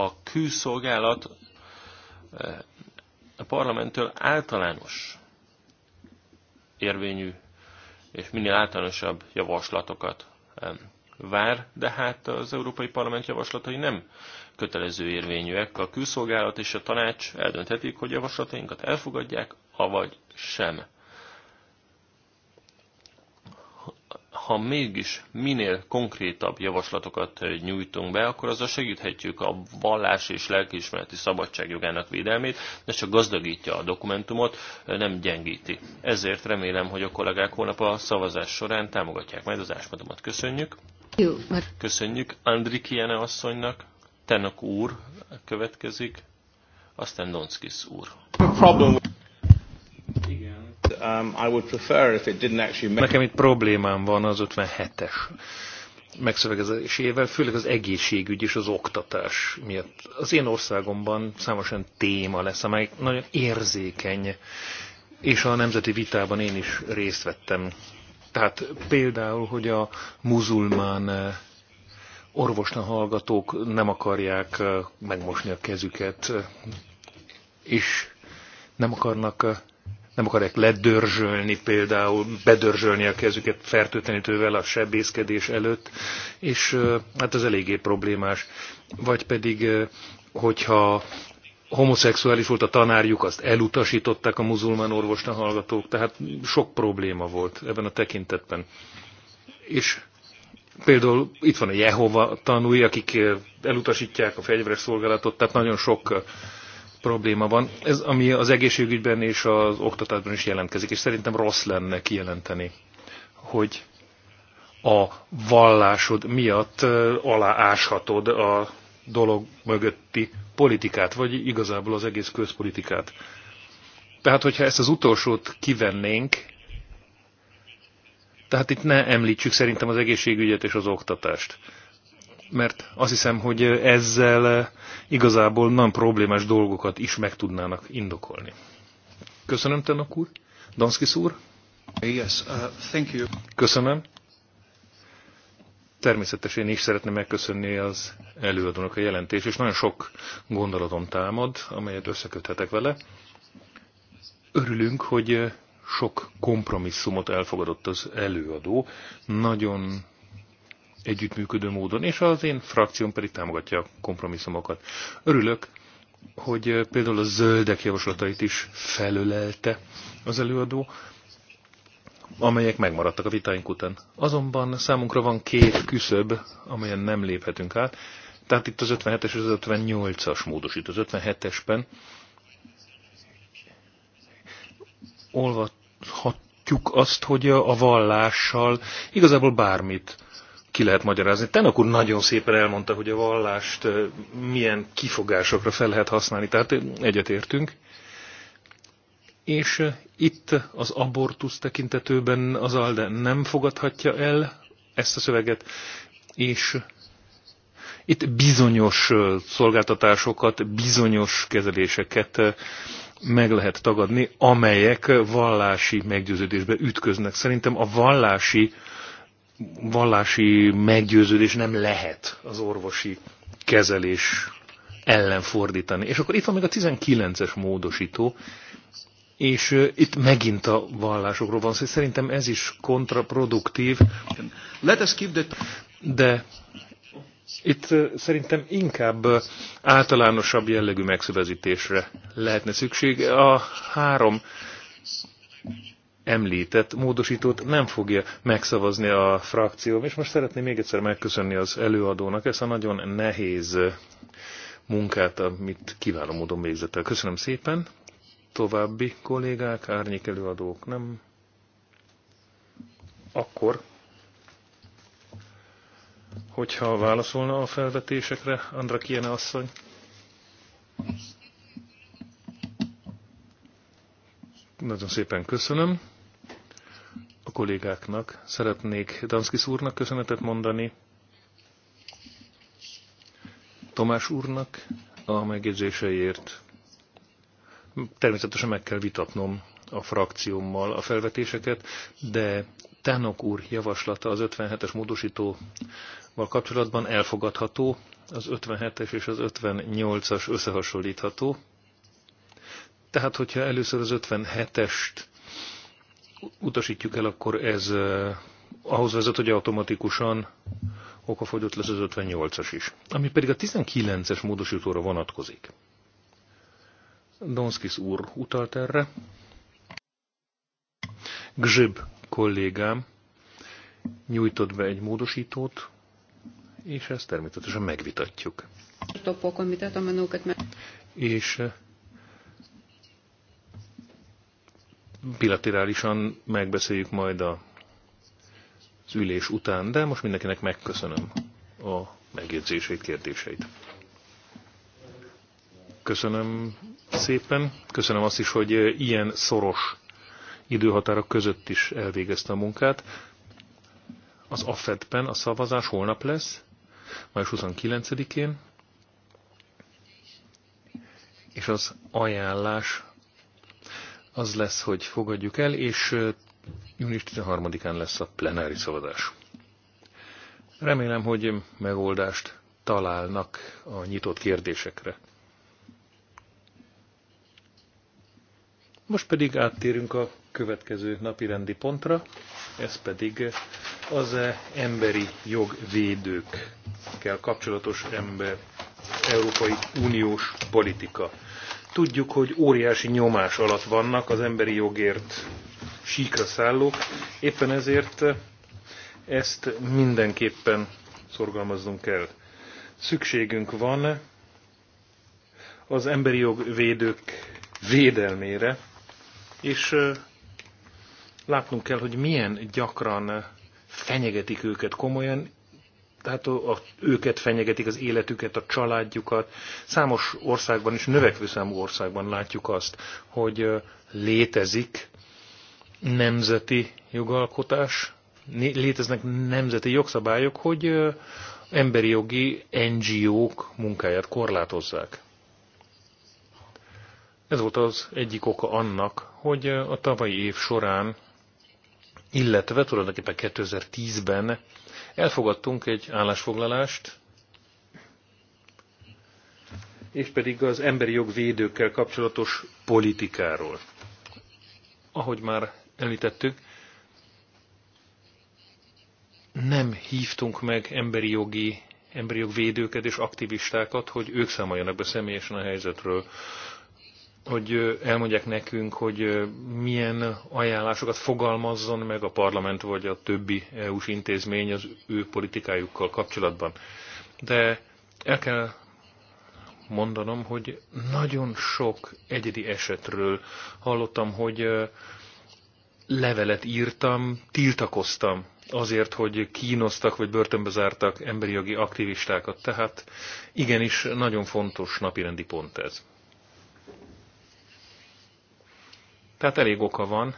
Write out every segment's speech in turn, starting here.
a külszolgálat eh, a parlamenttől általános érvényű és minél általánosabb javaslatokat vár, de hát az Európai Parlament javaslatai nem kötelező érvényűek. A külszolgálat és a tanács eldönthetik, hogy javaslatainkat elfogadják, avagy sem. ha mégis minél konkrétabb javaslatokat nyújtunk be, akkor azzal segíthetjük a vallás és lelkiismereti szabadság jogának védelmét, de csak gazdagítja a dokumentumot, nem gyengíti. Ezért remélem, hogy a kollégák holnap a szavazás során támogatják majd az ásmadomat. Köszönjük! Köszönjük Andri Kiene asszonynak, Tenok úr következik, aztán Donskis úr. Um, Nekem itt problémám van az 57-es megszövegezésével, főleg az egészségügy és az oktatás miatt. Az én országomban számosan téma lesz, amely nagyon érzékeny, és a nemzeti vitában én is részt vettem. Tehát például, hogy a muzulmán eh, orvosna hallgatók nem akarják eh, megmosni a kezüket, eh, és nem akarnak nem akarják ledörzsölni például, bedörzsölni a kezüket fertőtlenítővel a sebészkedés előtt, és hát ez eléggé problémás. Vagy pedig, hogyha homoszexuális volt a tanárjuk, azt elutasították a muzulmán orvosna hallgatók, tehát sok probléma volt ebben a tekintetben. És például itt van a Jehova tanúi, akik elutasítják a fegyveres szolgálatot, tehát nagyon sok probléma van. Ez, ami az egészségügyben és az oktatásban is jelentkezik, és szerintem rossz lenne kijelenteni, hogy a vallásod miatt alááshatod a dolog mögötti politikát, vagy igazából az egész közpolitikát. Tehát, hogyha ezt az utolsót kivennénk, tehát itt ne említsük szerintem az egészségügyet és az oktatást mert azt hiszem, hogy ezzel eh, igazából nem problémás dolgokat is meg tudnának indokolni. Köszönöm, Tenok úr. Danskis úr? Yes, uh, thank you. Köszönöm. Természetesen én is szeretném megköszönni az előadónak a jelentést, és nagyon sok gondolatom támad, amelyet összeköthetek vele. Örülünk, hogy eh, sok kompromisszumot elfogadott az előadó. Nagyon együttműködő módon, és az én frakcióm pedig támogatja a kompromisszumokat. Örülök, hogy például a zöldek javaslatait is felölelte az előadó, amelyek megmaradtak a vitáink után. Azonban számunkra van két küszöb, amelyen nem léphetünk át, tehát itt az 57-es és az 58-as módosít. Az 57-esben olvathatjuk azt, hogy a vallással igazából bármit ki lehet magyarázni. Tenok úr nagyon szépen elmondta, hogy a vallást milyen kifogásokra fel lehet használni, tehát egyetértünk. És itt az abortusz tekintetőben az ALDE nem fogadhatja el ezt a szöveget, és itt bizonyos szolgáltatásokat, bizonyos kezeléseket meg lehet tagadni, amelyek vallási meggyőződésbe ütköznek. Szerintem a vallási vallási meggyőződés nem lehet az orvosi kezelés ellen fordítani. És akkor itt van még a 19-es módosító, és itt megint a vallásokról van szó, szóval szerintem ez is kontraproduktív. Let us keep the... De itt szerintem inkább általánosabb jellegű megszövezítésre lehetne szükség. A három említett módosítót nem fogja megszavazni a frakció, és most szeretném még egyszer megköszönni az előadónak ezt a nagyon nehéz munkát, amit kiváló módon végzett el. Köszönöm szépen. További kollégák, árnyék előadók, nem? Akkor, hogyha válaszolna a felvetésekre, Andra Kiene asszony. Nagyon szépen köszönöm a kollégáknak. Szeretnék Danskis úrnak köszönetet mondani, Tomás úrnak a megjegyzéseiért. Természetesen meg kell vitatnom a frakciómmal a felvetéseket, de Tánok úr javaslata az 57-es módosítóval kapcsolatban elfogadható, az 57-es és az 58-as összehasonlítható, tehát, hogyha először az 57-est utasítjuk el, akkor ez eh, ahhoz vezet, hogy automatikusan okafogyott lesz az 58-as is. Ami pedig a 19-es módosítóra vonatkozik. Donskis úr utalt erre. Gzsib kollégám nyújtott be egy módosítót, és ezt természetesen megvitatjuk. És eh, bilaterálisan megbeszéljük majd a, az ülés után, de most mindenkinek megköszönöm a megjegyzéseit, kérdéseit. Köszönöm szépen, köszönöm azt is, hogy eh, ilyen szoros időhatárok között is elvégezte a munkát. Az AFED-ben a szavazás holnap lesz, május 29-én, és az ajánlás az lesz, hogy fogadjuk el, és június 13-án lesz a plenári szavazás. Remélem, hogy megoldást találnak a nyitott kérdésekre. Most pedig áttérünk a következő napi rendi pontra, ez pedig az -e emberi jogvédőkkel kapcsolatos ember Európai Uniós politika. Tudjuk, hogy óriási nyomás alatt vannak az emberi jogért síkra szállók, éppen ezért eh, ezt mindenképpen szorgalmaznunk kell. Szükségünk van az emberi jogvédők védelmére, és eh, látnunk kell, hogy milyen gyakran fenyegetik őket komolyan, tehát a, a, őket fenyegetik az életüket, a családjukat. Számos országban is, növekvő számú országban látjuk azt, hogy létezik nemzeti jogalkotás, léteznek nemzeti jogszabályok, hogy emberi jogi NGO-k munkáját korlátozzák. Ez volt az egyik oka annak, hogy a tavalyi év során, illetve tulajdonképpen 2010-ben Elfogadtunk egy állásfoglalást, és pedig az emberi jogvédőkkel kapcsolatos politikáról. Ahogy már említettük, nem hívtunk meg emberi jogi emberi jogvédőket és aktivistákat, hogy ők számoljanak be személyesen a helyzetről hogy elmondják nekünk, hogy milyen ajánlásokat fogalmazzon meg a parlament vagy a többi EU-s intézmény az ő politikájukkal kapcsolatban. De el kell mondanom, hogy nagyon sok egyedi esetről hallottam, hogy levelet írtam, tiltakoztam azért, hogy kínoztak vagy börtönbe zártak emberi jogi aktivistákat. Tehát igenis nagyon fontos napirendi pont ez. Tehát elég oka van,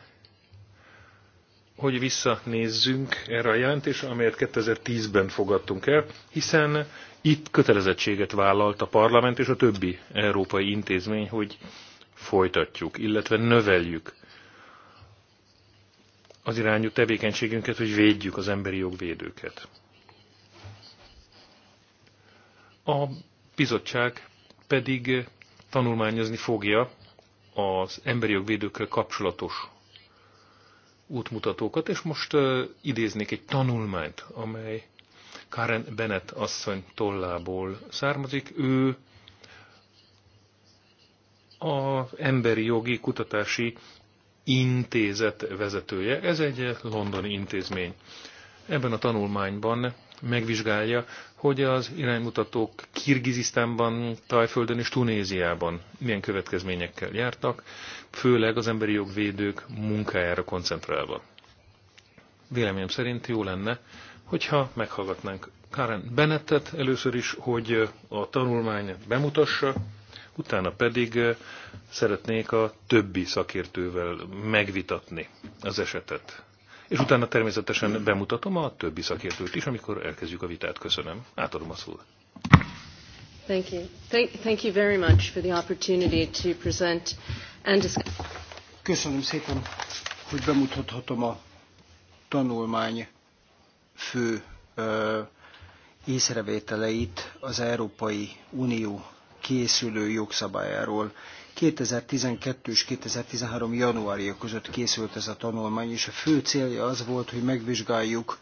hogy visszanézzünk erre a jelentésre, amelyet 2010-ben fogadtunk el, hiszen itt kötelezettséget vállalt a parlament és a többi európai intézmény, hogy folytatjuk, illetve növeljük az irányú tevékenységünket, hogy védjük az emberi jogvédőket. A bizottság pedig tanulmányozni fogja az emberi jogvédőkkel kapcsolatos útmutatókat, és most uh, idéznék egy tanulmányt, amely Karen Bennett asszony tollából származik. Ő az Emberi Jogi Kutatási Intézet vezetője. Ez egy londoni intézmény. Ebben a tanulmányban megvizsgálja, hogy az iránymutatók Kirgizisztánban, Tajföldön és Tunéziában milyen következményekkel jártak, főleg az emberi jogvédők munkájára koncentrálva. Véleményem szerint jó lenne, hogyha meghallgatnánk Karen Bennettet először is, hogy a tanulmány bemutassa, utána pedig eh, szeretnék a többi szakértővel megvitatni az esetet és utána természetesen bemutatom a többi szakértőt is, amikor elkezdjük a vitát. Köszönöm. Átadom a szót. Thank you. Thank, thank you very much for the opportunity to present and discuss. Köszönöm szépen, hogy bemutathatom a tanulmány fő ö, észrevételeit az Európai Unió készülő jogszabályáról 2012 és 2013 januárja között készült ez a tanulmány, és a fő célja az volt, hogy megvizsgáljuk,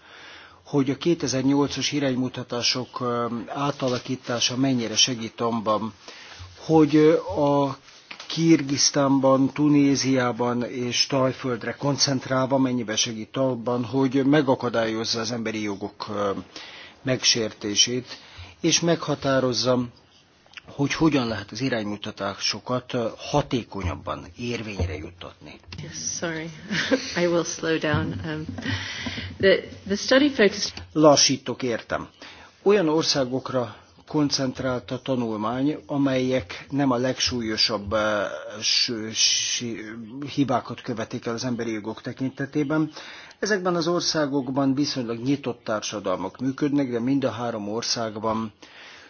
hogy a 2008-as iránymutatások átalakítása mennyire segít abban, hogy a Kirgisztánban, Tunéziában és Tajföldre koncentrálva mennyibe segít abban, hogy megakadályozza az emberi jogok megsértését, és meghatározza hogy hogyan lehet az iránymutatásokat hatékonyabban érvényre juttatni. Yes, sorry, I will slow down. Um, the, the study focused... Lassítok, értem. Olyan országokra koncentrált a tanulmány, amelyek nem a legsúlyosabb hibákat követik el az emberi jogok tekintetében. Ezekben az országokban viszonylag nyitott társadalmak működnek, de mind a három országban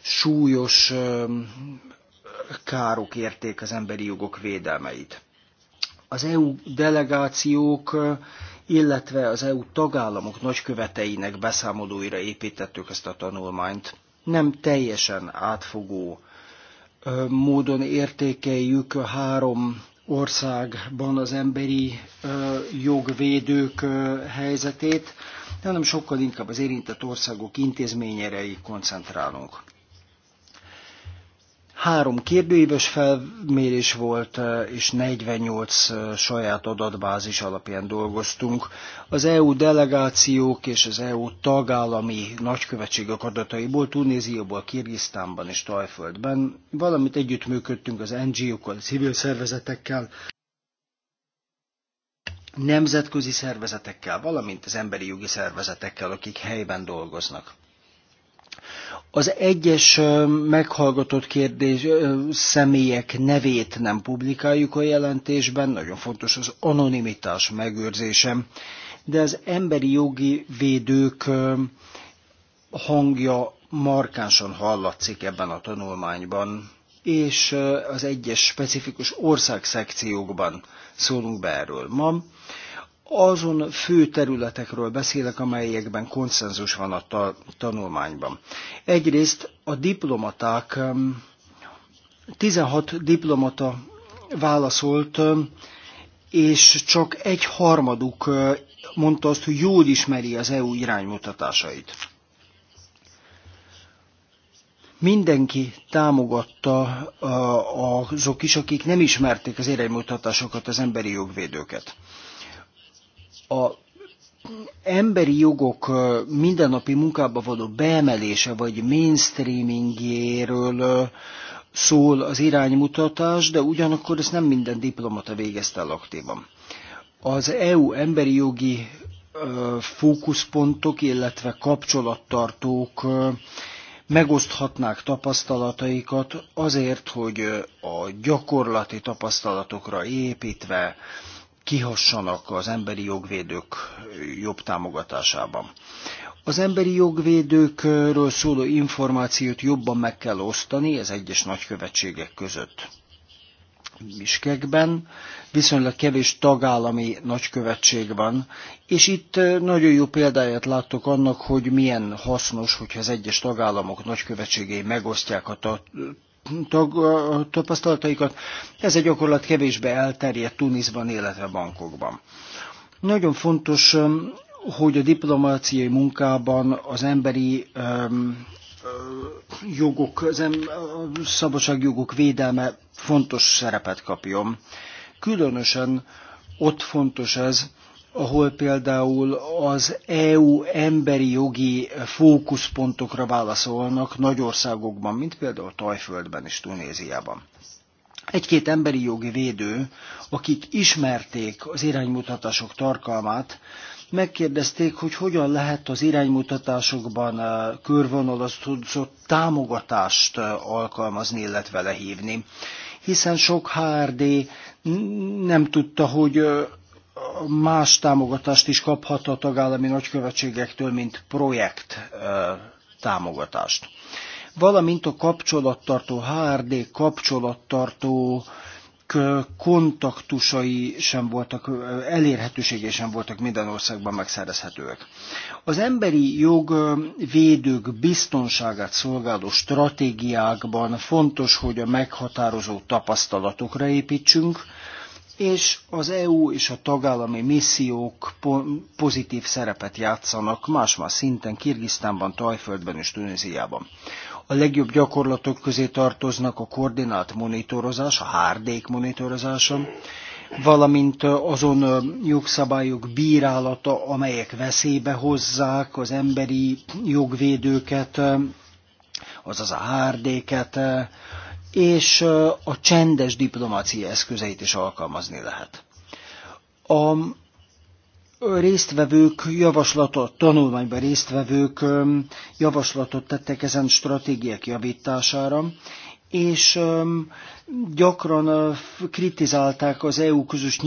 súlyos károk érték az emberi jogok védelmeit. Az EU delegációk, illetve az EU tagállamok nagyköveteinek beszámolóira építettük ezt a tanulmányt. Nem teljesen átfogó módon értékeljük a három országban az emberi jogvédők helyzetét, hanem sokkal inkább az érintett országok intézményeire koncentrálunk. Három kérdőíves felmérés volt, eh, és 48 eh, saját adatbázis alapján dolgoztunk. Az EU delegációk és az EU tagállami nagykövetségek adataiból Tunéziából, Kirgisztánban és Tajföldben, valamint együttműködtünk az NGO-kkal, civil szervezetekkel, nemzetközi szervezetekkel, valamint az emberi jogi szervezetekkel, akik helyben dolgoznak. Az egyes meghallgatott kérdés személyek nevét nem publikáljuk a jelentésben, nagyon fontos az anonimitás megőrzésem, de az emberi jogi védők hangja markánsan hallatszik ebben a tanulmányban, és az egyes specifikus országszekciókban szólunk be erről. Ma azon fő területekről beszélek, amelyekben konszenzus van a ta tanulmányban. Egyrészt a diplomaták, 16 um, diplomata válaszolt, um, és csak egy harmaduk uh, mondta azt, hogy jól ismeri az EU iránymutatásait. Mindenki támogatta uh, azok is, akik nem ismerték az iránymutatásokat, az emberi jogvédőket a emberi jogok mindennapi munkába való beemelése vagy mainstreamingjéről szól az iránymutatás, de ugyanakkor ezt nem minden diplomata végezte el aktívan. Az EU emberi jogi fókuszpontok, illetve kapcsolattartók megoszthatnák tapasztalataikat azért, hogy a gyakorlati tapasztalatokra építve kihassanak az emberi jogvédők jobb támogatásában. Az emberi jogvédőkről szóló információt jobban meg kell osztani az egyes nagykövetségek között. Miskekben viszonylag kevés tagállami nagykövetség van, és itt nagyon jó példáját láttok annak, hogy milyen hasznos, hogyha az egyes tagállamok nagykövetségei megosztják a tag, tapasztalataikat. Ez egy gyakorlat kevésbé elterjedt Tunisban, illetve bankokban. Nagyon fontos, um, hogy a diplomáciai munkában az emberi um, jogok, az em, szabadságjogok védelme fontos szerepet kapjon. Különösen ott fontos ez, ahol például az EU emberi jogi fókuszpontokra válaszolnak nagy országokban, mint például Tajföldben és Tunéziában. Egy-két emberi jogi védő, akik ismerték az iránymutatások tartalmát, megkérdezték, hogy hogyan lehet az iránymutatásokban eh, körvonalazott támogatást eh, alkalmazni, illetve lehívni. Hiszen sok HRD nem tudta, hogy eh, más támogatást is kaphat a tagállami nagykövetségektől, mint projekt támogatást. Valamint a kapcsolattartó, HRD kapcsolattartó kontaktusai sem voltak, elérhetősége sem voltak minden országban megszerezhetőek. Az emberi jog védők biztonságát szolgáló stratégiákban fontos, hogy a meghatározó tapasztalatokra építsünk, és az EU és a tagállami missziók pozitív szerepet játszanak más-más szinten Kirgisztánban, Tajföldben és Tunéziában. A legjobb gyakorlatok közé tartoznak a koordinált monitorozás, a hárdék monitorozása, valamint azon jogszabályok bírálata, amelyek veszélybe hozzák az emberi jogvédőket, azaz a hárdéket, és a csendes diplomácia eszközeit is alkalmazni lehet. A résztvevők javaslatot, tanulmányban résztvevők javaslatot tettek ezen stratégiák javítására, és gyakran kritizálták az EU közös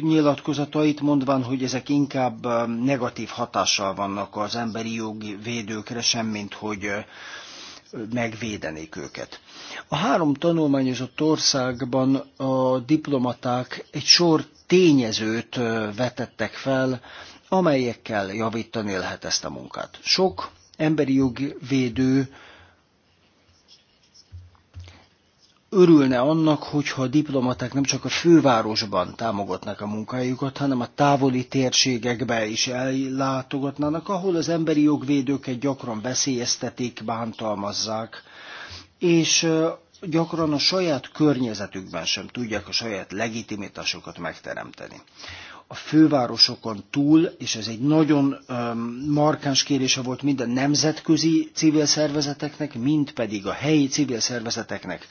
nyilatkozatait, mondván, hogy ezek inkább negatív hatással vannak az emberi jogi védőkre, semmint hogy megvédenék őket. A három tanulmányozott országban a diplomaták egy sor tényezőt vetettek fel, amelyekkel javítani lehet ezt a munkát. Sok emberi jogvédő örülne annak, hogyha a diplomaták nem csak a fővárosban támogatnak a munkájukat, hanem a távoli térségekbe is ellátogatnának, ahol az emberi jogvédőket gyakran veszélyeztetik, bántalmazzák, és gyakran a saját környezetükben sem tudják a saját legitimitásokat megteremteni. A fővárosokon túl, és ez egy nagyon um, markáns kérése volt mind a nemzetközi civil szervezeteknek, mind pedig a helyi civil szervezeteknek,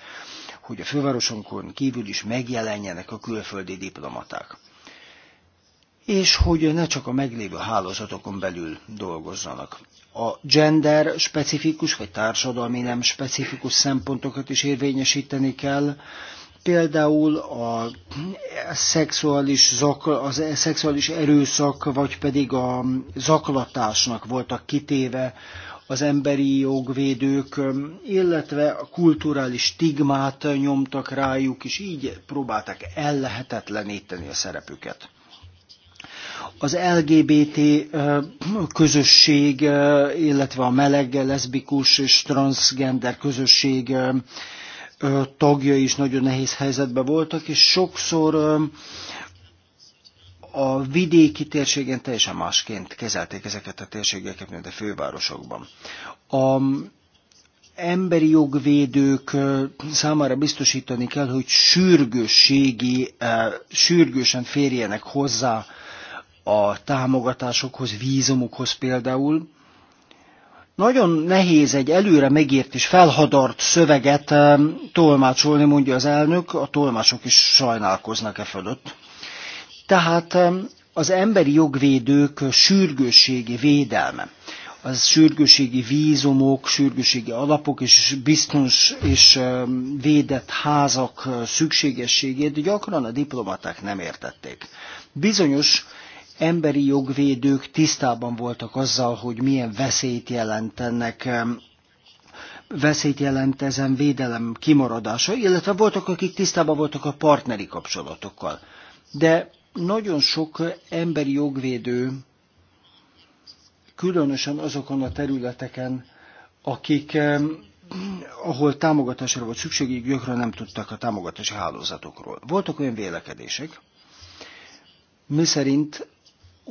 hogy a fővárosonkon kívül is megjelenjenek a külföldi diplomaták. És hogy ne csak a meglévő hálózatokon belül dolgozzanak a gender specifikus vagy társadalmi nem specifikus szempontokat is érvényesíteni kell. Például a szexuális, az szexuális erőszak, vagy pedig a zaklatásnak voltak kitéve az emberi jogvédők, illetve a kulturális stigmát nyomtak rájuk, és így próbálták ellehetetleníteni a szerepüket az LGBT közösség, illetve a meleg, leszbikus és transgender közösség tagja is nagyon nehéz helyzetben voltak, és sokszor a vidéki térségen teljesen másként kezelték ezeket a térségeket, mint a fővárosokban. A emberi jogvédők számára biztosítani kell, hogy sürgősségi, sürgősen férjenek hozzá a támogatásokhoz, vízumokhoz például. Nagyon nehéz egy előre megért és felhadart szöveget tolmácsolni, mondja az elnök, a tolmácsok is sajnálkoznak e fölött. Tehát az emberi jogvédők sürgősségi védelme, az sürgőségi vízumok, sürgőségi alapok és biztons és védett házak szükségességét gyakran a diplomaták nem értették. Bizonyos emberi jogvédők tisztában voltak azzal, hogy milyen veszélyt jelentenek veszélyt jelent ezen védelem kimaradása, illetve voltak, akik tisztában voltak a partneri kapcsolatokkal. De nagyon sok emberi jogvédő, különösen azokon a területeken, akik ahol támogatásra volt szükségük, gyakran nem tudtak a támogatási hálózatokról. Voltak olyan vélekedések, miszerint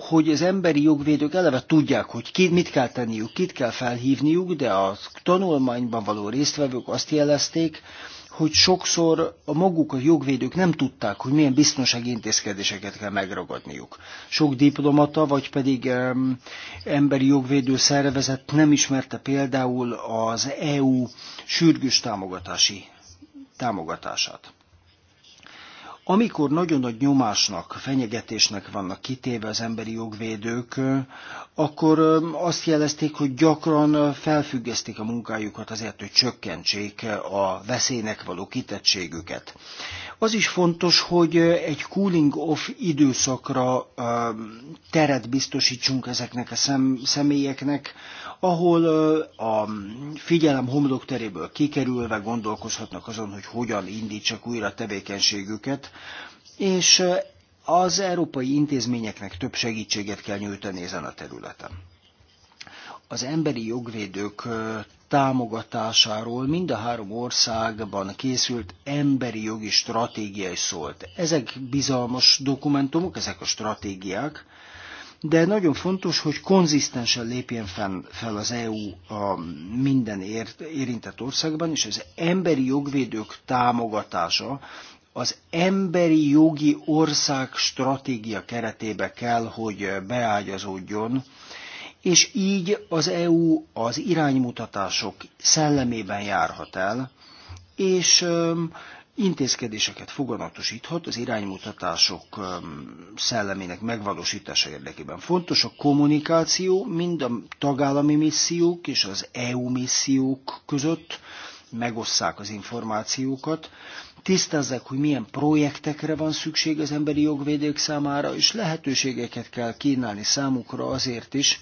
hogy az emberi jogvédők eleve tudják, hogy ki, mit kell tenniük, kit kell felhívniuk, de a tanulmányban való résztvevők azt jelezték, hogy sokszor a maguk a jogvédők nem tudták, hogy milyen biztonsági intézkedéseket kell megragadniuk. Sok diplomata, vagy pedig em, emberi jogvédő szervezet nem ismerte például az EU sürgős támogatási támogatását. Amikor nagyon nagy nyomásnak, fenyegetésnek vannak kitéve az emberi jogvédők, akkor azt jelezték, hogy gyakran felfüggesztik a munkájukat azért, hogy csökkentsék a veszélynek való kitettségüket. Az is fontos, hogy egy cooling off időszakra teret biztosítsunk ezeknek a személyeknek, ahol a figyelem homlokteréből kikerülve gondolkozhatnak azon, hogy hogyan indítsak újra tevékenységüket, és az európai intézményeknek több segítséget kell nyújtani ezen a területen. Az emberi jogvédők támogatásáról mind a három országban készült emberi jogi stratégia is szólt. Ezek bizalmas dokumentumok, ezek a stratégiák, de nagyon fontos, hogy konzisztensen lépjen fel az EU a minden érintett országban, és az emberi jogvédők támogatása az emberi jogi ország stratégia keretébe kell, hogy beágyazódjon, és így az EU az iránymutatások szellemében járhat el, és intézkedéseket foganatosíthat az iránymutatások szellemének megvalósítása érdekében. Fontos a kommunikáció mind a tagállami missziók és az EU missziók között, megosszák az információkat, tisztázzák, hogy milyen projektekre van szükség az emberi jogvédők számára, és lehetőségeket kell kínálni számukra azért is,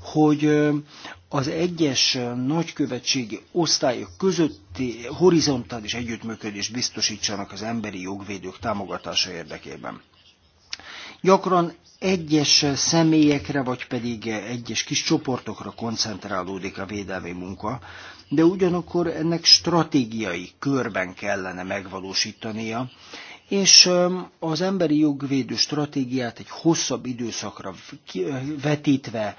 hogy az egyes nagykövetségi osztályok közötti horizontális együttműködést biztosítsanak az emberi jogvédők támogatása érdekében. Gyakran egyes személyekre, vagy pedig egyes kis csoportokra koncentrálódik a védelmi munka, de ugyanakkor ennek stratégiai körben kellene megvalósítania, és az emberi jogvédő stratégiát egy hosszabb időszakra vetítve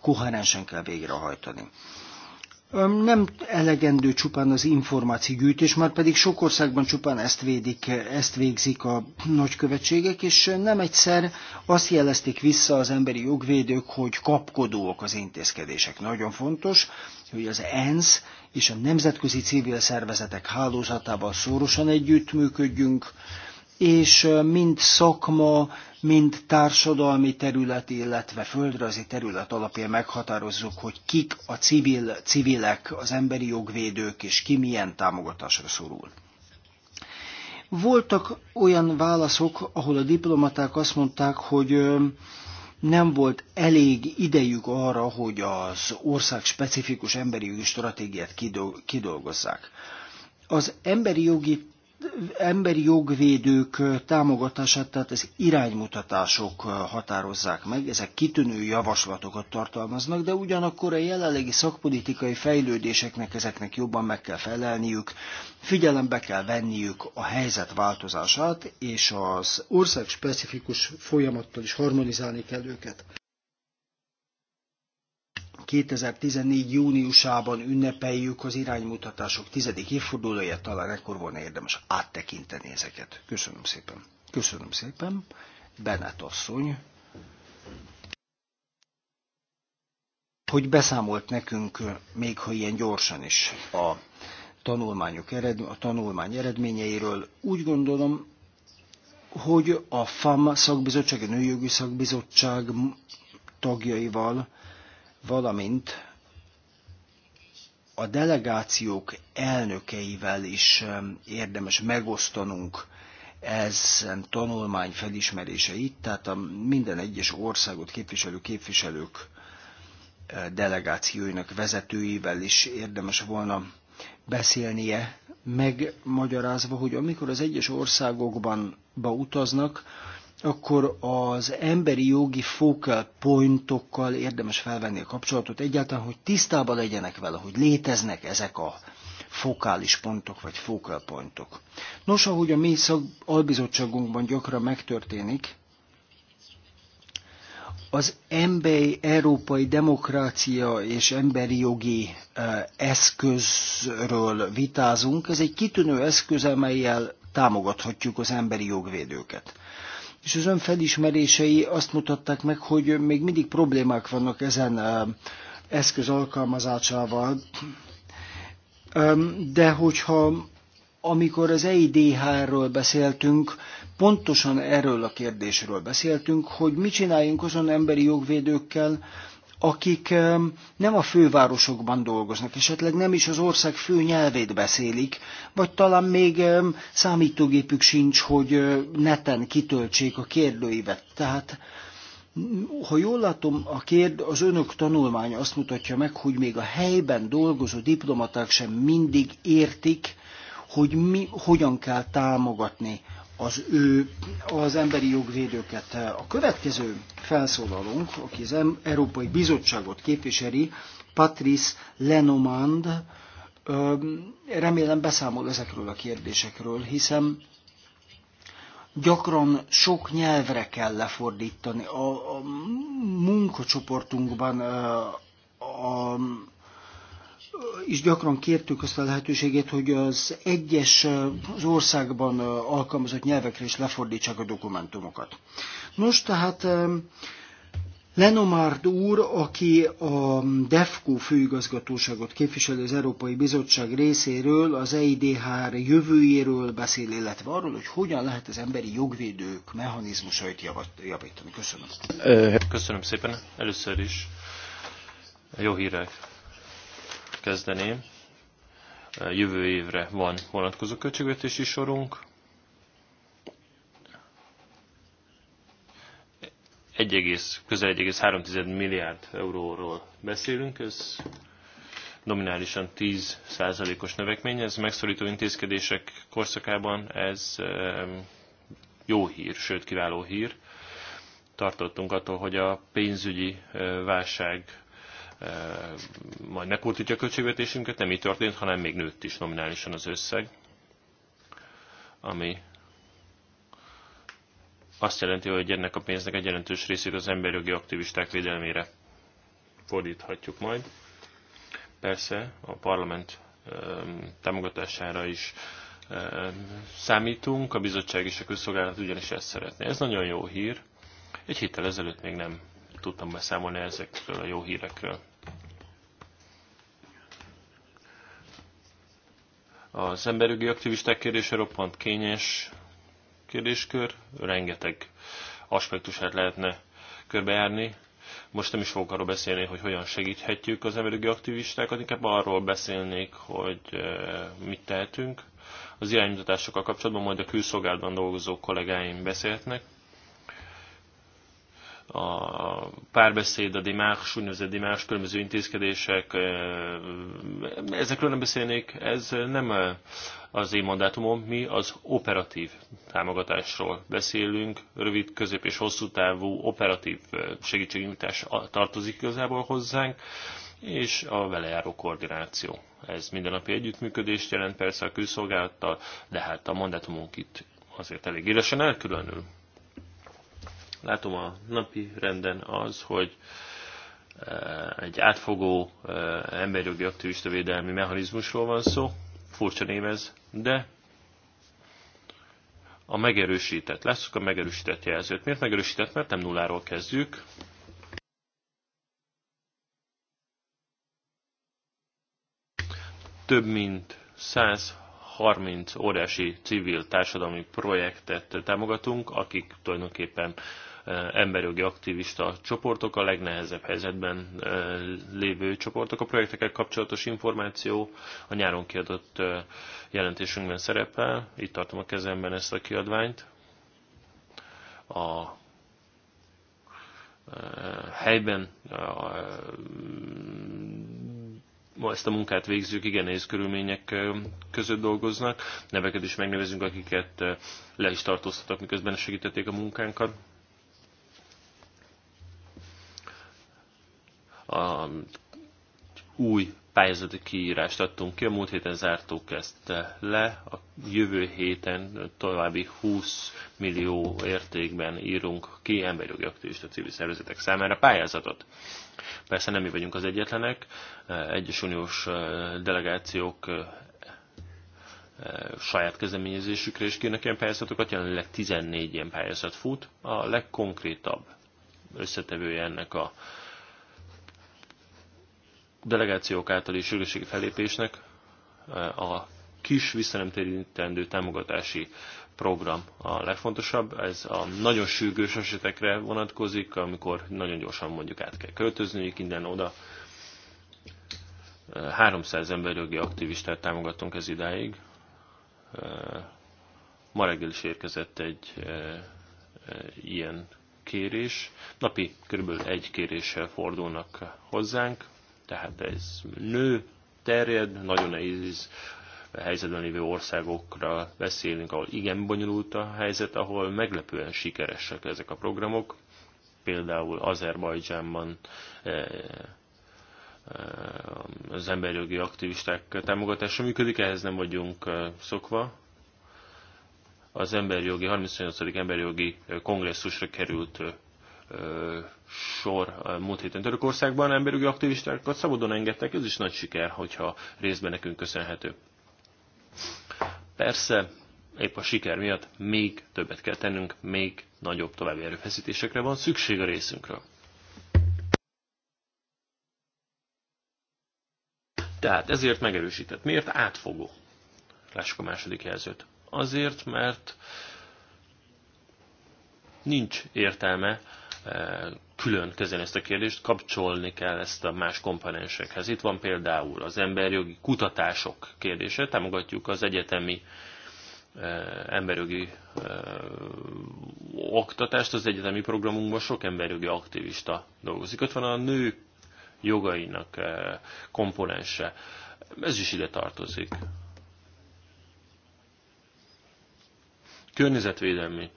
koherensen kell végrehajtani. Nem elegendő csupán az gyűjtés, már pedig sok országban csupán ezt, védik, ezt végzik a nagykövetségek, és nem egyszer azt jelezték vissza az emberi jogvédők, hogy kapkodóak az intézkedések. Nagyon fontos, hogy az ENSZ és a nemzetközi civil szervezetek hálózatában szorosan együttműködjünk, és mind szakma, mind társadalmi terület, illetve földrajzi terület alapján meghatározzuk, hogy kik a civil, civilek, az emberi jogvédők, és ki milyen támogatásra szorul. Voltak olyan válaszok, ahol a diplomaták azt mondták, hogy nem volt elég idejük arra, hogy az ország specifikus emberi jogi stratégiát kidolgozzák. Az emberi jogi emberi jogvédők támogatását, tehát ez iránymutatások határozzák meg, ezek kitűnő javaslatokat tartalmaznak, de ugyanakkor a jelenlegi szakpolitikai fejlődéseknek ezeknek jobban meg kell felelniük, figyelembe kell venniük a helyzet változását, és az ország specifikus folyamattal is harmonizálni kell őket. 2014. júniusában ünnepeljük az iránymutatások tizedik évfordulóját, talán ekkor volna érdemes áttekinteni ezeket. Köszönöm szépen. Köszönöm szépen. Benet asszony, hogy beszámolt nekünk, még ha ilyen gyorsan is, a, tanulmányok ered, a tanulmány eredményeiről. Úgy gondolom, hogy a FAM szakbizottság, a Nőjogi Szakbizottság tagjaival valamint a delegációk elnökeivel is érdemes megosztanunk ezen tanulmány felismeréseit, tehát a minden egyes országot képviselő képviselők e, delegációinak vezetőivel is érdemes volna beszélnie, megmagyarázva, hogy amikor az egyes országokban utaznak, akkor az emberi jogi focal pointokkal érdemes felvenni a kapcsolatot egyáltalán, hogy tisztában legyenek vele, hogy léteznek ezek a fokális pontok vagy focal pointok. Nos, ahogy a mi szak albizottságunkban gyakran megtörténik, az emberi európai demokrácia és emberi jogi eszközről vitázunk. Ez egy kitűnő eszköz, amelyel támogathatjuk az emberi jogvédőket és az ön felismerései azt mutatták meg, hogy még mindig problémák vannak ezen eszköz alkalmazásával. De hogyha amikor az EIDH-ről beszéltünk, pontosan erről a kérdésről beszéltünk, hogy mit csináljunk azon emberi jogvédőkkel, akik nem a fővárosokban dolgoznak, esetleg nem is az ország fő nyelvét beszélik, vagy talán még számítógépük sincs, hogy neten kitöltsék a kérdőívet. Tehát ha jól látom, a kérd, az önök tanulmánya azt mutatja meg, hogy még a helyben dolgozó diplomaták sem mindig értik, hogy mi, hogyan kell támogatni az ő, az emberi jogvédőket. A következő felszólalónk, aki az Európai Bizottságot képviseli, Patrice Lenomand, remélem beszámol ezekről a kérdésekről, hiszen gyakran sok nyelvre kell lefordítani. A, a munkacsoportunkban a, a is gyakran kértük azt a lehetőséget, hogy az egyes az országban alkalmazott nyelvekre is lefordítsák a dokumentumokat. Nos, tehát Lenomárd úr, aki a DEFCO főigazgatóságot képviseli az Európai Bizottság részéről, az EIDHR jövőjéről beszél, illetve arról, hogy hogyan lehet az emberi jogvédők mechanizmusait javítani. Köszönöm. Köszönöm szépen. Először is jó hírek kezdeném. Jövő évre van vonatkozó költségvetési sorunk. 1, közel 1,3 milliárd euróról beszélünk, ez nominálisan 10%-os növekmény, ez megszorító intézkedések korszakában ez jó hír, sőt kiváló hír. Tartottunk attól, hogy a pénzügyi válság majd megkurtítja a költségvetésünket, nem így történt, hanem még nőtt is nominálisan az összeg, ami azt jelenti, hogy ennek a pénznek egy jelentős részét az emberjogi aktivisták védelmére fordíthatjuk majd. Persze a parlament támogatására is számítunk, a bizottság és a közszolgálat ugyanis ezt szeretné. Ez nagyon jó hír. Egy héttel ezelőtt még nem tudtam beszámolni ezekről a jó hírekről. Az emberügyi aktivisták kérdése roppant kényes kérdéskör, rengeteg aspektusát lehetne körbejárni. Most nem is fogok arról beszélni, hogy hogyan segíthetjük az emberügyi aktivistákat, inkább arról beszélnék, hogy eh, mit tehetünk. Az iránymutatásokkal kapcsolatban majd a külszolgálatban dolgozó kollégáim beszélhetnek a párbeszéd, a dimás, úgynevezett dimás, különböző intézkedések, ezekről nem beszélnék, ez nem az én mandátumom, mi az operatív támogatásról beszélünk, rövid, közép és hosszú távú operatív segítségnyújtás tartozik igazából hozzánk, és a vele járó koordináció. Ez mindennapi együttműködést jelent persze a külszolgálattal, de hát a mandátumunk itt azért elég élesen elkülönül látom a napi renden az, hogy e, egy átfogó e, emberjogi aktivista védelmi mechanizmusról van szó, furcsa név ez, de a megerősített, lássuk a megerősített jelzőt. Miért megerősített? Mert nem nulláról kezdjük. Több mint 130 óriási civil társadalmi projektet támogatunk, akik tulajdonképpen emberjogi aktivista csoportok, a legnehezebb helyzetben lévő csoportok. A projektekkel kapcsolatos információ a nyáron kiadott jelentésünkben szerepel. Itt tartom a kezemben ezt a kiadványt. A helyben ma ezt a munkát végzők igen nehéz körülmények között dolgoznak. Neveket is megnevezünk, akiket le is tartóztatok, miközben segítették a munkánkat. a új pályázati kiírást adtunk ki, a múlt héten zártuk ezt le, a jövő héten további 20 millió értékben írunk ki aktivist a civil szervezetek számára pályázatot. Persze nem mi vagyunk az egyetlenek, egyes uniós eh, delegációk eh, eh, saját kezdeményezésükre is kérnek ilyen pályázatokat, jelenleg 14 ilyen pályázat fut. A legkonkrétabb összetevője ennek a delegációk általi sürgősségi fellépésnek eh, a kis visszanemtérítendő támogatási program a legfontosabb. Ez a nagyon sürgős esetekre vonatkozik, amikor nagyon gyorsan mondjuk át kell költözniük innen oda. 300 eh, emberjogi aktivistát támogattunk ez idáig. Eh, ma reggel is érkezett egy ilyen kérés. Napi kb. egy kéréssel fordulnak hozzánk. Tehát ez nő, terjed, nagyon nehéz helyzetben lévő országokra beszélünk, ahol igen bonyolult a helyzet, ahol meglepően sikeresek ezek a programok. Például Azerbajdzsánban eh, eh, az emberjogi aktivisták támogatása működik, ehhez nem vagyunk eh, szokva. Az emberjogi, 38. emberjogi kongresszusra került sor múlt héten Törökországban emberügyi aktivistákat szabadon engedtek, ez is nagy siker, hogyha részben nekünk köszönhető. Persze, épp a siker miatt még többet kell tennünk, még nagyobb további erőfeszítésekre van szükség a részünkről. Tehát ezért megerősített. Miért átfogó? Lássuk a második jelzőt. Azért, mert nincs értelme eh, külön kezelni ezt a kérdést, kapcsolni kell ezt a más komponensekhez. Itt van például az emberjogi kutatások kérdése, támogatjuk az egyetemi eh, emberjogi eh, oktatást, az egyetemi programunkban sok emberjogi aktivista dolgozik. Ott van a nő jogainak eh, komponense. Ez is ide tartozik. Környezetvédelmi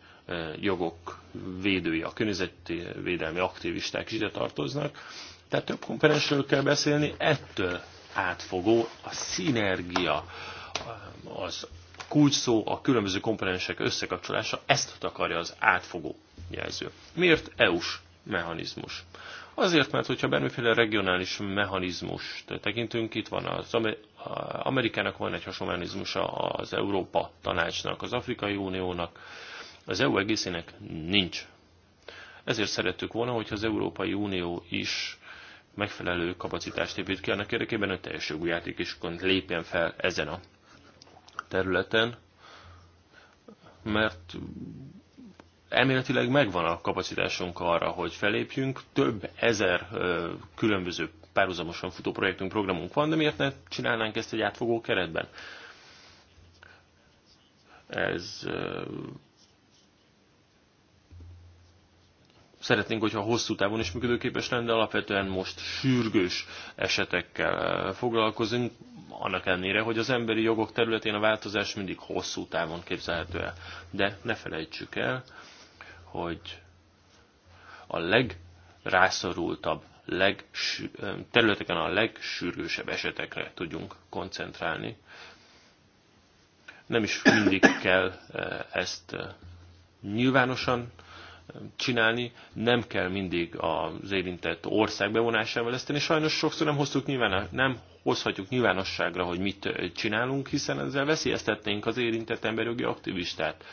jogok védői, a környezetvédelmi aktivisták is ide tartoznak. Tehát több komponensről kell beszélni, ettől átfogó a szinergia, az kulcs szó, a különböző komponensek összekapcsolása, ezt takarja az átfogó jelző. Miért EU-s mechanizmus? Azért, mert hogyha bármiféle regionális mechanizmus tekintünk, itt van az Amerikának van egy hasonló mechanizmusa, az Európa tanácsnak, az Afrikai Uniónak, az EU egészének nincs. Ezért szerettük volna, hogyha az Európai Unió is megfelelő kapacitást épít ki annak érdekében, hogy teljes jogú játékosként lépjen fel ezen a területen, mert elméletileg megvan a kapacitásunk arra, hogy felépjünk. Több ezer különböző párhuzamosan futó projektünk, programunk van, de miért ne csinálnánk ezt egy átfogó keretben? Ez szeretnénk, hogyha hosszú távon is működőképes lenne, de alapvetően most sürgős esetekkel foglalkozunk, annak ellenére, hogy az emberi jogok területén a változás mindig hosszú távon képzelhető el. De ne felejtsük el, hogy a legrászorultabb leg, területeken a legsürgősebb esetekre tudjunk koncentrálni. Nem is mindig kell eh, ezt eh, nyilvánosan csinálni, nem kell mindig az érintett ország bevonásával ezt tenni. Sajnos sokszor nem, hoztuk nyilván, nem hozhatjuk nyilvánosságra, hogy mit csinálunk, hiszen ezzel veszélyeztetnénk az érintett emberjogi aktivistát.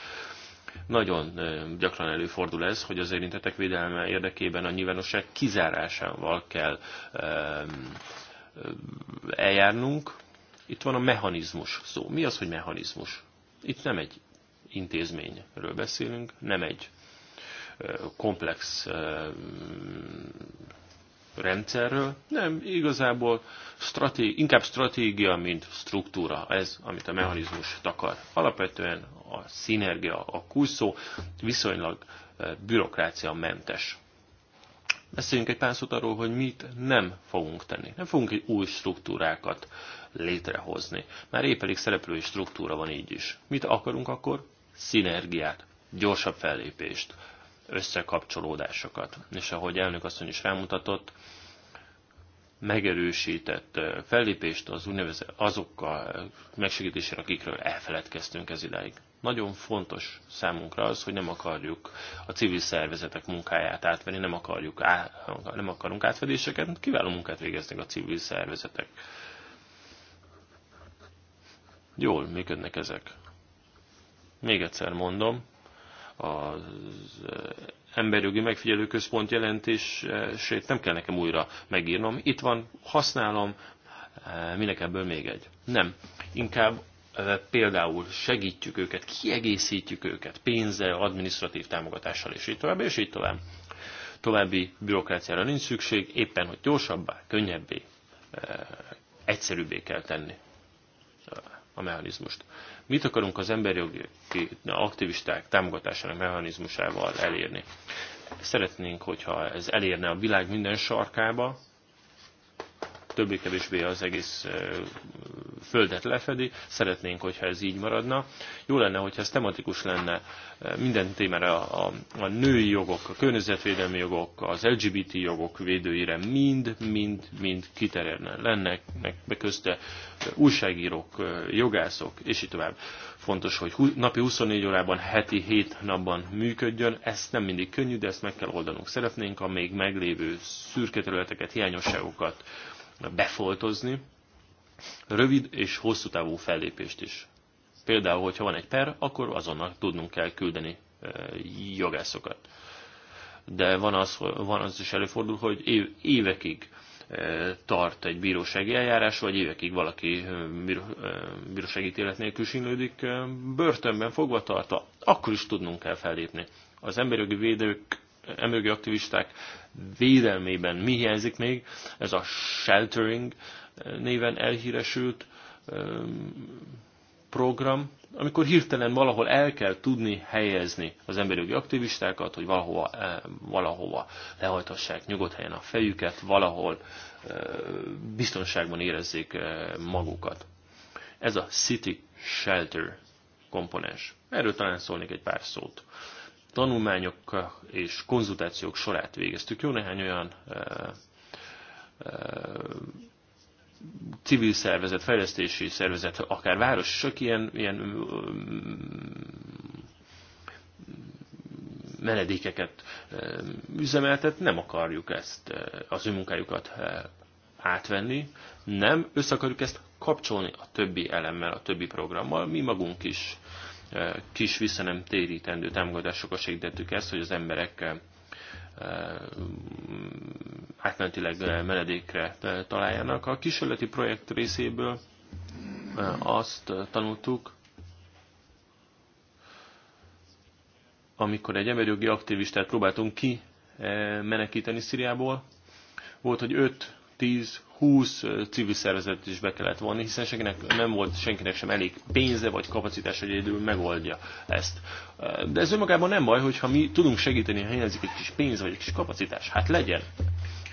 Nagyon gyakran előfordul ez, hogy az érintettek védelme érdekében a nyilvánosság kizárásával kell eljárnunk. Itt van a mechanizmus szó. Mi az, hogy mechanizmus? Itt nem egy intézményről beszélünk, nem egy komplex rendszerről, nem, igazából straté- inkább stratégia, mint struktúra, ez, amit a mechanizmus takar. Alapvetően a szinergia, a kulszó viszonylag bürokrácia mentes. Beszéljünk egy pár szót arról, hogy mit nem fogunk tenni. Nem fogunk új struktúrákat létrehozni. Már épp elég szereplői struktúra van így is. Mit akarunk akkor? Szinergiát, gyorsabb fellépést, összekapcsolódásokat. És ahogy elnök asszony is rámutatott, megerősített fellépést az úgynevezett azokkal megsegítésére, akikről elfeledkeztünk ez idáig. Nagyon fontos számunkra az, hogy nem akarjuk a civil szervezetek munkáját átvenni, nem, akarjuk á, nem akarunk átfedéseket, kiváló munkát végeznek a civil szervezetek. Jól működnek ezek. Még egyszer mondom, az eh, emberjogi megfigyelőközpont jelentését nem kell nekem újra megírnom. Itt van, használom, eh, minek ebből még egy? Nem. Inkább eh, például segítjük őket, kiegészítjük őket pénzzel, adminisztratív támogatással, és így tovább, és így tovább. További bürokráciára nincs szükség, éppen, hogy gyorsabbá, könnyebbé, egyszerűbbé kell tenni a mechanizmust. Mit akarunk az emberjogi aktivisták támogatásának mechanizmusával elérni? Szeretnénk, hogyha ez elérne a világ minden sarkába, többé-kevésbé az egész földet lefedi. Szeretnénk, hogyha ez így maradna. Jó lenne, hogyha ez tematikus lenne minden témára a, a női jogok, a környezetvédelmi jogok, az LGBT jogok védőire mind-mind-mind kiterjedne. meg közte újságírók, jogászok, és így tovább. Fontos, hogy napi 24 órában, heti 7 napban működjön. Ezt nem mindig könnyű, de ezt meg kell oldanunk. Szeretnénk a még meglévő szürke területeket, hiányosságokat befoltozni, rövid és hosszú távú fellépést is. Például, hogyha van egy per, akkor azonnal tudnunk kell küldeni jogászokat. De van az, van az is előfordul, hogy évekig tart egy bírósági eljárás, vagy évekig valaki bírósági ítélet nélkül börtönben fogva tartva, akkor is tudnunk kell fellépni. Az emberjogi védők emögi aktivisták védelmében mi hiányzik még, ez a sheltering eh, néven elhíresült program, amikor hirtelen valahol el kell tudni helyezni az emberjogi aktivistákat, hogy valahova, eh, valahova lehajtassák nyugodt helyen a fejüket, valahol eh, biztonságban érezzék magukat. Ez a city shelter komponens. Erről talán szólnék egy pár szót tanulmányok és konzultációk sorát végeztük. Jó néhány olyan civil szervezet, fejlesztési szervezet, akár város, sok ilyen, ilyen menedékeket üzemeltet, nem akarjuk ezt az ő munkájukat átvenni, nem, össze akarjuk ezt kapcsolni a többi elemmel, a többi programmal, mi magunk is kis vissza nem térítendő támogatásokat segítettük ezt, hogy az emberek átmentileg menedékre találjanak. A kísérleti projekt részéből azt tanultuk, amikor egy emberjogi aktivistát próbáltunk ki menekíteni Szíriából, volt, hogy öt 10-20 civil szervezet is be kellett vonni, hiszen senkinek nem volt senkinek sem elég pénze vagy kapacitás, hogy egyedül megoldja ezt. De ez önmagában nem baj, hogyha mi tudunk segíteni, ha hiányzik egy kis pénz vagy egy kis kapacitás. Hát legyen!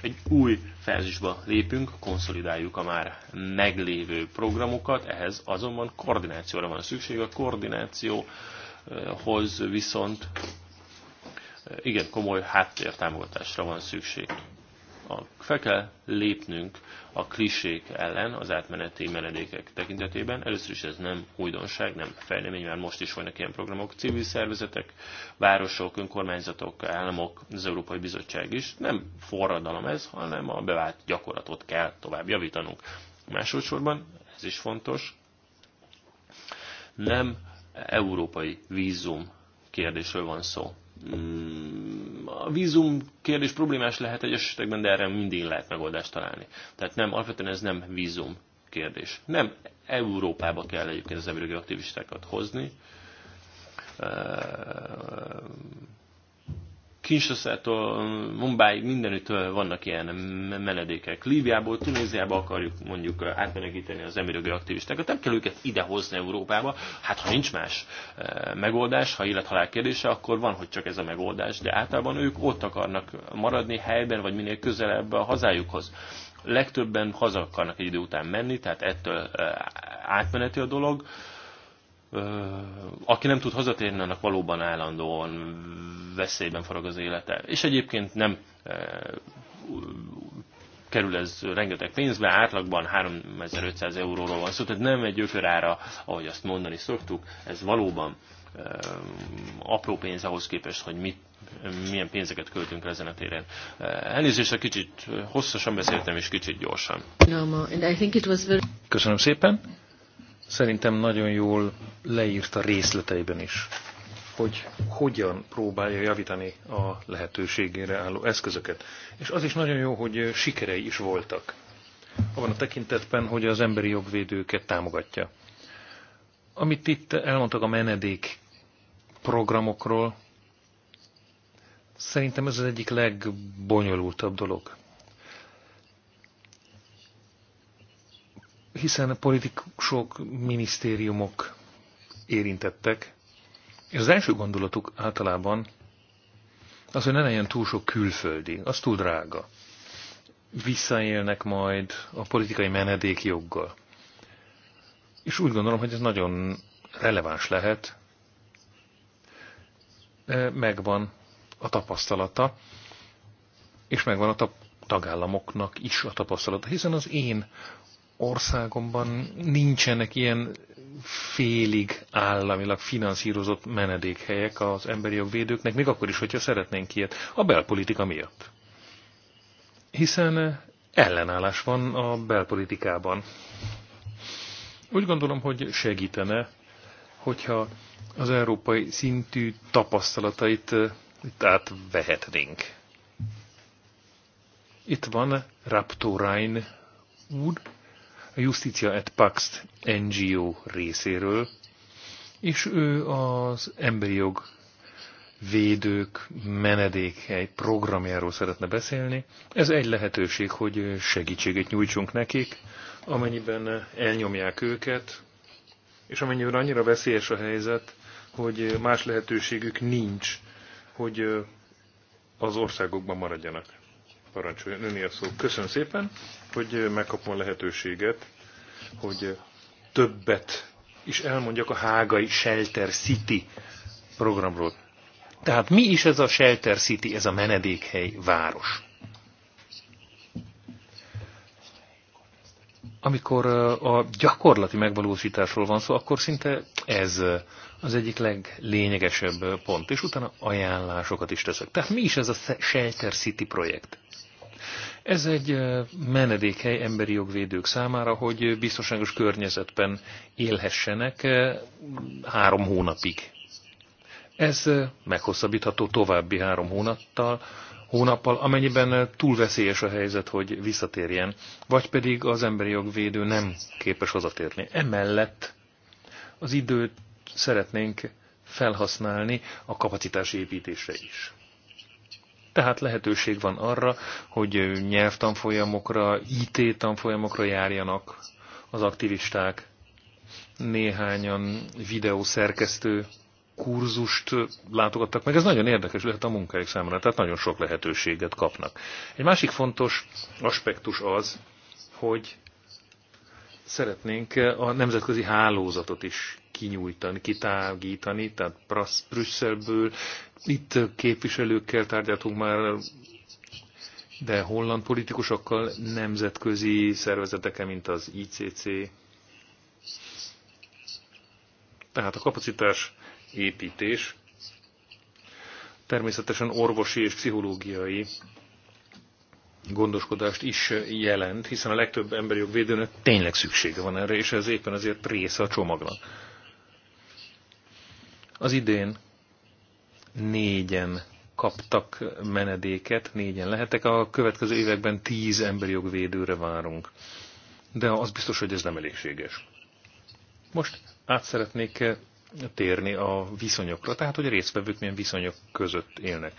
Egy új fázisba lépünk, konszolidáljuk a már meglévő programokat, ehhez azonban koordinációra van szükség. A koordinációhoz viszont igen komoly háttértámogatásra van szükség a, fel kell lépnünk a klisék ellen az átmeneti menedékek tekintetében. Először is ez nem újdonság, nem fejlemény, már most is vannak ilyen programok. Civil szervezetek, városok, önkormányzatok, államok, az Európai Bizottság is. Nem forradalom ez, hanem a bevált gyakorlatot kell tovább javítanunk. Másodszorban, ez is fontos, nem európai vízum kérdésről van szó. Mm, a vízum kérdés problémás lehet egyes esetekben, de erre mindig lehet megoldást találni. Tehát nem, alapvetően ez nem vízum kérdés. Nem Európába kell egyébként az emberi aktivistákat hozni. Kinshasa-tól Mumbai-ig mindenütt vannak ilyen menedékek. Líbiából, Tunéziába akarjuk mondjuk átmenekíteni az emirögő aktivistákat. Nem kell őket idehozni Európába. Hát ha nincs más megoldás, ha élethalál kérdése, akkor van, hogy csak ez a megoldás. De általában ők ott akarnak maradni helyben, vagy minél közelebb a hazájukhoz legtöbben haza akarnak egy idő után menni, tehát ettől átmeneti a dolog aki nem tud hazatérni, annak valóban állandóan veszélyben forog az élete. És egyébként nem kerül ez rengeteg pénzbe, átlagban 3500 euróról van szó, tehát nem egy ökörára, ahogy azt mondani szoktuk, ez valóban apró pénz ahhoz képest, hogy mit, milyen pénzeket költünk ezen a téren. Elnézést, kicsit hosszasan beszéltem, és kicsit gyorsan. Köszönöm szépen szerintem nagyon jól leírta részleteiben is, hogy hogyan próbálja javítani a lehetőségére álló eszközöket. És az is nagyon jó, hogy sikerei is voltak. Abban a tekintetben, hogy az emberi jogvédőket támogatja. Amit itt elmondtak a menedék programokról, szerintem ez az egyik legbonyolultabb dolog. hiszen a politikusok, minisztériumok érintettek, és az első gondolatuk általában az, hogy ne legyen túl sok külföldi, az túl drága. Visszaélnek majd a politikai menedék joggal. És úgy gondolom, hogy ez nagyon releváns lehet, e, megvan a tapasztalata, és megvan a tagállamoknak is a tapasztalata, hiszen az én országomban nincsenek ilyen félig államilag finanszírozott menedékhelyek az emberi jogvédőknek, még akkor is, hogyha szeretnénk ilyet, a belpolitika miatt. Hiszen ellenállás van a belpolitikában. Úgy gondolom, hogy segítene, hogyha az európai szintű tapasztalatait eh, itt átvehetnénk. Itt van Raptorain úr, a Justitia et Pax NGO részéről, és ő az emberi jog védők menedékhely programjáról szeretne beszélni. Ez egy lehetőség, hogy segítséget nyújtsunk nekik, amennyiben elnyomják őket, és amennyiben annyira veszélyes a helyzet, hogy más lehetőségük nincs, hogy az országokban maradjanak. Parancsoljon, önél szó. Köszönöm szépen, hogy megkapom a lehetőséget, hogy többet is elmondjak a hágai Shelter City programról. Tehát mi is ez a Shelter City, ez a menedékhely város? amikor a gyakorlati megvalósításról van szó, akkor szinte ez az egyik leglényegesebb pont, és utána ajánlásokat is teszek. Tehát mi is ez a Shelter City projekt? Ez egy menedékhely emberi jogvédők számára, hogy biztonságos környezetben élhessenek három hónapig. Ez meghosszabbítható további három hónattal hónappal, amennyiben túl veszélyes a helyzet, hogy visszatérjen, vagy pedig az emberi jogvédő nem képes hazatérni. Emellett az időt szeretnénk felhasználni a kapacitás építésre is. Tehát lehetőség van arra, hogy nyelvtanfolyamokra, IT tanfolyamokra járjanak az aktivisták, néhányan videószerkesztő kurzust látogattak meg, ez nagyon érdekes lehet a munkáik számára, tehát nagyon sok lehetőséget kapnak. Egy másik fontos aspektus az, hogy szeretnénk a nemzetközi hálózatot is kinyújtani, kitágítani, tehát Brüsszelből, itt képviselőkkel tárgyaltunk már, de holland politikusokkal, nemzetközi szervezeteken, mint az ICC. Tehát a kapacitás építés. Természetesen orvosi és pszichológiai gondoskodást is jelent, hiszen a legtöbb emberi jogvédőnek tényleg szüksége van erre, és ez éppen azért része a csomagnak. Az idén négyen kaptak menedéket, négyen lehetek, a következő években tíz emberi jogvédőre várunk. De az biztos, hogy ez nem elégséges. Most át szeretnék térni a viszonyokra, tehát hogy a résztvevők milyen viszonyok között élnek.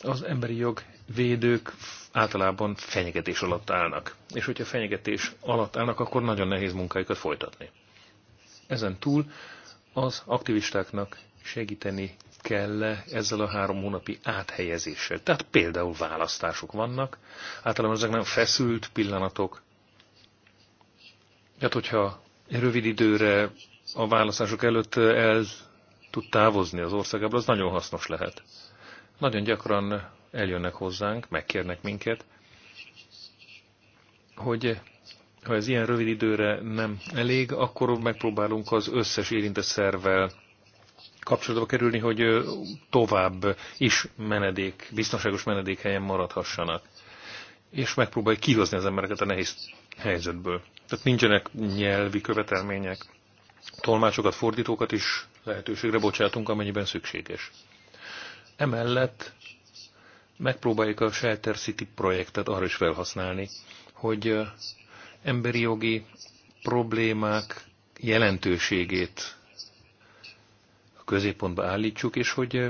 Az emberi jog védők általában fenyegetés alatt állnak, és hogyha fenyegetés alatt állnak, akkor nagyon nehéz munkáikat folytatni. Ezen túl az aktivistáknak segíteni kell -e ezzel a három hónapi áthelyezéssel. Tehát például választások vannak, általában ezek nem feszült pillanatok. Tehát hogyha rövid időre a választások előtt el tud távozni az országából, az nagyon hasznos lehet. Nagyon gyakran eljönnek hozzánk, megkérnek minket, hogy ha ez ilyen rövid időre nem elég, akkor megpróbálunk az összes érintett szervvel kapcsolatba kerülni, hogy tovább is menedék, biztonságos menedékhelyen maradhassanak. És megpróbáljuk kihozni az embereket a nehéz helyzetből. Tehát nincsenek nyelvi követelmények, tolmácsokat, fordítókat is lehetőségre bocsátunk, amennyiben szükséges. Emellett megpróbáljuk a Shelter City projektet arra is felhasználni, hogy emberi jogi problémák jelentőségét a középpontba állítsuk, és hogy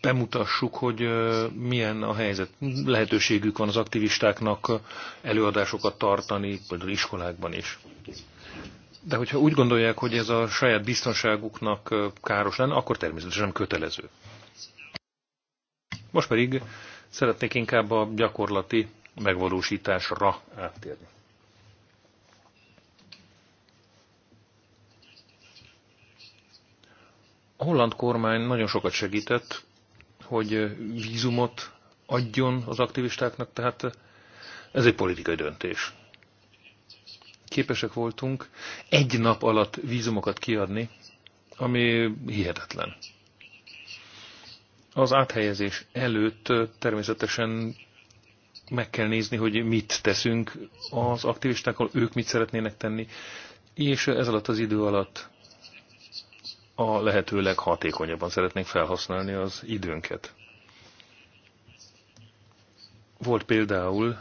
bemutassuk, hogy milyen a helyzet. Lehetőségük van az aktivistáknak előadásokat tartani, például iskolákban is. De hogyha úgy gondolják, hogy ez a saját biztonságuknak káros lenne, akkor természetesen nem kötelező. Most pedig szeretnék inkább a gyakorlati megvalósításra áttérni. A holland kormány nagyon sokat segített, hogy vízumot adjon az aktivistáknak, tehát ez egy politikai döntés képesek voltunk egy nap alatt vízumokat kiadni, ami hihetetlen. Az áthelyezés előtt természetesen meg kell nézni, hogy mit teszünk az aktivistákkal, ők mit szeretnének tenni, és ez alatt az idő alatt a lehető leghatékonyabban szeretnénk felhasználni az időnket. Volt például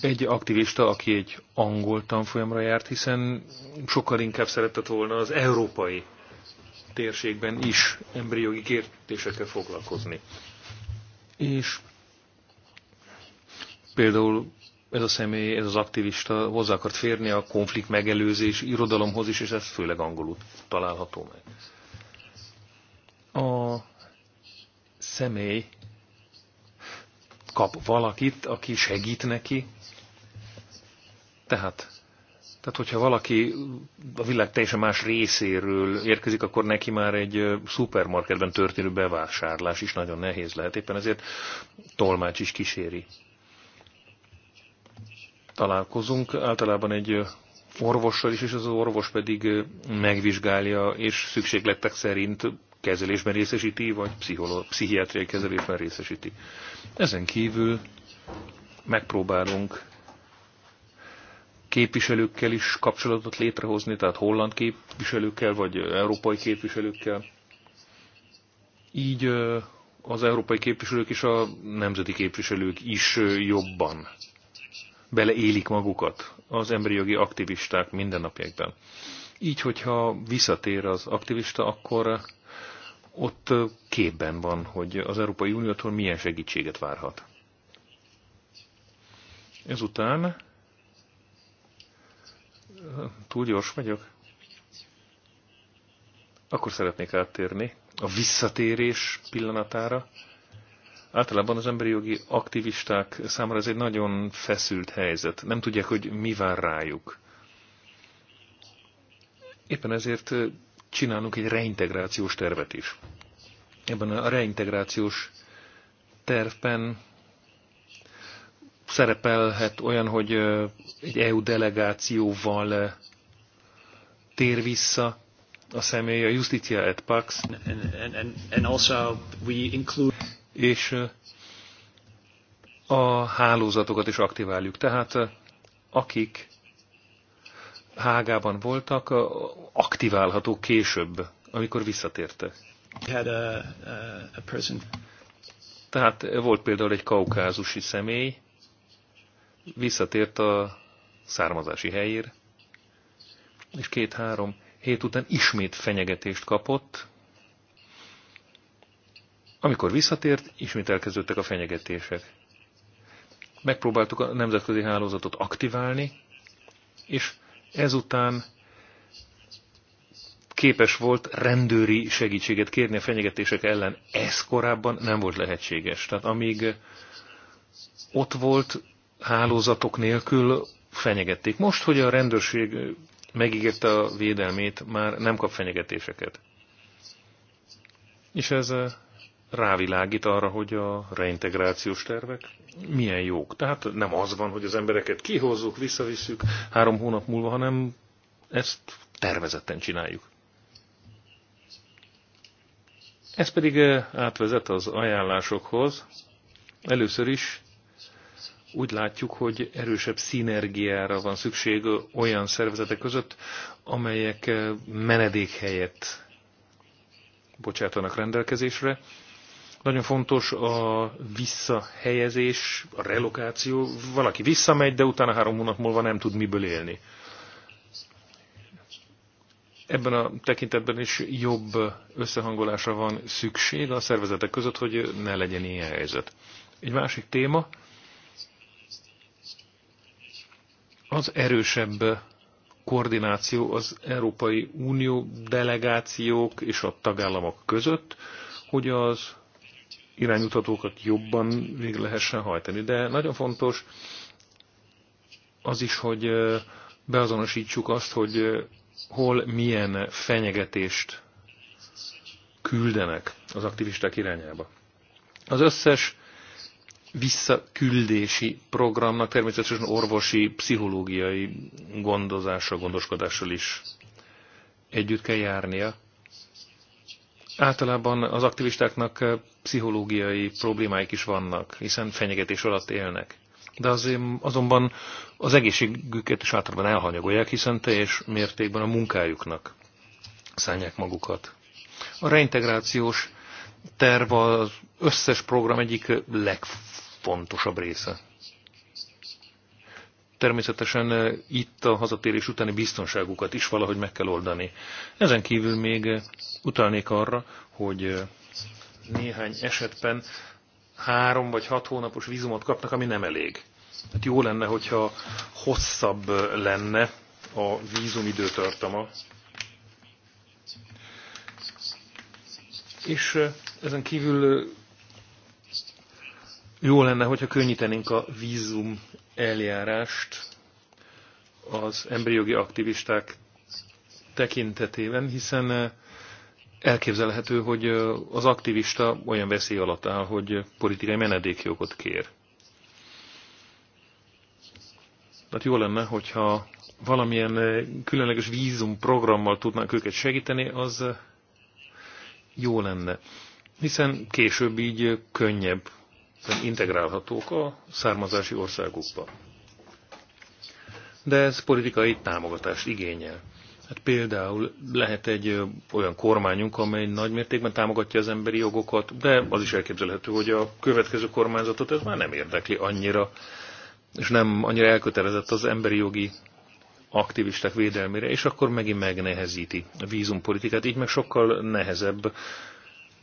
egy aktivista, aki egy angol tanfolyamra járt, hiszen sokkal inkább szeretett volna az európai térségben is jogi kérdésekkel foglalkozni. És például ez a személy, ez az aktivista hozzá akart férni a konflikt megelőzés irodalomhoz is, és ez főleg angolul található meg. A személy kap valakit, aki segít neki, tehát, tehát, hogyha valaki a világ teljesen más részéről érkezik, akkor neki már egy szupermarketben történő bevásárlás is nagyon nehéz lehet. Éppen ezért tolmács is kíséri. Találkozunk általában egy orvossal is, és az orvos pedig megvizsgálja, és szükségletek szerint kezelésben részesíti, vagy pszichiátriai kezelésben részesíti. Ezen kívül megpróbálunk képviselőkkel is kapcsolatot létrehozni, tehát holland képviselőkkel, vagy európai képviselőkkel. Így az európai képviselők és a nemzeti képviselők is jobban beleélik magukat az emberi jogi aktivisták mindennapjaikban. Így, hogyha visszatér az aktivista, akkor ott képben van, hogy az Európai Uniótól milyen segítséget várhat. Ezután Túl gyors vagyok? Akkor szeretnék áttérni a visszatérés pillanatára. Általában az emberi jogi aktivisták számára ez egy nagyon feszült helyzet. Nem tudják, hogy mi vár rájuk. Éppen ezért csinálunk egy reintegrációs tervet is. Ebben a reintegrációs tervben szerepelhet olyan, hogy egy EU delegációval tér vissza a személy a Justitia et Pax. And, and, and also we include... És a hálózatokat is aktiváljuk. Tehát akik Hágában voltak, aktiválhatók később, amikor visszatértek. Had a, a, a Tehát volt például egy kaukázusi személy, visszatért a származási helyére, és két-három hét után ismét fenyegetést kapott. Amikor visszatért, ismét elkezdődtek a fenyegetések. Megpróbáltuk a nemzetközi hálózatot aktiválni, és ezután képes volt rendőri segítséget kérni a fenyegetések ellen. Ez korábban nem volt lehetséges. Tehát amíg ott volt, hálózatok nélkül fenyegették. Most, hogy a rendőrség megígérte a védelmét, már nem kap fenyegetéseket. És ez eh, rávilágít arra, hogy a reintegrációs tervek milyen jók. Tehát nem az van, hogy az embereket kihozzuk, visszavisszük három hónap múlva, hanem ezt tervezetten csináljuk. Ez pedig eh, átvezet az ajánlásokhoz. Először is úgy látjuk, hogy erősebb szinergiára van szükség olyan szervezetek között, amelyek eh, menedékhelyet bocsátanak rendelkezésre. Nagyon fontos a visszahelyezés, a relokáció. Valaki visszamegy, de utána három hónap múlva nem tud miből élni. Ebben a tekintetben is jobb összehangolásra van szükség a szervezetek között, hogy ne legyen ilyen helyzet. Egy másik téma, az erősebb koordináció az Európai Unió delegációk és a tagállamok között, hogy az irányutatókat jobban végre lehessen hajtani. De nagyon fontos az is, hogy beazonosítsuk azt, hogy hol milyen fenyegetést küldenek az aktivisták irányába. Az összes visszaküldési programnak természetesen orvosi, pszichológiai gondozással, gondoskodással is együtt kell járnia. Általában az aktivistáknak pszichológiai problémáik is vannak, hiszen fenyegetés alatt élnek. De azért, azonban az egészségüket is általában elhanyagolják, hiszen teljes mértékben a munkájuknak szállják magukat. A reintegrációs terv az összes program egyik legfontosabb legfontosabb része. Természetesen eh, itt a hazatérés utáni biztonságukat is valahogy meg kell oldani. Ezen kívül még eh, utalnék arra, hogy eh, néhány esetben három vagy hat hónapos vízumot kapnak, ami nem elég. Hát jó lenne, hogyha hosszabb lenne a vízum időtartama. És ezen kívül jó lenne, hogyha könnyítenénk a vízum eljárást az emberi jogi aktivisták tekintetében, hiszen eh, elképzelhető, hogy eh, az aktivista olyan veszély alatt áll, hogy politikai menedékjogot kér. Tehát jó lenne, hogyha valamilyen eh, különleges vízum programmal tudnánk őket segíteni, az jó lenne. Hiszen később így könnyebb integrálhatók a származási országukba. De ez politikai támogatást igényel. Hát például lehet egy olyan kormányunk, amely nagy mértékben támogatja az emberi jogokat, de az is elképzelhető, hogy a következő kormányzatot ez már nem érdekli annyira, és nem annyira elkötelezett az emberi jogi aktivisták védelmére, és akkor megint megnehezíti a vízumpolitikát, így meg sokkal nehezebb,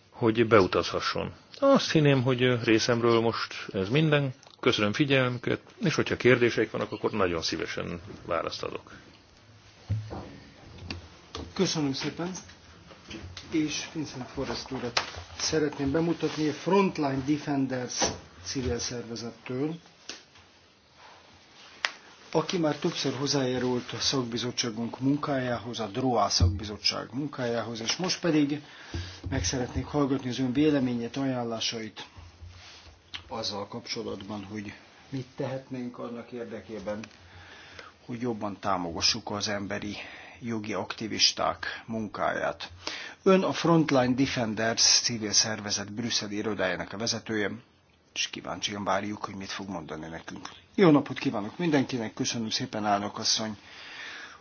hogy beutazhasson azt hinném, hogy részemről most ez minden. Köszönöm figyelmüket, és hogyha kérdéseik vannak, akkor nagyon szívesen választ adok. Köszönöm szépen, és Vincent Forrest úrat szeretném bemutatni a Frontline Defenders civil szervezettől aki már többször hozzájárult a szakbizottságunk munkájához, a DROA szakbizottság munkájához, és most pedig meg szeretnék hallgatni az ön véleményét, ajánlásait azzal kapcsolatban, hogy mit tehetnénk annak érdekében, hogy jobban támogassuk az emberi jogi aktivisták munkáját. Ön a Frontline Defenders civil szervezet brüsszeli irodájának a vezetője, és kíváncsian várjuk, hogy mit fog mondani nekünk. Jó napot kívánok mindenkinek, köszönöm szépen, állnak asszony,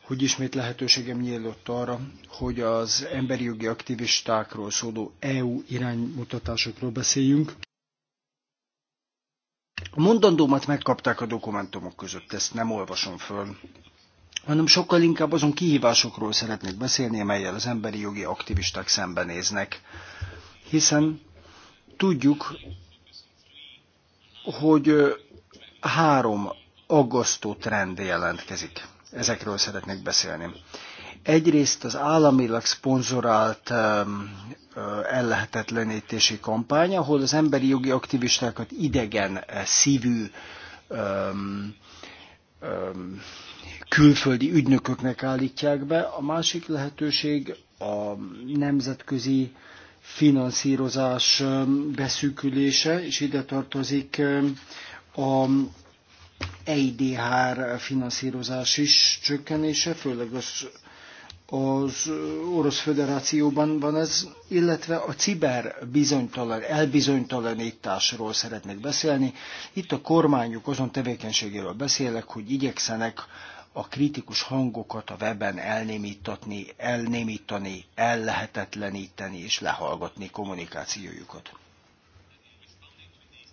hogy ismét lehetőségem nyílott arra, hogy az emberi jogi aktivistákról szóló EU iránymutatásokról beszéljünk. A mondandómat megkapták a dokumentumok között, ezt nem olvasom föl, hanem sokkal inkább azon kihívásokról szeretnék beszélni, amelyel az emberi jogi aktivisták szembenéznek. Hiszen tudjuk, hogy három aggasztó trend jelentkezik. Ezekről szeretnék beszélni. Egyrészt az államilag szponzorált ellehetetlenítési kampány, ahol az emberi jogi aktivistákat idegen eh, szívű külföldi ügynököknek állítják be. A másik lehetőség a nemzetközi finanszírozás beszűkülése, és ide tartozik a EIDHR finanszírozás is csökkenése, főleg az, az Orosz Föderációban van ez, illetve a ciber bizonytalan, elbizonytalanításról szeretnék beszélni. Itt a kormányok azon tevékenységéről beszélek, hogy igyekszenek a kritikus hangokat a webben elnémítatni, elnémítani, ellehetetleníteni és lehallgatni kommunikációjukat.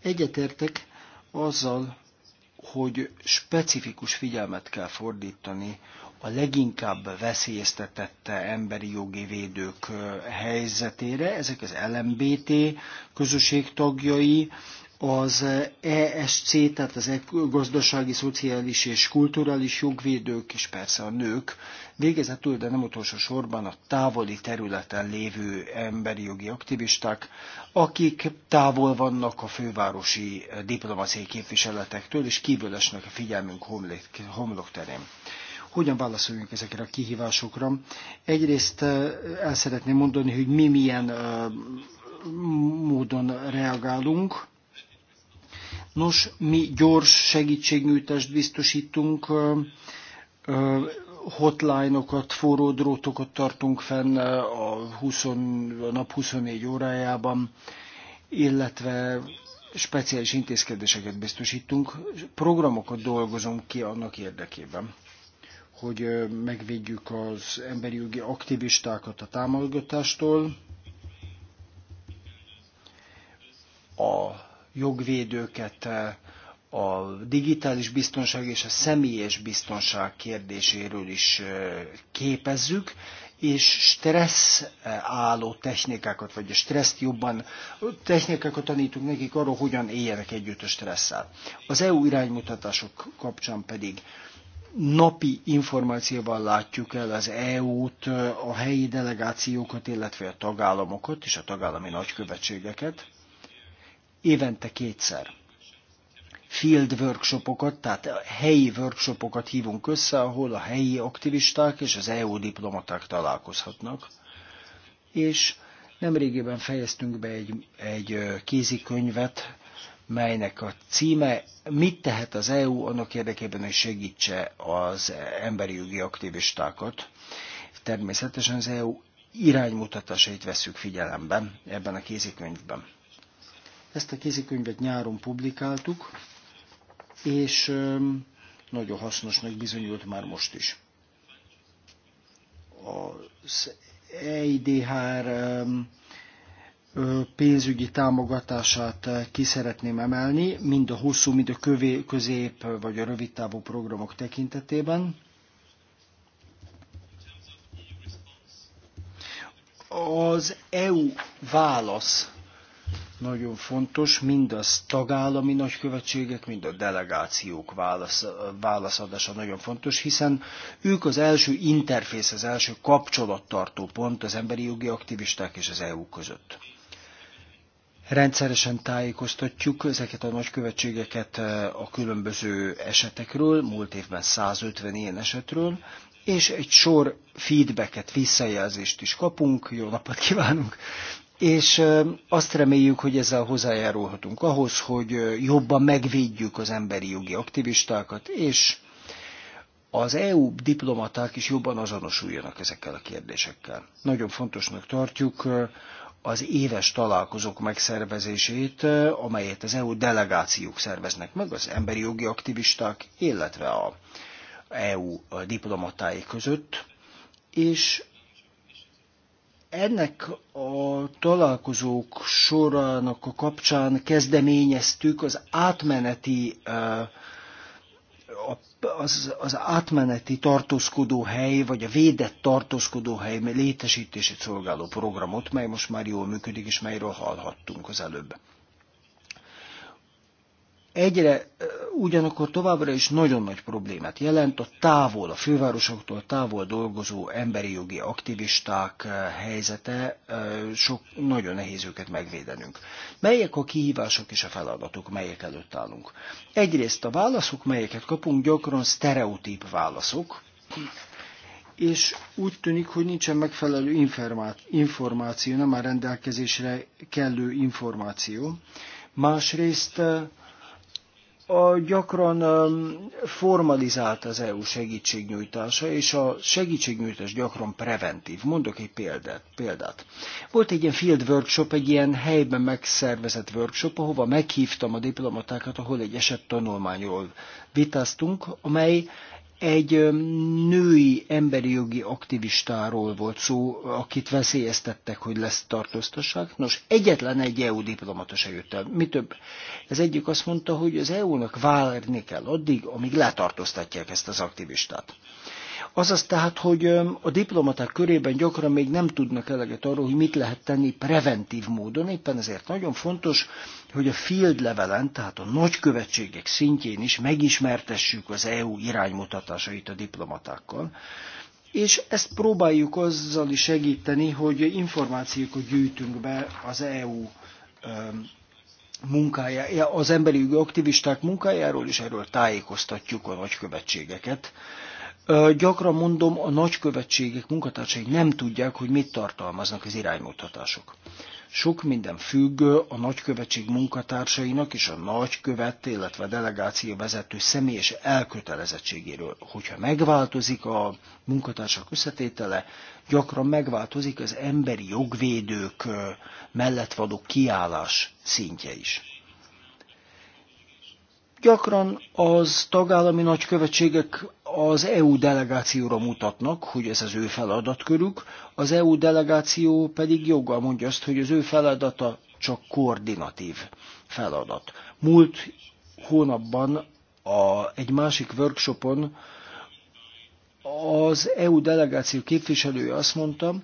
Egyetértek azzal, hogy specifikus figyelmet kell fordítani a leginkább veszélyeztetette emberi jogi védők eh, helyzetére. Ezek az LMBT közösség tagjai, az ESC, tehát az e gazdasági, szociális és kulturális jogvédők, és persze a nők, végezetül, de nem utolsó sorban a távoli területen lévő emberi jogi aktivisták, akik távol vannak a fővárosi diplomáciai képviseletektől, és kívül esnek a figyelmünk homlokterén hogyan válaszoljunk ezekre a kihívásokra. Egyrészt el szeretném mondani, hogy mi milyen módon reagálunk. Nos, mi gyors segítségnyújtást biztosítunk, hotline-okat, forró drótokat tartunk fenn a, 20, a nap 24 órájában, illetve speciális intézkedéseket biztosítunk, programokat dolgozunk ki annak érdekében, hogy megvédjük az emberi jogi aktivistákat a támogatástól, a jogvédőket eh, a digitális biztonság és a személyes biztonság kérdéséről is eh, képezzük, és stressz eh, álló technikákat, vagy a stresszt jobban technikákat tanítunk nekik arra, hogyan éljenek együtt a stresszel. Az EU iránymutatások kapcsán pedig napi információval látjuk el az EU-t, a helyi delegációkat, illetve a tagállamokat és a tagállami nagykövetségeket évente kétszer. Field workshopokat, tehát helyi workshopokat hívunk össze, ahol a helyi aktivisták és az EU diplomaták találkozhatnak. És nemrégében fejeztünk be egy, egy kézikönyvet, melynek a címe Mit tehet az EU annak érdekében, hogy segítse az emberi jogi aktivistákat? Természetesen az EU iránymutatásait veszük figyelembe ebben a kézikönyvben. Ezt a kézikönyvet nyáron publikáltuk, és nagyon hasznosnak bizonyult már most is. Az EIDHR pénzügyi támogatását ki szeretném emelni, mind a hosszú, mind a kövé, közép vagy a rövid távú programok tekintetében. Az EU válasz nagyon fontos, mind az tagállami nagykövetségek, mind a delegációk válasz, válaszadása nagyon fontos, hiszen ők az első interfész, az első kapcsolattartó pont az emberi jogi aktivisták és az EU között. Rendszeresen tájékoztatjuk ezeket a nagykövetségeket eh, a különböző esetekről, múlt évben 150 ilyen esetről, és egy sor feedbacket, visszajelzést is kapunk, jó napot kívánunk, és azt reméljük, hogy ezzel hozzájárulhatunk ahhoz, hogy jobban megvédjük az emberi jogi aktivistákat, és az EU diplomaták is jobban azonosuljanak ezekkel a kérdésekkel. Nagyon fontosnak tartjuk az éves találkozók megszervezését, amelyet az EU delegációk szerveznek meg, az emberi jogi aktivisták, illetve a EU diplomatái között, és ennek a találkozók sorának a kapcsán kezdeményeztük az átmeneti eh, az, az átmeneti tartózkodó hely, vagy a védett tartózkodó hely létesítését szolgáló programot, mely most már jól működik, és melyről hallhattunk az előbb egyre ugyanakkor továbbra is nagyon nagy problémát jelent a távol, a fővárosoktól távol dolgozó emberi jogi aktivisták helyzete, sok nagyon nehéz őket megvédenünk. Melyek a kihívások és a feladatok, melyek előtt állunk? Egyrészt a válaszok, melyeket kapunk, gyakran sztereotíp válaszok, és úgy tűnik, hogy nincsen megfelelő információ, nem már rendelkezésre kellő információ. Másrészt a gyakran formalizált az EU segítségnyújtása, és a segítségnyújtás gyakran preventív. Mondok egy példát. példát. Volt egy ilyen field workshop, egy ilyen helyben megszervezett workshop, ahova meghívtam a diplomatákat, ahol egy eset tanulmányról vitáztunk, amely egy női emberi jogi aktivistáról volt szó, akit veszélyeztettek, hogy lesz tartóztassák. Nos, egyetlen egy EU diplomata se jött el. Mi több? Ez egyik azt mondta, hogy az EU-nak várni kell addig, amíg letartóztatják ezt az aktivistát. Azaz tehát, hogy a diplomaták körében gyakran még nem tudnak eleget arról, hogy mit lehet tenni preventív módon. Éppen ezért nagyon fontos, hogy a field levelen, tehát a nagykövetségek szintjén is megismertessük az EU iránymutatásait a diplomatákkal. És ezt próbáljuk azzal is segíteni, hogy információkat gyűjtünk be az EU munkája, az emberi jogi aktivisták munkájáról, és erről tájékoztatjuk a nagykövetségeket. Gyakran mondom, a nagykövetségek munkatársai nem tudják, hogy mit tartalmaznak az iránymutatások. Sok minden függ a nagykövetség munkatársainak és a nagykövet, illetve a delegáció vezető személyes elkötelezettségéről. Hogyha megváltozik a munkatársak összetétele, gyakran megváltozik az emberi jogvédők mellett való kiállás szintje is. Gyakran az tagállami nagykövetségek az EU delegációra mutatnak, hogy ez az ő feladatkörük, az EU delegáció pedig joggal mondja azt, hogy az ő feladata csak koordinatív feladat. Múlt hónapban a, egy másik workshopon az EU delegáció képviselője azt mondta,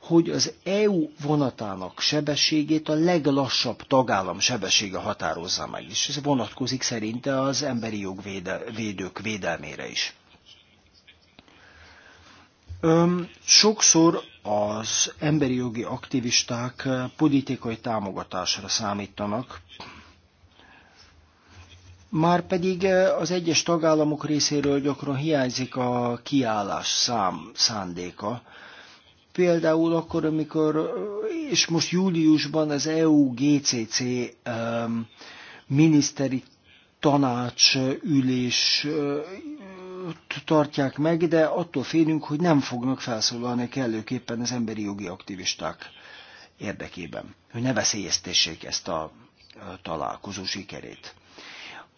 hogy az EU vonatának sebességét a leglassabb tagállam sebessége határozza meg, és ez vonatkozik szerinte az emberi jogvédők védelmére is. Öm, sokszor az emberi jogi aktivisták politikai támogatásra számítanak, Márpedig eh, az egyes tagállamok részéről gyakran hiányzik a kiállás szám szándéka. Például akkor, amikor, eh, és most júliusban az EU-GCC um, miniszteri tanács eh, ülés tartják meg, de attól félünk, hogy nem fognak felszólalni kellőképpen az emberi jogi aktivisták érdekében, hogy ne veszélyeztessék ezt a találkozó sikerét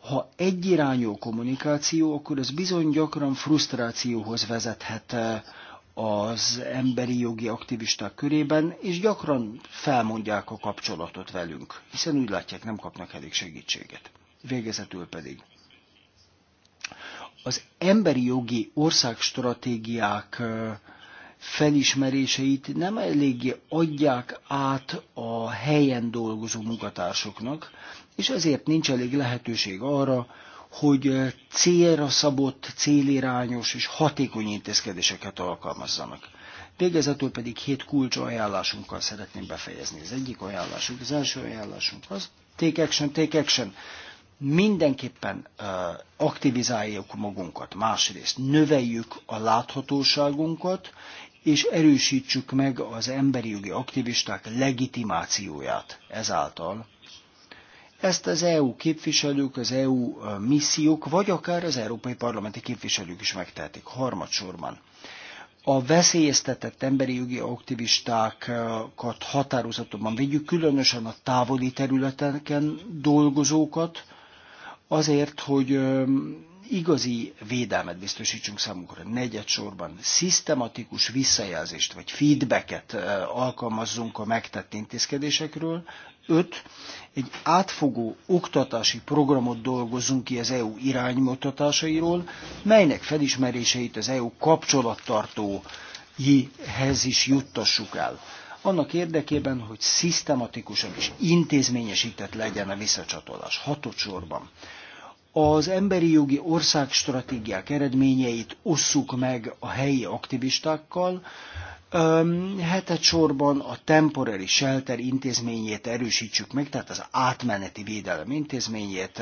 ha egyirányú kommunikáció, akkor ez bizony gyakran frusztrációhoz vezethet eh, az emberi jogi aktivisták körében, és gyakran felmondják a kapcsolatot velünk, hiszen úgy látják, nem kapnak elég segítséget. Végezetül pedig. Az emberi jogi országstratégiák eh, felismeréseit nem eléggé adják át a helyen dolgozó munkatársoknak, és ezért nincs elég lehetőség arra, hogy eh, célra szabott, célirányos és hatékony intézkedéseket alkalmazzanak. Végezetül pedig hét kulcs ajánlásunkkal szeretném befejezni. Az egyik ajánlásunk, az első ajánlásunk az take action, take action. Mindenképpen uh, aktivizáljuk magunkat. Másrészt növeljük a láthatóságunkat, és erősítsük meg az emberi jogi aktivisták legitimációját ezáltal, ezt az EU képviselők, az EU missziók, vagy akár az európai parlamenti képviselők is megtehetik harmadsorban. A veszélyeztetett emberi jogi aktivistákat határozottabban védjük, különösen a távoli területeken dolgozókat, azért, hogy igazi védelmet biztosítsunk számukra. Negyed sorban szisztematikus visszajelzést vagy feedbacket alkalmazzunk a megtett intézkedésekről, 5. Egy átfogó oktatási programot dolgozunk ki az EU iránymutatásairól, melynek felismeréseit az EU kapcsolattartóihez is juttassuk el. Annak érdekében, hogy szisztematikusan és intézményesített legyen a visszacsatolás. Hatodsorban az emberi jogi országstratégiák eredményeit osszuk meg a helyi aktivistákkal, hetet sorban a temporary shelter intézményét erősítsük meg, tehát az átmeneti védelem intézményét,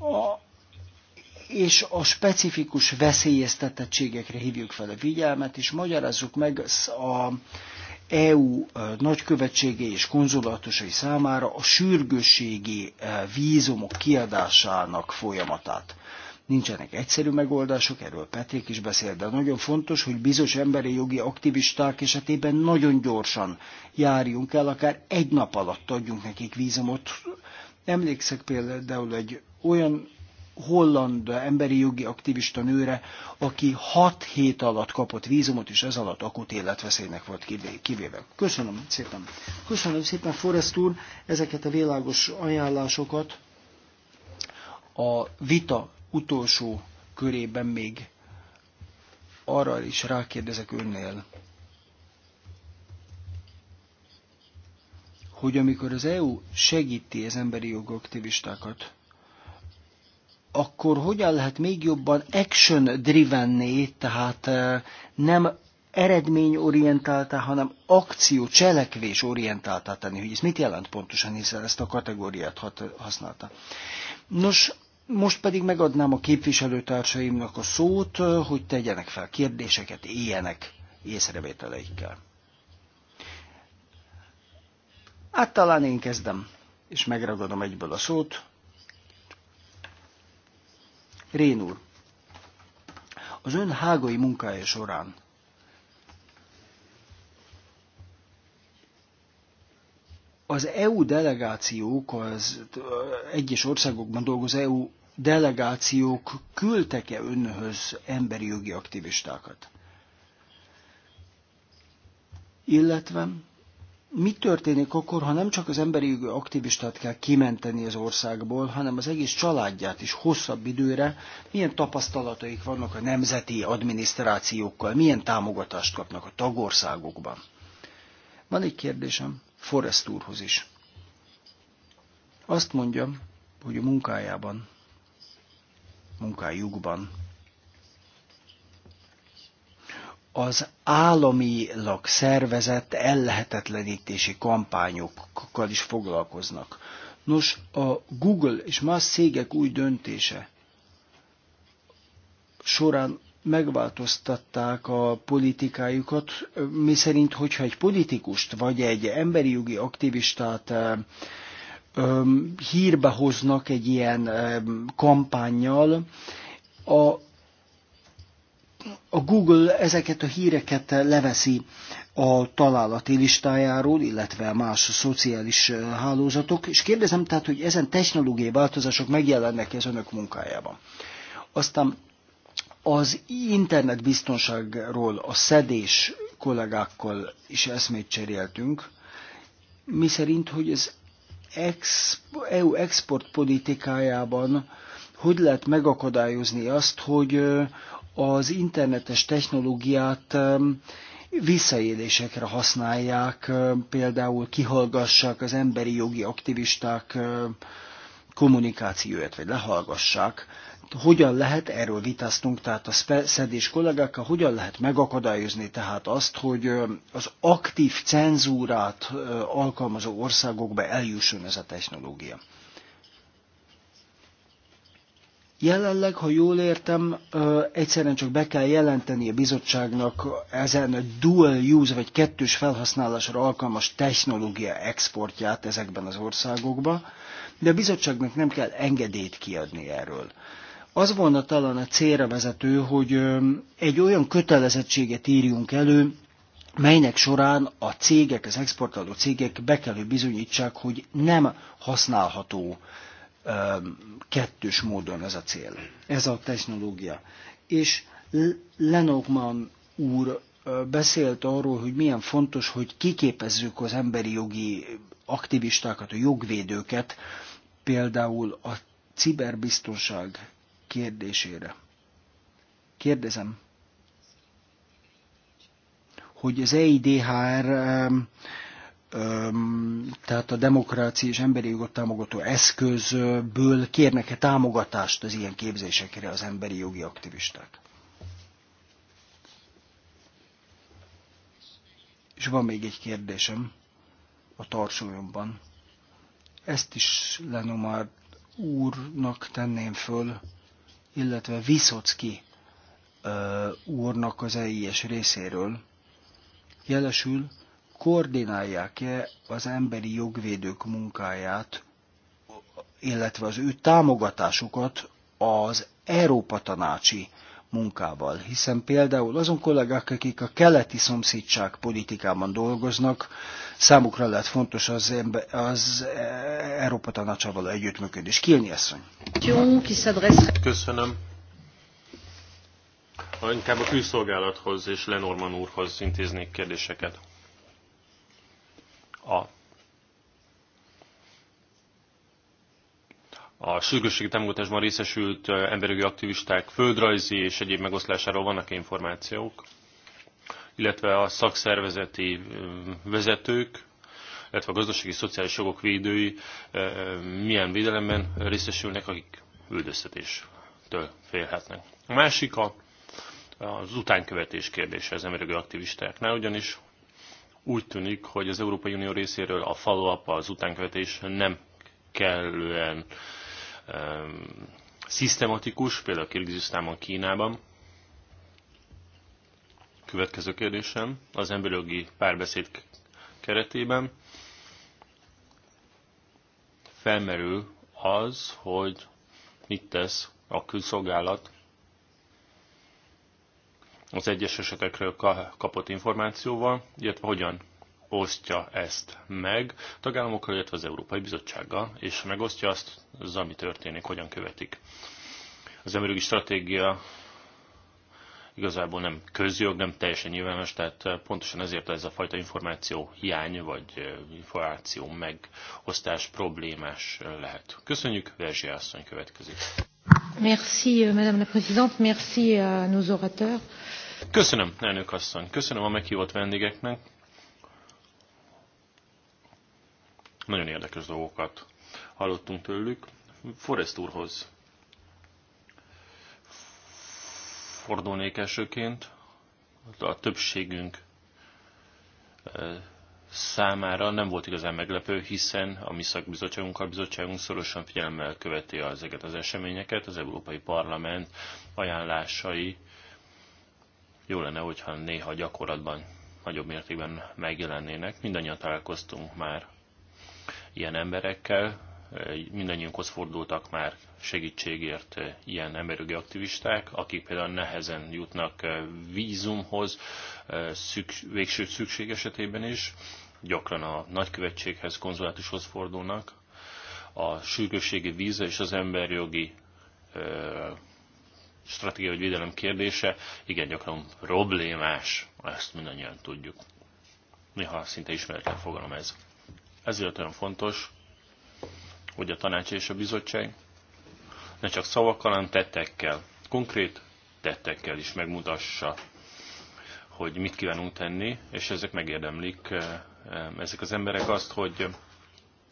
a, és a specifikus veszélyeztetettségekre hívjuk fel a figyelmet, és magyarázzuk meg a EU nagykövetségé és konzulátusai számára a sürgősségi vízumok kiadásának folyamatát. Nincsenek egyszerű megoldások, erről Petrik is beszél, de nagyon fontos, hogy bizonyos emberi jogi aktivisták esetében nagyon gyorsan járjunk el, akár egy nap alatt adjunk nekik vízumot. Emlékszek például egy olyan holland emberi jogi aktivista nőre, aki 6 hét alatt kapott vízumot, és ez alatt akut életveszélynek volt kivéve. Köszönöm szépen. Köszönöm szépen, Forrest úr, ezeket a világos ajánlásokat. A vita utolsó körében még arra is rákérdezek önnél, hogy amikor az EU segíti az emberi jogok aktivistákat, akkor hogyan lehet még jobban action-drivenné, tehát eh, nem eredményorientáltá, hanem akció, cselekvés orientáltá tenni, hogy ez mit jelent pontosan, hiszen ezt a kategóriát használta. Nos, most pedig megadnám a képviselőtársaimnak a szót, hogy tegyenek fel kérdéseket, éljenek észrevételeikkel. Hát talán én kezdem, és megragadom egyből a szót. Rén úr, az ön hágai munkája során Az EU delegációk, az egyes országokban dolgozó EU delegációk küldtek-e önhöz emberi jogi aktivistákat? Illetve mi történik akkor, ha nem csak az emberi jogi aktivistát kell kimenteni az országból, hanem az egész családját is hosszabb időre, milyen tapasztalataik vannak a nemzeti adminisztrációkkal, milyen támogatást kapnak a tagországokban? Van egy kérdésem. Forrest úrhoz is. Azt mondja, hogy a munkájában, munkájukban az államilag szervezett ellehetetlenítési kampányokkal is foglalkoznak. Nos, a Google és más cégek új döntése során megváltoztatták a politikájukat, miszerint, hogyha egy politikust vagy egy emberi jogi aktivistát hírbe hoznak egy ilyen kampányjal, a, a Google ezeket a híreket leveszi a találati listájáról, illetve más szociális hálózatok, és kérdezem tehát, hogy ezen technológiai változások megjelennek ez önök munkájában. Aztán az internetbiztonságról a szedés kollégákkal is eszmét cseréltünk, mi szerint, hogy az ex, EU exportpolitikájában hogy lehet megakadályozni azt, hogy az internetes technológiát visszaélésekre használják, például kihallgassák az emberi jogi aktivisták kommunikációját, vagy lehallgassák hogyan lehet, erről vitáztunk, tehát a szedés kollégákkal, hogyan lehet megakadályozni tehát azt, hogy az aktív cenzúrát alkalmazó országokba eljusson ez a technológia. Jelenleg, ha jól értem, egyszerűen csak be kell jelenteni a bizottságnak ezen a dual use vagy kettős felhasználásra alkalmas technológia exportját ezekben az országokba, de a bizottságnak nem kell engedélyt kiadni erről. Az volna talán a célra vezető, hogy egy olyan kötelezettséget írjunk elő, melynek során a cégek, az exportáló cégek be kell, hogy bizonyítsák, hogy nem használható kettős módon ez a cél, ez a technológia. És Lenokman úr beszélt arról, hogy milyen fontos, hogy kiképezzük az emberi jogi aktivistákat, a jogvédőket, például a ciberbiztonság kérdésére. Kérdezem, hogy az EIDHR tehát a demokrácia és emberi jogot támogató eszközből kérnek-e támogatást az ilyen képzésekre az emberi jogi aktivisták? És van még egy kérdésem a tartsólyomban. Ezt is Lenomár úrnak tenném föl illetve Viszocki úrnak az EIS részéről. Jelesül, koordinálják-e az emberi jogvédők munkáját, illetve az ő támogatásukat az Európa Tanácsi munkával, hiszen például azon kollégák, akik a keleti szomszédság politikában dolgoznak, számukra lehet fontos az, az e, Európa Tanácsával együttműködés. Kielni asszony. Köszönöm. Inkább a külszolgálathoz és Lenorman úrhoz intéznék kérdéseket. A a sürgősségi támogatásban részesült emberi aktivisták földrajzi és egyéb megoszlásáról vannak -e információk, illetve a szakszervezeti vezetők, illetve a gazdasági szociális jogok védői milyen védelemben részesülnek, akik üldöztetéstől félhetnek. A másik a, az utánkövetés kérdése az emberi aktivistáknál, ugyanis úgy tűnik, hogy az Európai Unió részéről a follow-up, az utánkövetés nem kellően szisztematikus, például Kirgizisztánban, Kínában. Következő kérdésem az emberjogi párbeszéd keretében felmerül az, hogy mit tesz a külszolgálat az egyes esetekről kapott információval, illetve hogyan osztja ezt meg tagállamokkal, illetve az Európai Bizottsággal, és megosztja azt, az, ami történik, hogyan követik. Az emberi stratégia igazából nem közjog, nem teljesen nyilvános, tehát eh, pontosan ezért ez a fajta információ hiány vagy eh, információ megosztás problémás eh, lehet. Köszönjük, Verzsi asszony következik. Merci, euh, Madame la Présidente, merci à euh, nos orateurs. Köszönöm, elnök asszony, köszönöm a meghívott vendégeknek, Nagyon érdekes dolgokat hallottunk tőlük. Forrest úrhoz fordulnék elsőként. A többségünk e, számára nem volt igazán meglepő, hiszen a mi szakbizottságunk, a bizottságunk szorosan figyelemmel követi ezeket az eseményeket. Az Európai Parlament ajánlásai jó lenne, hogyha néha gyakorlatban nagyobb mértékben megjelennének. Mindannyian találkoztunk már ilyen emberekkel. Mindannyiunkhoz fordultak már segítségért eh, ilyen emberügyi aktivisták, akik például nehezen jutnak eh, vízumhoz, eh, végső szükség esetében is. Gyakran a nagykövetséghez, konzulátushoz fordulnak. A sürgősségi víza és az emberjogi stratégia vagy védelem kérdése igen gyakran problémás, ezt mindannyian tudjuk. Néha szinte ismeretlen fogalom ez. Ezért olyan fontos, hogy a tanács és a bizottság ne csak szavakkal, hanem tettekkel, konkrét tettekkel is megmutassa, hogy mit kívánunk tenni, és ezek megérdemlik eh, eh, ezek az emberek azt, hogy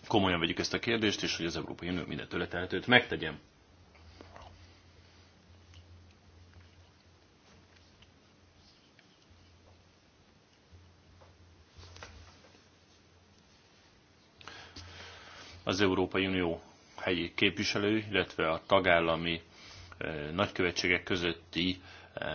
komolyan vegyük ezt a kérdést, és hogy az Európai Unió mindentől tehetőt megtegyen. az Európai Unió helyi képviselői, illetve a tagállami eh, nagykövetségek közötti eh,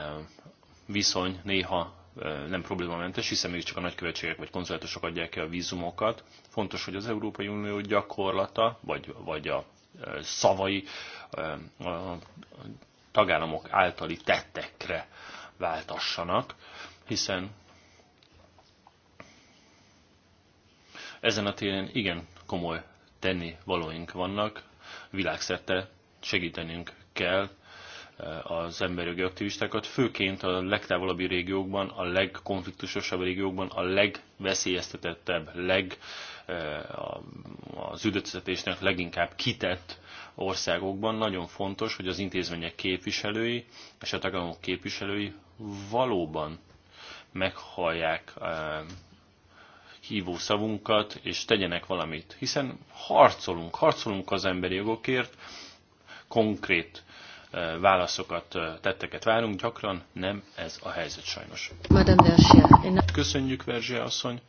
viszony néha eh, nem problémamentes, hiszen mégiscsak a nagykövetségek vagy konzulátusok adják ki a vízumokat. Fontos, hogy az Európai Unió gyakorlata, vagy, vagy a szavai a tagállamok általi tettekre váltassanak, hiszen ezen a téren igen komoly tenni valóink vannak, világszerte segítenünk kell eh, az jogi aktivistákat, főként a legtávolabbi régiókban, a legkonfliktusosabb régiókban, a legveszélyeztetettebb, leg, eh, az üldöztetésnek leginkább kitett országokban nagyon fontos, hogy az intézmények képviselői és a tagállamok képviselői valóban meghallják eh, hívó szavunkat, és tegyenek valamit. Hiszen harcolunk, harcolunk az emberi jogokért, konkrét eh, válaszokat, eh, tetteket várunk, gyakran nem ez a helyzet sajnos. Köszönjük, Verzsia asszony,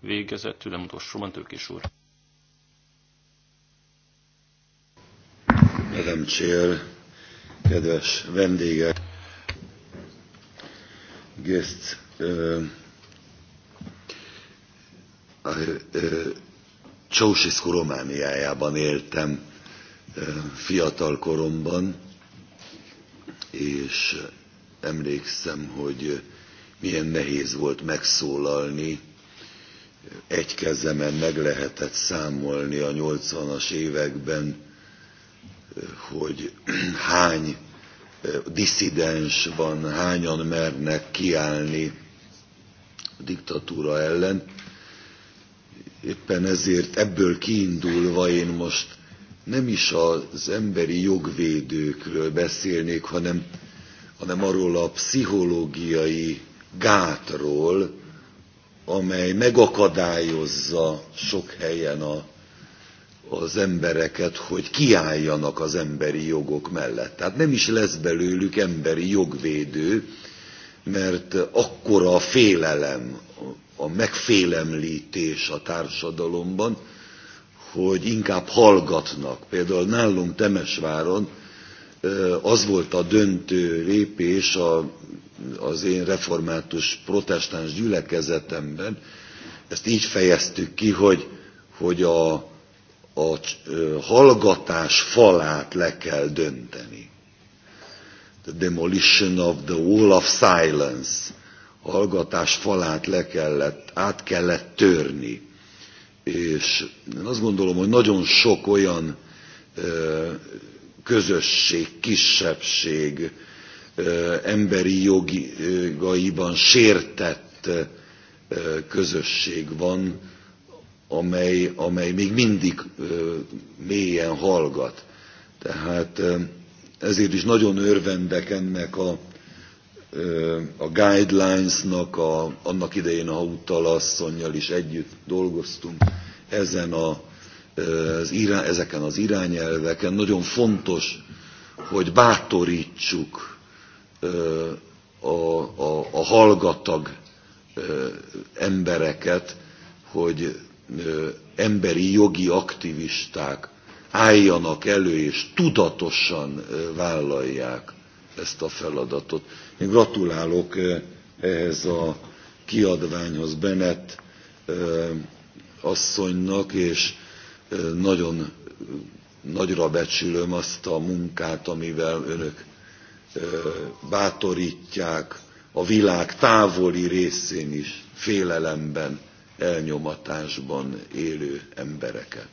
végezetül nem van Tőkés úr. Madame Csél, kedves vendégek, guests. uh Csósiszku Romániájában éltem fiatal koromban, és emlékszem, hogy milyen nehéz volt megszólalni. Egy kezemen meg lehetett számolni a 80-as években, hogy hány diszidens van, hányan mernek kiállni a diktatúra ellen éppen ezért ebből kiindulva én most nem is az emberi jogvédőkről beszélnék, hanem, hanem arról a pszichológiai gátról, amely megakadályozza sok helyen a, az embereket, hogy kiálljanak az emberi jogok mellett. Tehát nem is lesz belőlük emberi jogvédő, mert akkora a félelem a megfélemlítés a társadalomban, hogy inkább hallgatnak. Például nálunk Temesváron az volt a döntő lépés a, az én református protestáns gyülekezetemben, ezt így fejeztük ki, hogy, hogy a, a hallgatás falát le kell dönteni. The demolition of the wall of silence hallgatás falát le kellett, át kellett törni. És én azt gondolom, hogy nagyon sok olyan közösség, kisebbség, emberi jogaiban sértett közösség van, amely, amely még mindig mélyen hallgat. Tehát ezért is nagyon örvendek ennek a a guidelinesnak, a, annak idején a Hauttal asszonynal is együtt dolgoztunk ezen a, az irány, ezeken az irányelveken. Nagyon fontos, hogy bátorítsuk a, a, a hallgatag embereket, hogy emberi jogi aktivisták álljanak elő és tudatosan vállalják ezt a feladatot. Én gratulálok eh, ehhez a kiadványhoz Bennett eh, asszonynak, és eh, nagyon nagyra becsülöm azt a munkát, amivel önök bátorítják a világ távoli részén is félelemben, elnyomatásban élő embereket.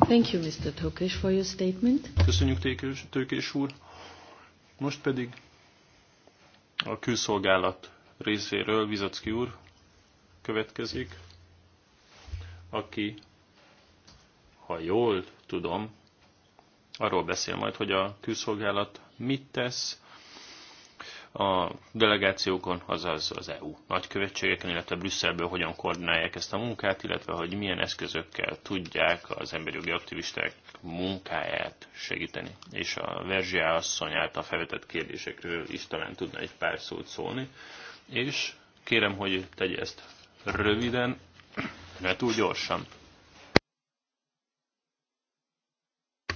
Thank you, Mr. Tökés, for your statement. Köszönjük, Tőkés úr. Most pedig a külszolgálat részéről Vizacki úr következik, aki, ha jól tudom, arról beszél majd, hogy a külszolgálat mit tesz a delegációkon, azaz az EU nagykövetségeken, illetve Brüsszelből hogyan koordinálják ezt a munkát, illetve hogy milyen eszközökkel tudják az emberi jogi aktivisták munkáját segíteni. És a Verzsia asszony által felvetett kérdésekről is talán tudna egy pár szót szólni. És kérem, hogy tegye ezt röviden, ne túl gyorsan.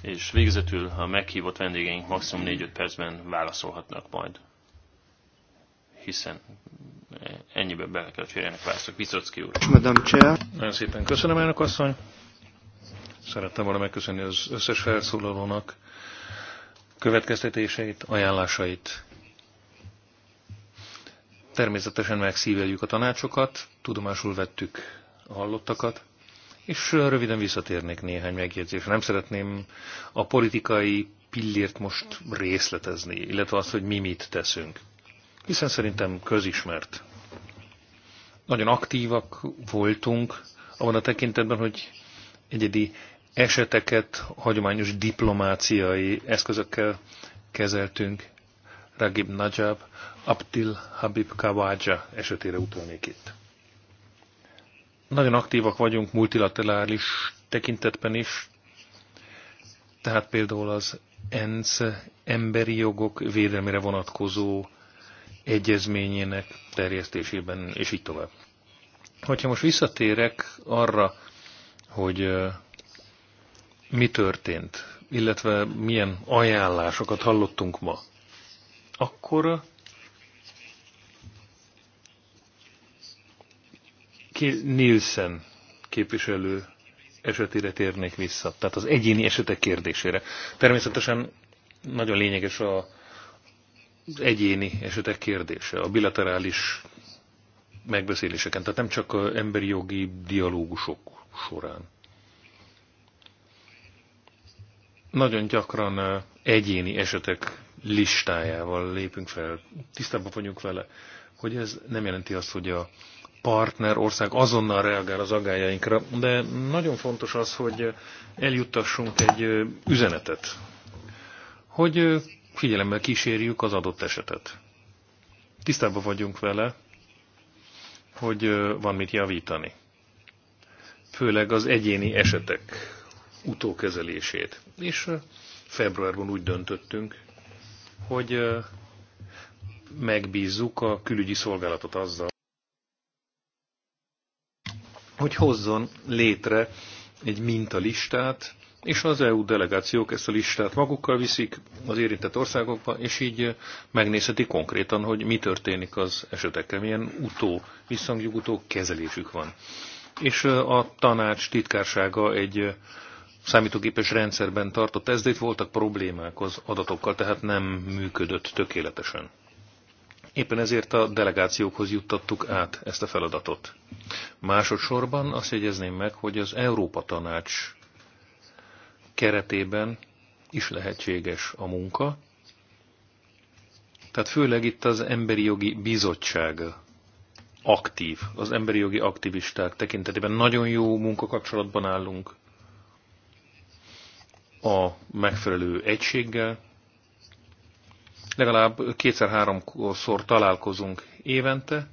És végzetül a meghívott vendégeink maximum 4-5 percben válaszolhatnak majd. Hiszen ennyibe bele kell férjenek válaszok. Viszocki úr. Madame Chair. Nagyon szépen köszönöm, elnök asszony. Szerettem volna megköszönni az összes felszólalónak következtetéseit, ajánlásait. Természetesen megszíveljük a tanácsokat, tudomásul vettük a hallottakat, és röviden visszatérnék néhány megjegyzésre. Nem szeretném a politikai pillért most részletezni, illetve azt, hogy mi mit teszünk. Hiszen szerintem közismert. Nagyon aktívak voltunk abban a tekintetben, hogy egyedi eseteket hagyományos diplomáciai eszközökkel kezeltünk. Ragib Najab, Abdil Habib Kawaja esetére utalnék itt. Nagyon aktívak vagyunk multilaterális tekintetben is, tehát például az ENSZ emberi jogok védelmére vonatkozó egyezményének terjesztésében, és így tovább. Hogyha most visszatérek arra, hogy mi történt, illetve milyen ajánlásokat hallottunk ma, akkor Nielsen képviselő esetére térnék vissza, tehát az egyéni esetek kérdésére. Természetesen nagyon lényeges a, az egyéni esetek kérdése, a bilaterális megbeszéléseken, tehát nem csak emberi jogi dialógusok során. Nagyon gyakran egyéni esetek listájával lépünk fel. Tisztában vagyunk vele, hogy ez nem jelenti azt, hogy a partner ország azonnal reagál az agályainkra, de nagyon fontos az, hogy eljuttassunk egy üzenetet, hogy figyelemmel kísérjük az adott esetet. Tisztában vagyunk vele, hogy van mit javítani. Főleg az egyéni esetek utókezelését. És februárban úgy döntöttünk, hogy megbízzuk a külügyi szolgálatot azzal, hogy hozzon létre egy mintalistát, és az EU delegációk ezt a listát magukkal viszik az érintett országokba, és így megnézheti konkrétan, hogy mi történik az esetekkel, milyen utó, visszhangjuk utó kezelésük van. És a tanács titkársága egy számítógépes rendszerben tartott, ezért voltak problémák az adatokkal, tehát nem működött tökéletesen. Éppen ezért a delegációkhoz juttattuk át ezt a feladatot. Másodszorban azt jegyezném meg, hogy az Európa Tanács keretében is lehetséges a munka, tehát főleg itt az Emberi Jogi Bizottság aktív, az emberi jogi aktivisták tekintetében nagyon jó munkakapcsolatban állunk a megfelelő egységgel. Legalább kétszer-háromszor találkozunk évente.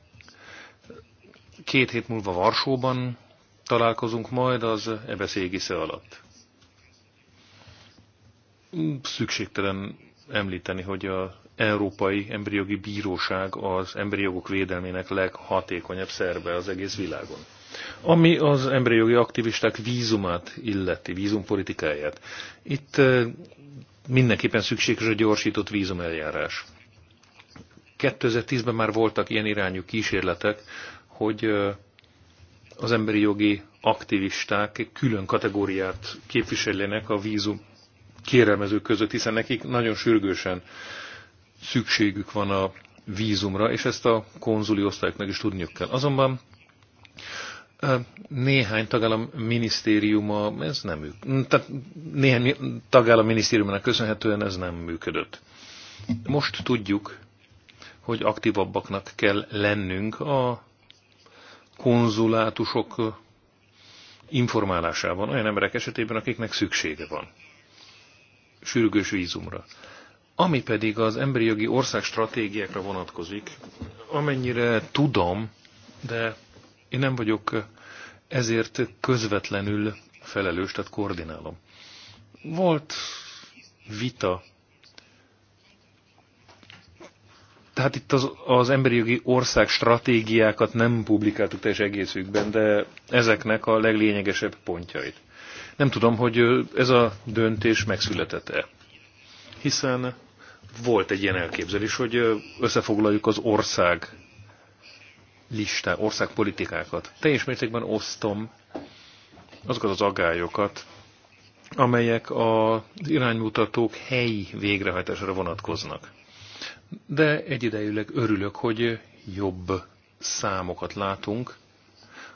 Két hét múlva Varsóban találkozunk majd az EBSZ égisze alatt. Szükségtelen említeni, hogy a Európai Emberi Jogi Bíróság az emberi jogok védelmének leghatékonyabb szerve az egész világon. Ami az emberi jogi aktivisták vízumát illeti, vízumpolitikáját, itt mindenképpen szükséges a gyorsított vízumeljárás. 2010-ben már voltak ilyen irányú kísérletek, hogy az emberi jogi aktivisták külön kategóriát képviseljenek a vízum kérelmezők között, hiszen nekik nagyon sürgősen szükségük van a vízumra, és ezt a konzuli osztályoknak is tudniuk kell. Azonban néhány tagállam minisztériuma, ez nem működött. Tehát néhány tagállam minisztériumának köszönhetően ez nem működött. Most tudjuk, hogy aktívabbaknak kell lennünk a konzulátusok informálásában olyan emberek esetében, akiknek szüksége van sürgős vízumra. Ami pedig az emberi jogi stratégiákra vonatkozik, amennyire tudom, de én nem vagyok ezért közvetlenül felelős, tehát koordinálom. Volt vita. Tehát itt az, az emberi jogi ország stratégiákat nem publikáltuk teljes egészükben, de ezeknek a leglényegesebb pontjait. Nem tudom, hogy ez a döntés megszületett-e. Hiszen volt egy ilyen elképzelés, hogy összefoglaljuk az ország listá, országpolitikákat. Teljes mértékben osztom azokat az agályokat, amelyek az iránymutatók helyi végrehajtására vonatkoznak. De egyidejűleg örülök, hogy jobb számokat látunk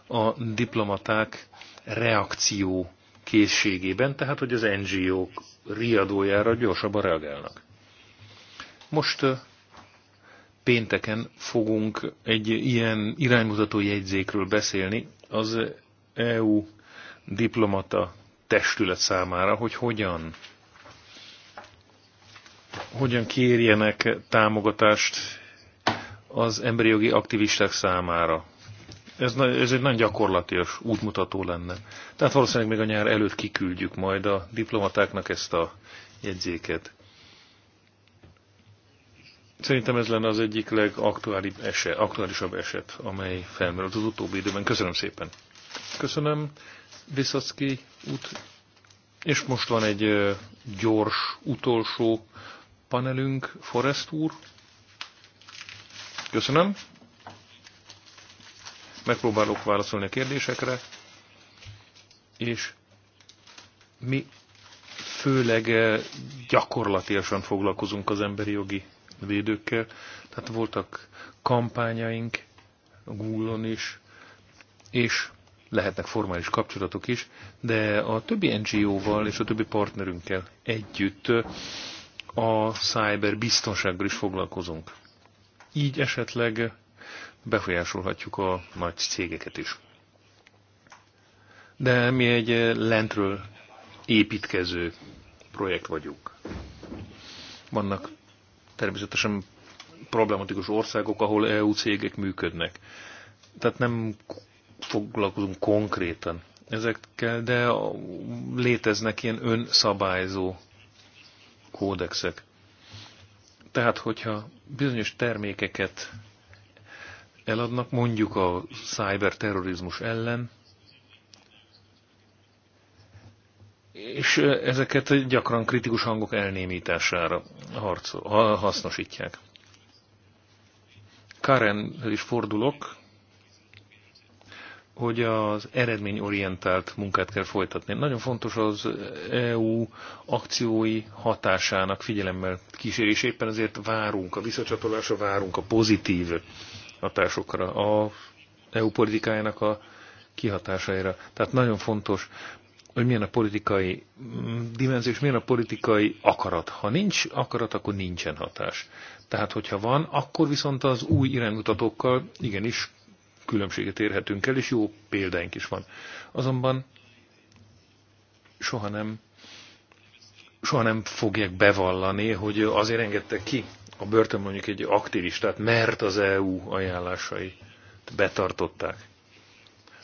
a diplomaták reakció készségében, tehát hogy az NGO-k riadójára gyorsabban reagálnak. Most pénteken fogunk egy ilyen iránymutató jegyzékről beszélni az EU diplomata testület számára, hogy hogyan hogyan kérjenek támogatást az emberi jogi aktivisták számára. Ez, ez egy nagyon gyakorlatias útmutató lenne. Tehát valószínűleg még a nyár előtt kiküldjük majd a diplomatáknak ezt a jegyzéket. Szerintem ez lenne az egyik legaktuálisabb eset, aktuálisabb eset, amely felmerült az utóbbi időben. Köszönöm szépen. Köszönöm, Viszacki út. És most van egy gyors, utolsó panelünk, Forest úr. Köszönöm. Megpróbálok válaszolni a kérdésekre. És mi főleg gyakorlatilag foglalkozunk az emberi jogi védőkkel. Tehát voltak kampányaink Google-on is, és lehetnek formális kapcsolatok is, de a többi NGO-val és a többi partnerünkkel együtt a cyber biztonsággal is foglalkozunk. Így esetleg befolyásolhatjuk a nagy cégeket is. De mi egy lentről építkező projekt vagyunk. Vannak természetesen problematikus országok, ahol EU cégek működnek. Tehát nem foglalkozunk konkrétan ezekkel, de léteznek ilyen önszabályzó kódexek. Tehát, hogyha bizonyos termékeket eladnak, mondjuk a cyberterrorizmus ellen, és ezeket gyakran kritikus hangok elnémítására hasznosítják. Karen, is fordulok, hogy az eredményorientált munkát kell folytatni. Nagyon fontos az EU akciói hatásának figyelemmel kísérés. Éppen ezért várunk a visszacsatolásra, várunk a pozitív hatásokra, a EU politikájának a kihatásaira. Tehát nagyon fontos hogy milyen a politikai mm, dimenzió, és milyen a politikai akarat. Ha nincs akarat, akkor nincsen hatás. Tehát, hogyha van, akkor viszont az új iránymutatókkal igenis különbséget érhetünk el, és jó példáink is van. Azonban soha nem, soha nem fogják bevallani, hogy azért engedte ki a börtön mondjuk egy aktivistát, mert az EU ajánlásait betartották.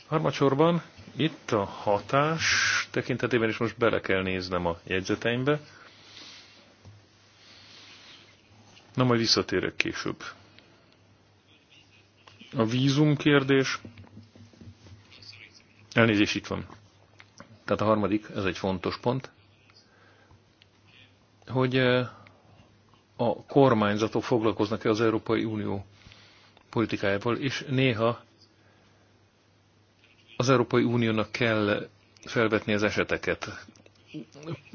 Harmadsorban itt a hatás tekintetében is most bele kell néznem a jegyzeteimbe. Na, majd visszatérek később. A vízum kérdés. Elnézés itt van. Tehát a harmadik, ez egy fontos pont, hogy eh, a kormányzatok foglalkoznak-e az Európai Unió politikájával, és néha az Európai Uniónak kell felvetni az eseteket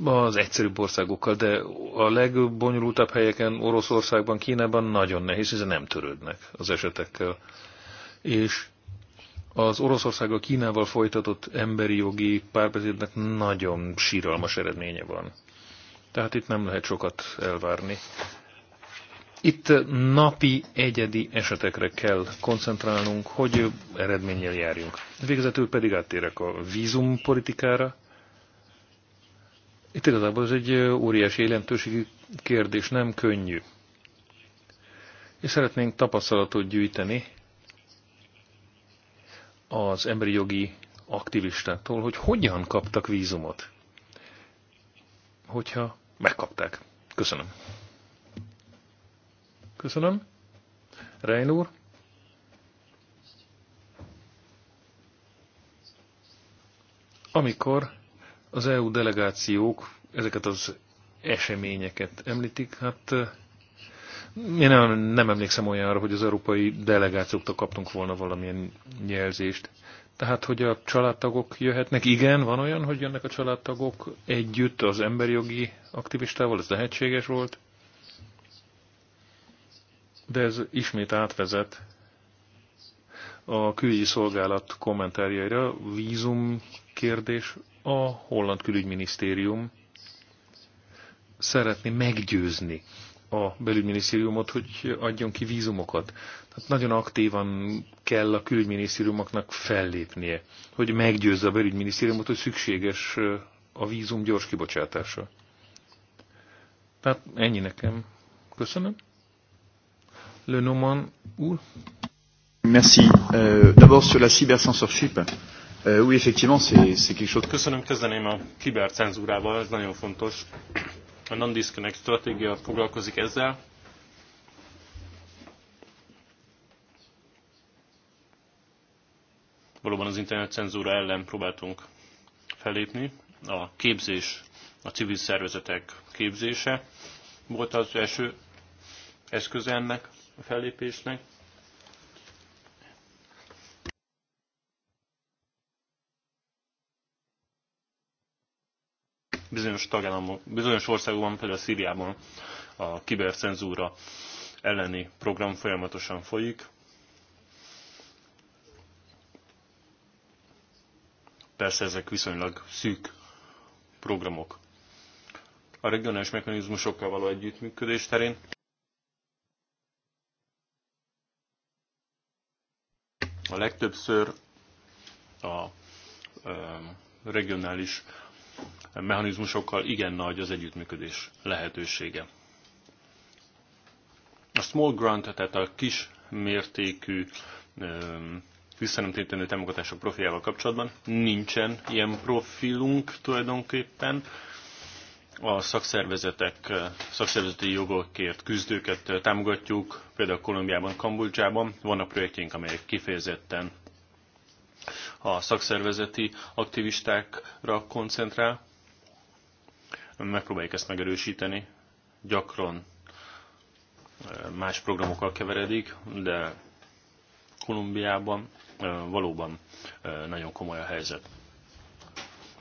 az egyszerűbb országokkal, de a legbonyolultabb helyeken, Oroszországban, Kínában nagyon nehéz, hiszen nem törődnek az esetekkel. És az Oroszországgal, Kínával folytatott emberi jogi párbeszédnek nagyon síralmas eredménye van. Tehát itt nem lehet sokat elvárni. Itt napi egyedi esetekre kell koncentrálnunk, hogy eredménnyel járjunk. Végezetül pedig áttérek a vízumpolitikára. Itt igazából ez egy óriási jelentőségű kérdés, nem könnyű. És szeretnénk tapasztalatot gyűjteni az emberi jogi aktivistától, hogy hogyan kaptak vízumot, hogyha megkapták. Köszönöm. Köszönöm. Rein úr. Amikor az EU delegációk ezeket az eseményeket említik, hát én nem, nem emlékszem olyanra, hogy az európai delegációktól kaptunk volna valamilyen jelzést. Tehát, hogy a családtagok jöhetnek. Igen, van olyan, hogy jönnek a családtagok együtt az emberi jogi aktivistával, ez lehetséges volt. De ez ismét átvezet a külügyi szolgálat kommentárjaira, vízum kérdés, a holland külügyminisztérium szeretné meggyőzni a belügyminisztériumot, hogy adjon ki vízumokat. Tehát nagyon aktívan kell a külügyminisztériumoknak fellépnie, hogy meggyőzze a belügyminisztériumot, hogy szükséges a vízum gyors kibocsátása. Tehát ennyi nekem. Köszönöm. Le Noman où Merci. Euh, D'abord sur la cybercensorship. Euh, oui, effectivement, c'est quelque chose. Köszönöm, kezdeném a kibercenzúrával, ez nagyon fontos. A non-disconnect stratégia foglalkozik ezzel. Valóban az internet cenzúra ellen próbáltunk felépni. A képzés, a civil szervezetek képzése volt az első eszköze ennek a fellépésnek. Bizonyos, tagállamok, bizonyos országokban, például Szíriában a kibercenzúra elleni program folyamatosan folyik. Persze ezek viszonylag szűk programok. A regionális mechanizmusokkal való együttműködés terén A legtöbbször a regionális mechanizmusokkal igen nagy az együttműködés lehetősége. A small grant, tehát a kis mértékű visszanemtételő támogatások profiával kapcsolatban nincsen ilyen profilunk tulajdonképpen a szakszervezetek, szakszervezeti jogokért küzdőket támogatjuk, például Kolumbiában, Kambodzsában. Vannak projektjénk, amelyek kifejezetten a szakszervezeti aktivistákra koncentrál. Megpróbáljuk ezt megerősíteni. Gyakran más programokkal keveredik, de Kolumbiában valóban nagyon komoly a helyzet.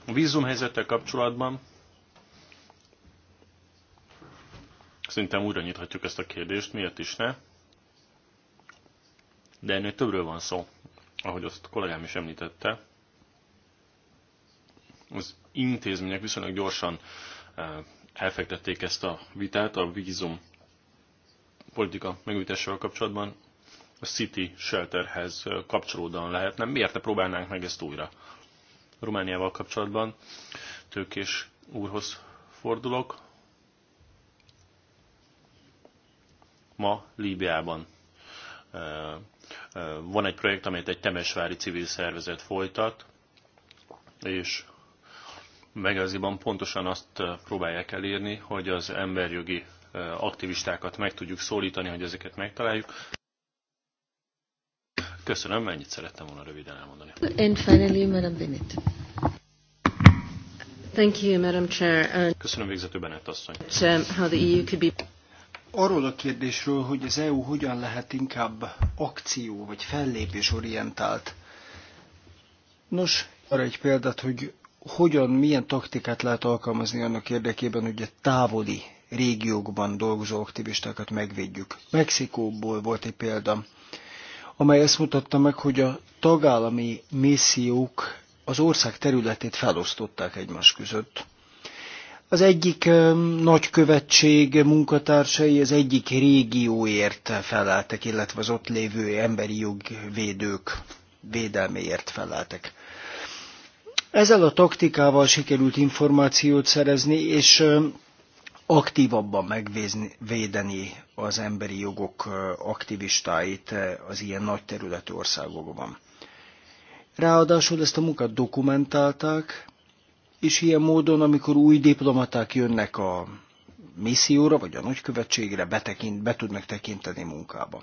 A vízumhelyzettel kapcsolatban Szerintem újra nyithatjuk ezt a kérdést, miért is ne? De ennél többről van szó, ahogy azt kollégám is említette. Az intézmények viszonylag gyorsan eh, elfektették ezt a vitát a vízum politika megütéssével kapcsolatban. A City Shelterhez eh, kapcsolódóan lehetne. Miért ne próbálnánk meg ezt újra? Romániával kapcsolatban tőkés úrhoz fordulok. ma Líbiában van egy projekt, amelyet egy temesvári civil szervezet folytat, és megaziban pontosan azt próbálják elérni, hogy az emberjogi aktivistákat meg tudjuk szólítani, hogy ezeket megtaláljuk. Köszönöm, mennyit szerettem volna röviden elmondani. And finally, Madam Bennett. Thank you, Madam Chair. Uh, Köszönöm végzető Bennett asszony. How the EU could be arról a kérdésről, hogy az EU hogyan lehet inkább akció vagy fellépés orientált. Nos, arra egy példát, hogy hogyan, milyen taktikát lehet alkalmazni annak érdekében, hogy a távoli régiókban dolgozó aktivistákat megvédjük. Mexikóból volt egy példa, amely ezt mutatta meg, hogy a tagállami missziók az ország területét felosztották egymás között, az egyik nagykövetség munkatársai az egyik régióért feleltek, illetve az ott lévő emberi jogvédők védelméért feleltek. Ezzel a taktikával sikerült információt szerezni, és aktívabban megvédeni az emberi jogok aktivistáit az ilyen nagy területű országokban. Ráadásul ezt a munkát dokumentálták, és ilyen módon, amikor új diplomaták jönnek a misszióra, vagy a nagykövetségre, betekint, be tudnak tekinteni munkába.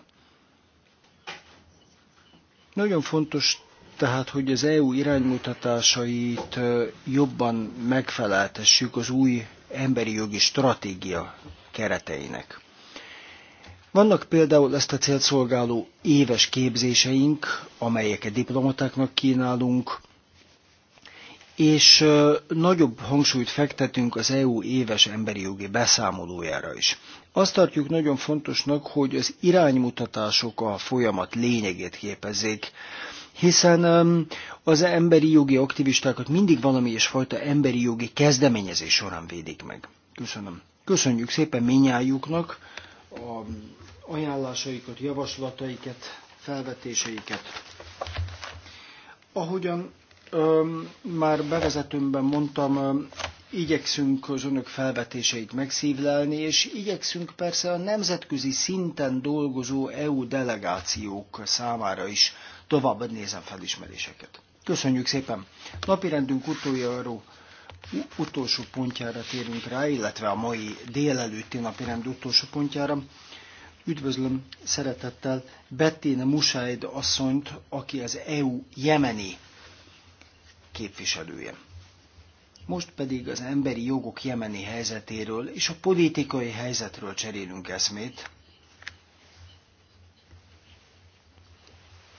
Nagyon fontos tehát, hogy az EU iránymutatásait jobban megfeleltessük az új emberi jogi stratégia kereteinek. Vannak például ezt a célt szolgáló éves képzéseink, amelyeket diplomatáknak kínálunk, és nagyobb hangsúlyt fektetünk az EU éves emberi jogi beszámolójára is. Azt tartjuk nagyon fontosnak, hogy az iránymutatások a folyamat lényegét képezzék, hiszen az emberi jogi aktivistákat mindig valami és fajta emberi jogi kezdeményezés során védik meg. Köszönöm. Köszönjük szépen minnyájuknak a ajánlásaikat, javaslataikat, felvetéseiket. Ahogyan már bevezetőmben mondtam, igyekszünk az önök felvetéseit megszívlelni, és igyekszünk persze a nemzetközi szinten dolgozó EU delegációk számára is tovább nézem felismeréseket. Köszönjük szépen! Napirendünk utoljáról utolsó pontjára térünk rá, illetve a mai délelőtti napirend utolsó pontjára. Üdvözlöm szeretettel Bettina Musaid asszonyt, aki az EU jemeni képviselője. Most pedig az emberi jogok jemeni helyzetéről és a politikai helyzetről cserélünk eszmét.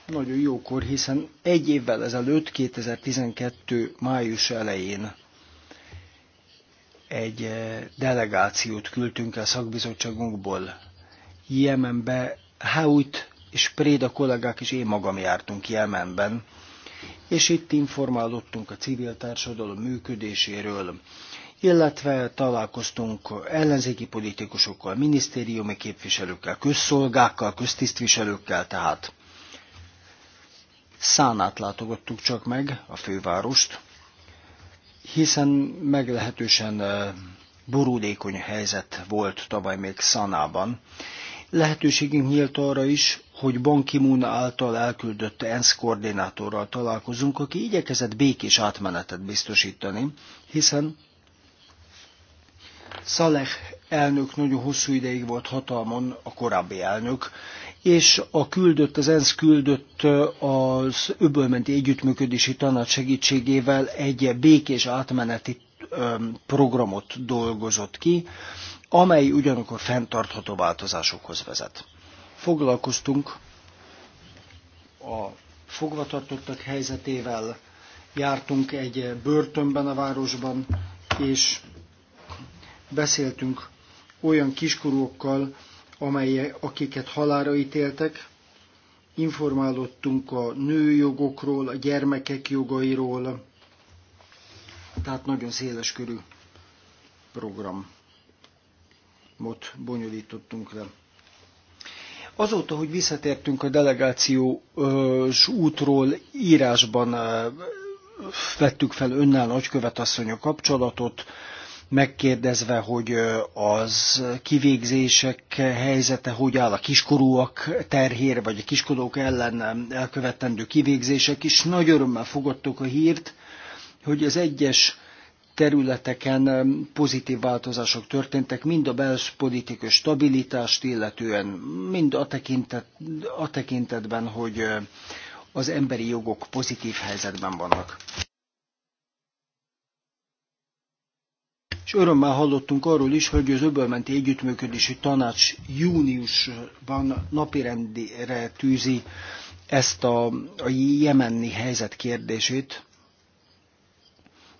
Nagyon jókor, hiszen egy évvel ezelőtt, 2012. május elején egy eh, delegációt küldtünk el szakbizottságunkból Jemenbe, Haut és Préda kollégák és én magam jártunk Jemenben, és itt informálódtunk a civil társadalom működéséről, illetve találkoztunk ellenzéki politikusokkal, minisztériumi képviselőkkel, közszolgákkal, köztisztviselőkkel, tehát Szánát látogattuk csak meg, a fővárost, hiszen meglehetősen borulékony helyzet volt tavaly még Szanában. Lehetőségünk nyílt arra is, hogy Ban ki által elküldött ENSZ koordinátorral találkozunk, aki igyekezett békés átmenetet biztosítani, hiszen Szaleh elnök nagyon hosszú ideig volt hatalmon, a korábbi elnök, és a küldött, az ENSZ küldött az öbölmenti együttműködési tanács segítségével egy békés átmeneti programot dolgozott ki, amely ugyanakkor fenntartható változásokhoz vezet foglalkoztunk a fogvatartottak helyzetével, jártunk egy börtönben a városban, és beszéltünk olyan kiskorúkkal, amelyek, akiket halára ítéltek, informálódtunk a nőjogokról, a gyermekek jogairól, tehát nagyon széles körű programot bonyolítottunk le. Azóta, hogy visszatértünk a delegációs útról, írásban vettük fel önnel nagykövet asszony a kapcsolatot, megkérdezve, hogy az kivégzések helyzete hogy áll a kiskorúak terhére, vagy a kiskorúk ellen elkövetendő kivégzések is. Nagy örömmel fogadtuk a hírt, hogy az egyes területeken pozitív változások történtek, mind a belpolitikai stabilitást illetően, mind a, tekintet, a tekintetben, hogy az emberi jogok pozitív helyzetben vannak. És örömmel hallottunk arról is, hogy az öbölmenti együttműködési tanács júniusban napirendre tűzi ezt a, a jemenni helyzet kérdését,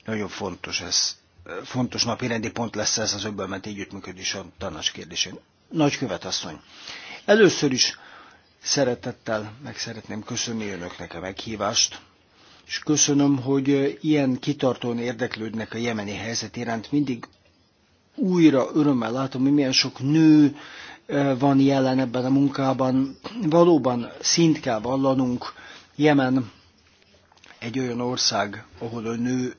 nagyon fontos ez. Fontos rendi pont lesz ez az öbbenment együttműködés a tanács kérdésén. Nagykövet asszony, először is szeretettel meg szeretném köszönni önöknek a meghívást, és köszönöm, hogy ilyen kitartóan érdeklődnek a jemeni helyzet iránt. Mindig újra örömmel látom, hogy milyen sok nő van jelen ebben a munkában. Valóban szint kell vallanunk. Jemen egy olyan ország, ahol a nő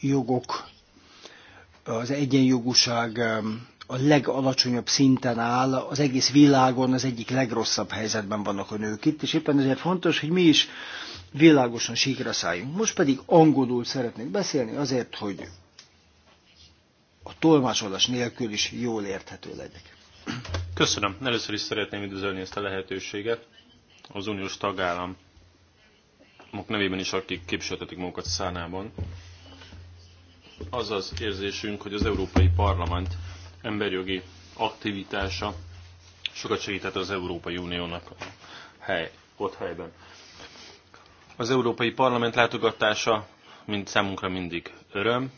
jogok, az egyenjogúság a legalacsonyabb szinten áll, az egész világon az egyik legrosszabb helyzetben vannak a nők itt, és éppen ezért fontos, hogy mi is világosan síkra szálljunk. Most pedig angolul szeretnék beszélni azért, hogy a tolmácsolás nélkül is jól érthető legyek. Köszönöm. Először is szeretném üdvözölni ezt a lehetőséget. Az uniós tagállam nevében is, akik képviseltetik magukat szánában az az érzésünk, hogy az Európai Parlament emberjogi aktivitása sokat segített az Európai Uniónak a hely, ott helyben. Az Európai Parlament látogatása mind számunkra mindig öröm,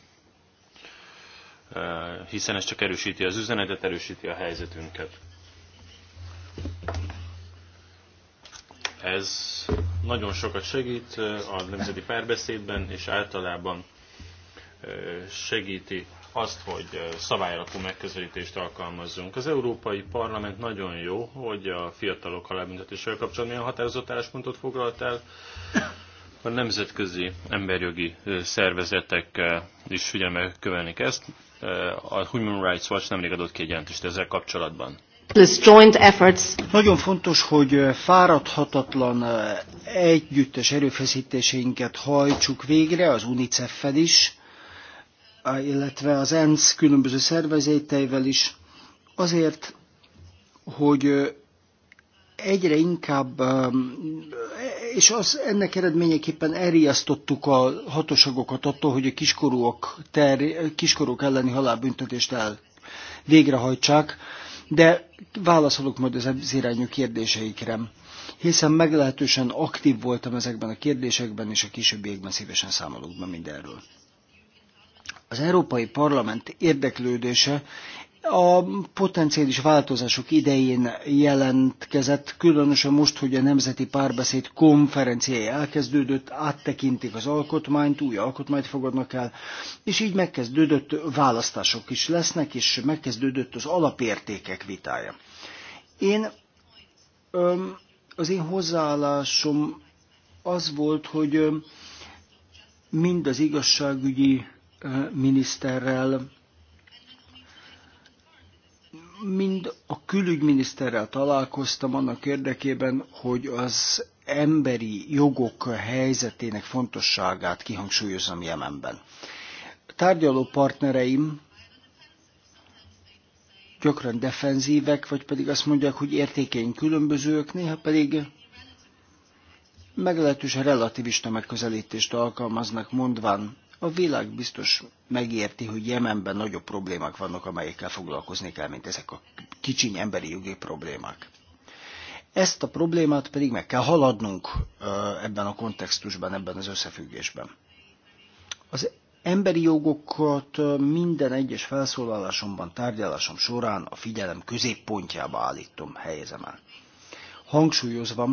hiszen ez csak erősíti az üzenetet, erősíti a helyzetünket. Ez nagyon sokat segít eh, a nemzeti párbeszédben és általában segíti azt, hogy szabályalapú megközelítést alkalmazzunk. Az Európai Parlament nagyon jó, hogy a fiatalok halálbüntetéssel kapcsolatban milyen határozott álláspontot foglalt el. A nemzetközi emberjogi szervezetek is figyelme követik ezt. A Human Rights Watch nemrég adott ki egy jelentést ezzel kapcsolatban. Nagyon fontos, hogy fáradhatatlan együttes erőfeszítéseinket hajtsuk végre az UNICEF-fel is, illetve az ENSZ különböző szervezeteivel is, azért, hogy egyre inkább, és az, ennek eredményeképpen elriasztottuk a hatóságokat attól, hogy a kiskorúak, ter, kiskorúk elleni halálbüntetést el végrehajtsák, de válaszolok majd az irányú kérdéseikre, hiszen meglehetősen aktív voltam ezekben a kérdésekben, és a későbbiekben szívesen számolok be mindenről. Az Európai Parlament érdeklődése a potenciális változások idején jelentkezett, különösen most, hogy a Nemzeti Párbeszéd konferenciája elkezdődött, áttekintik az alkotmányt, új alkotmányt fogadnak el, és így megkezdődött választások is lesznek, és megkezdődött az alapértékek vitája. Én, az én hozzáállásom az volt, hogy mind az igazságügyi miniszterrel, mind a külügyminiszterrel találkoztam annak érdekében, hogy az emberi jogok helyzetének fontosságát kihangsúlyozom Jemenben. Tárgyaló partnereim gyakran defenzívek, vagy pedig azt mondják, hogy értékeink különbözőek, néha pedig meglehetősen relativista megközelítést alkalmaznak, mondván, a világ biztos megérti, hogy Jemenben nagyobb problémák vannak, amelyekkel foglalkozni kell, mint ezek a kicsiny emberi jogi problémák. Ezt a problémát pedig meg kell haladnunk ebben a kontextusban, ebben az összefüggésben. Az emberi jogokat minden egyes felszólalásomban, tárgyalásom során a figyelem középpontjába állítom, helyezem el. Hangsúlyozva,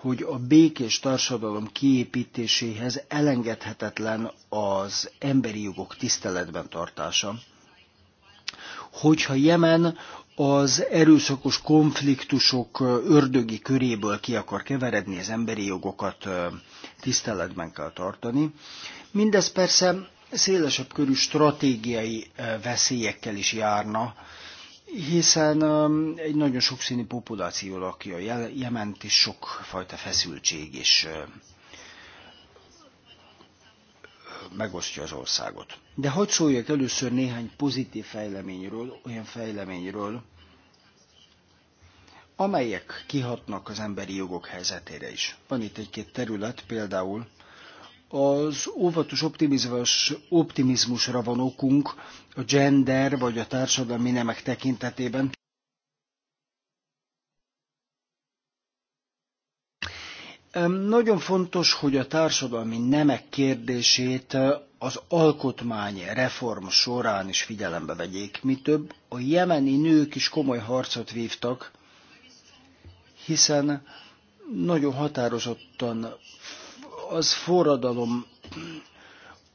hogy a békés társadalom kiépítéséhez elengedhetetlen az emberi jogok tiszteletben tartása. Hogyha Jemen az erőszakos konfliktusok ördögi köréből ki akar keveredni, az emberi jogokat tiszteletben kell tartani. Mindez persze szélesebb körű stratégiai veszélyekkel is járna, hiszen um, egy nagyon sokszínű populáció lakja a Jement, és sokfajta feszültség is megosztja az országot. De hadd szóljak először néhány pozitív fejleményről, olyan fejleményről, amelyek kihatnak az emberi jogok helyzetére is. Van itt egy-két terület, például az óvatos optimizmus, optimizmusra van okunk a gender vagy a társadalmi nemek tekintetében. Nagyon fontos, hogy a társadalmi nemek kérdését az alkotmány reform során is figyelembe vegyék. Mi több, a jemeni nők is komoly harcot vívtak, hiszen nagyon határozottan az forradalom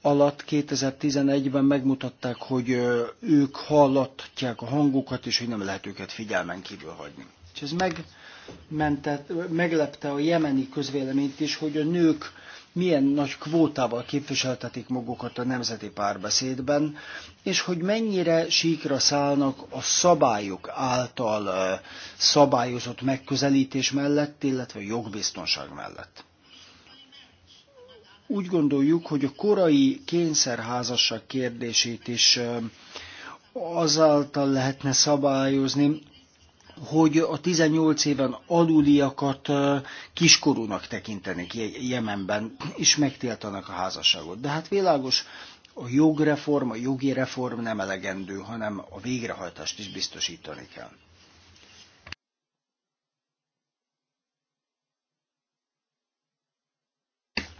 alatt 2011-ben megmutatták, hogy ők hallatják a hangukat, és hogy nem lehet őket figyelmen kívül hagyni. És ez megmentett, meglepte a jemeni közvéleményt is, hogy a nők milyen nagy kvótával képviseltetik magukat a nemzeti párbeszédben, és hogy mennyire síkra szállnak a szabályok által szabályozott megközelítés mellett, illetve jogbiztonság mellett. Úgy gondoljuk, hogy a korai kényszerházasság kérdését is azáltal lehetne szabályozni, hogy a 18 éven aluliakat kiskorúnak tekintenek Jemenben, és megtiltanak a házasságot. De hát világos, a jogreform, a jogi reform nem elegendő, hanem a végrehajtást is biztosítani kell.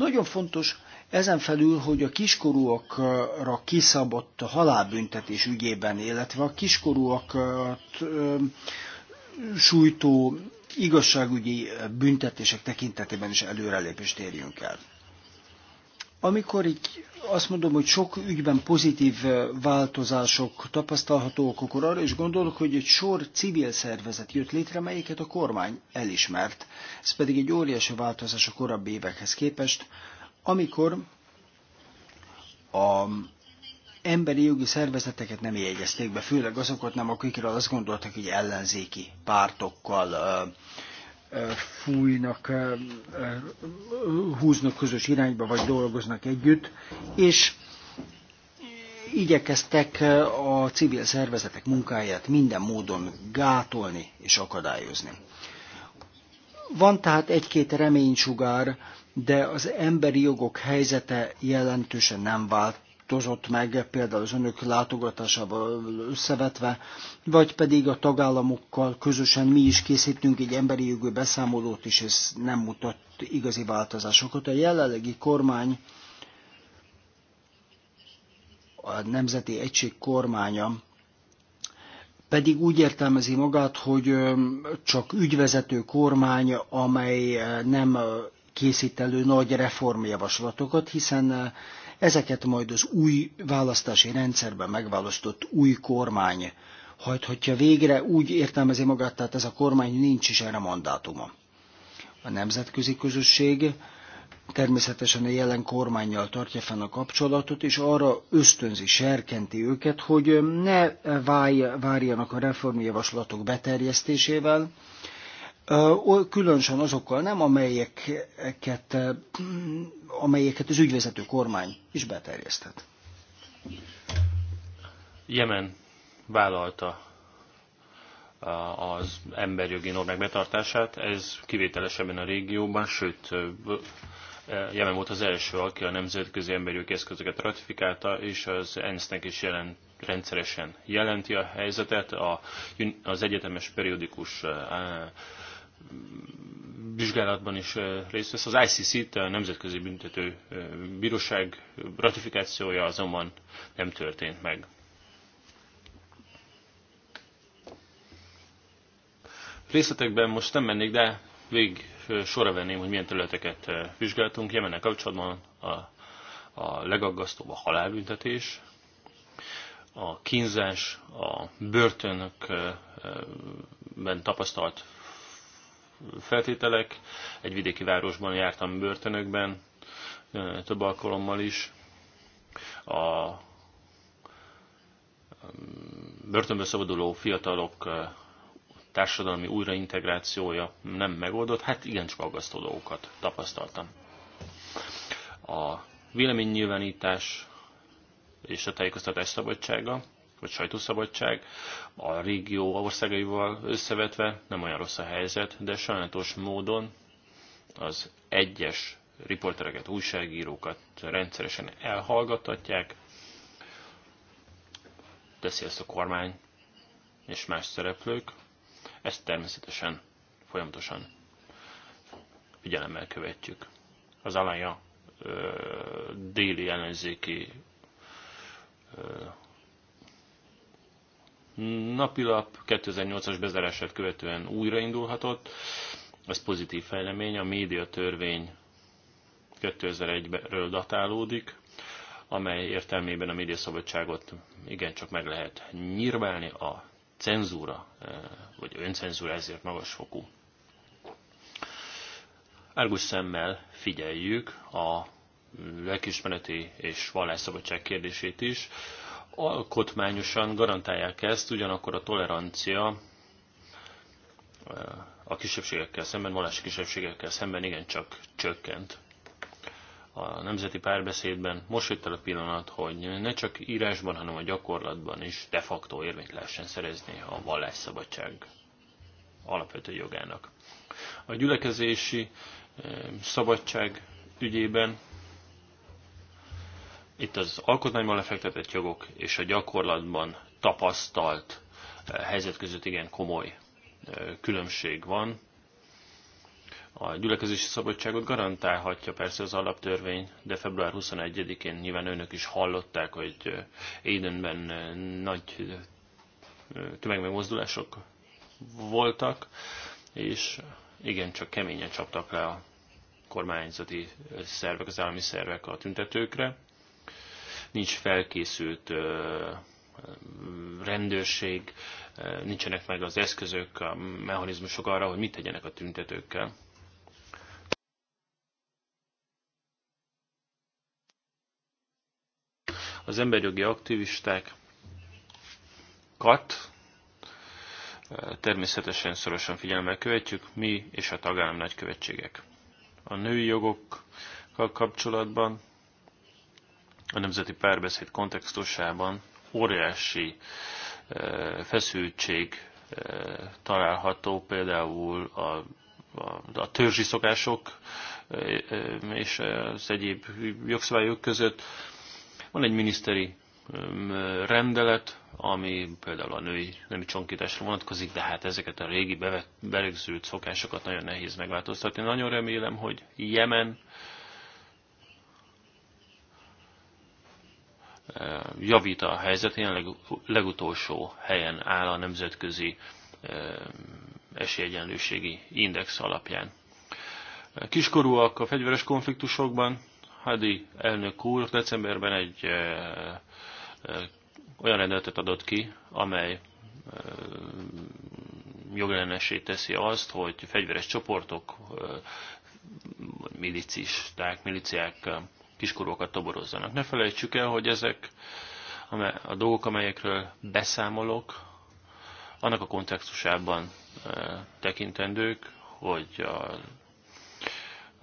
Nagyon fontos ezen felül, hogy a kiskorúakra kiszabott halálbüntetés ügyében, illetve a kiskorúakat sújtó igazságügyi büntetések tekintetében is előrelépést érjünk el. Amikor így azt mondom, hogy sok ügyben pozitív eh, változások tapasztalhatók, akkor arra is gondolok, hogy egy sor civil szervezet jött létre, melyiket a kormány elismert. Ez pedig egy óriási változás a korabbi évekhez képest, amikor a emberi jogi szervezeteket nem jegyezték be, főleg azokat nem, akikről azt gondoltak, hogy ellenzéki pártokkal uh, fújnak, húznak közös irányba, vagy dolgoznak együtt, és igyekeztek a civil szervezetek munkáját minden módon gátolni és akadályozni. Van tehát egy-két reménysugár, de az emberi jogok helyzete jelentősen nem vált változott meg, például az önök látogatásával összevetve, vagy pedig a tagállamokkal közösen mi is készítünk egy emberi jogú beszámolót, és ez nem mutat igazi változásokat. A jelenlegi kormány, a Nemzeti Egység kormánya pedig úgy értelmezi magát, hogy csak ügyvezető kormány, amely nem készít elő nagy reformjavaslatokat, hiszen Ezeket majd az új választási rendszerben megválasztott új kormány hajthatja végre, úgy értelmezi magát, tehát ez a kormány nincs is erre mandátuma. A nemzetközi közösség természetesen a jelen kormányjal tartja fenn a kapcsolatot, és arra ösztönzi, serkenti őket, hogy ne várjanak a reformjavaslatok beterjesztésével, különösen azokkal nem, amelyeket, amelyeket az ügyvezető kormány is beterjesztett. Jemen vállalta az emberjogi normák betartását, ez kivételesebben a régióban, sőt, Jemen volt az első, aki a nemzetközi emberjogi eszközöket ratifikálta, és az ENSZ-nek is jelent rendszeresen jelenti a helyzetet, a, az egyetemes periódikus vizsgálatban is részt vesz. Az icc a Nemzetközi Büntető Bíróság ratifikációja azonban nem történt meg. Részletekben most nem mennék, de végig sorra venném, hogy milyen területeket vizsgáltunk. Jemennel kapcsolatban a, a legaggasztóbb a halálbüntetés, a kínzás, a börtönökben tapasztalt feltételek. Egy vidéki városban jártam börtönökben, több alkalommal is. A börtönből szabaduló fiatalok társadalmi újraintegrációja nem megoldott, hát igencsak aggasztó dolgokat tapasztaltam. A véleménynyilvánítás és a tájékoztatás szabadsága vagy sajtószabadság a régió országaival összevetve nem olyan rossz a helyzet, de sajnálatos módon az egyes riportereket, újságírókat rendszeresen elhallgattatják, teszi ezt a kormány és más szereplők. Ezt természetesen folyamatosan figyelemmel követjük. Az Alanya déli ellenzéki ö, napilap 2008-as bezárását követően újraindulhatott. Ez pozitív fejlemény, a médiatörvény 2001-ről datálódik, amely értelmében a médiaszabadságot igencsak meg lehet nyírbálni, a cenzúra, eh, vagy öncenzúra ezért magas fokú. Árgus szemmel figyeljük a lelkismereti és vallásszabadság kérdését is alkotmányosan garantálják ezt, ugyanakkor a tolerancia eh, a kisebbségekkel szemben, vallási kisebbségekkel szemben igencsak csökkent a nemzeti párbeszédben. Most jött el a pillanat, hogy ne csak írásban, hanem a gyakorlatban is de facto érvényt lehessen szerezni a vallásszabadság alapvető jogának. A gyülekezési eh, szabadság ügyében itt az alkotmányban lefektetett jogok és a gyakorlatban tapasztalt eh, helyzet között igen komoly eh, különbség van. A gyülekezési szabadságot garantálhatja persze az alaptörvény, de február 21-én nyilván önök is hallották, hogy eh, Édenben nagy tömegmegmozdulások voltak, és igen, csak keményen csaptak le a kormányzati szervek, az állami szervek a tüntetőkre nincs felkészült rendőrség, nincsenek meg az eszközök, a mechanizmusok arra, hogy mit tegyenek a tüntetőkkel. Az emberjogi aktivistákat természetesen szorosan figyelemmel követjük, mi és a tagállam nagykövetségek. A női jogokkal kapcsolatban a nemzeti párbeszéd kontextusában óriási e, feszültség e, található például a, a, a törzsi szokások e, és az egyéb jogszabályok között. Van egy miniszteri rendelet, ami például a női nemi csonkításra vonatkozik, de hát ezeket a régi berögzült szokásokat nagyon nehéz megváltoztatni. Nagyon remélem, hogy Jemen Eh, javít a helyzet, jelenleg legutolsó helyen áll a nemzetközi eh, esélyegyenlőségi index alapján. Kiskorúak a fegyveres konfliktusokban, Hadi elnök úr decemberben egy eh, olyan rendeletet adott ki, amely jogellenessé teszi azt, hogy fegyveres csoportok, milicisták, miliciák kiskorúakat toborozzanak. Ne felejtsük el, hogy ezek a dolgok, amelyekről beszámolok, annak a kontextusában e, tekintendők, hogy a,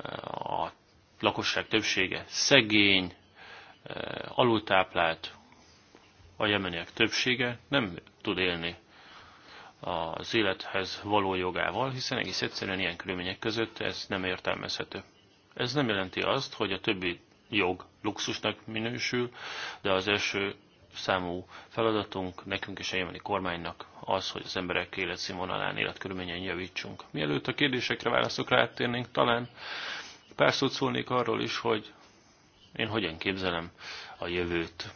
e, a lakosság többsége szegény, e, alultáplált, a jemeniek többsége nem tud élni az élethez való jogával, hiszen egész egyszerűen ilyen körülmények között ez nem értelmezhető. Ez nem jelenti azt, hogy a többi jog luxusnak minősül, de az első számú feladatunk nekünk és a jemeni kormánynak az, hogy az emberek életszínvonalán, életkörülményen javítsunk. Mielőtt a kérdésekre, válaszokra áttérnénk, talán pár szót szólnék arról is, hogy én hogyan képzelem a jövőt.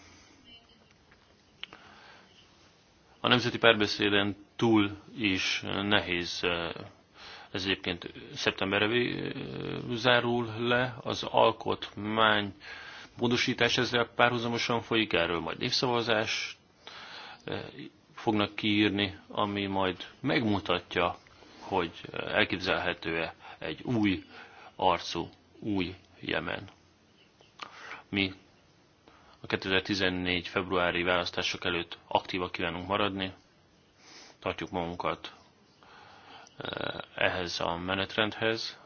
A nemzeti párbeszéden túl is nehéz eh, ez egyébként szeptemberre zárul le, az alkotmány módosítás ezzel párhuzamosan folyik, erről majd évszavazás eh, fognak kiírni, ami majd megmutatja, hogy elképzelhető-e egy új arcú, új Jemen. Mi a 2014. februári választások előtt aktívak kívánunk maradni, tartjuk magunkat Eh, ehhez a menetrendhez.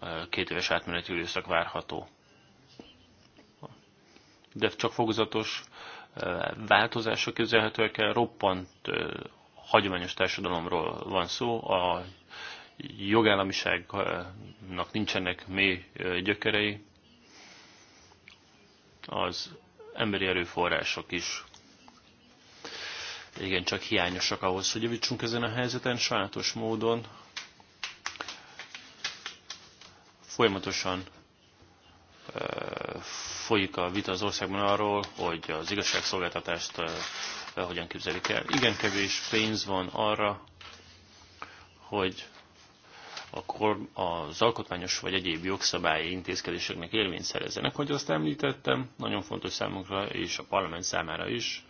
Eh, két éves átmeneti időszak várható. De csak fokozatos eh, változások közelhetőek el, roppant hagyományos társadalomról van szó, a jogállamiságnak nincsenek mély gyökerei, az emberi erőforrások is igen csak hiányosak ahhoz, hogy javítsunk ezen a helyzeten, sajátos módon folyamatosan folyik a vita az országban arról, hogy az igazságszolgáltatást hogyan képzelik el. Igen kevés pénz van arra, hogy akkor az alkotmányos vagy egyéb jogszabályi intézkedéseknek érvényt szerezzenek. Hogy azt említettem, nagyon fontos számunkra és a parlament számára is,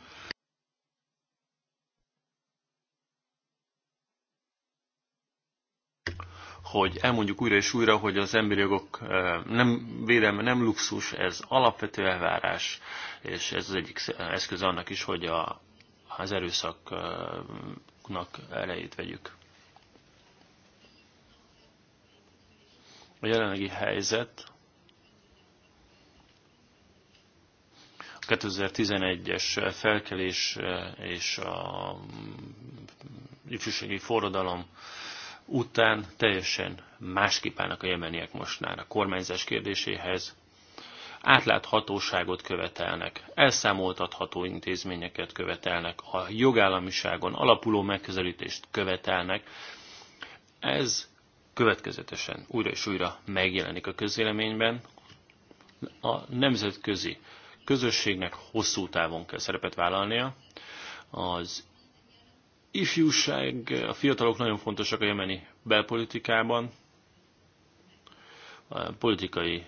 hogy elmondjuk újra és újra, hogy az emberi jogok eh, nem védelme, nem luxus, ez alapvető elvárás, és ez az egyik eszköz annak is, hogy a, az erőszaknak elejét vegyük. A jelenlegi helyzet a 2011-es felkelés eh, és a mm, ifjúsági forradalom után teljesen másképp állnak a jemeniek mostnál a kormányzás kérdéséhez. Átláthatóságot követelnek, elszámoltatható intézményeket követelnek, a jogállamiságon alapuló megközelítést követelnek. Ez következetesen újra és újra megjelenik a közéleményben. A nemzetközi közösségnek hosszú távon kell szerepet vállalnia, az ifjúság, a fiatalok nagyon fontosak a jemeni belpolitikában, a politikai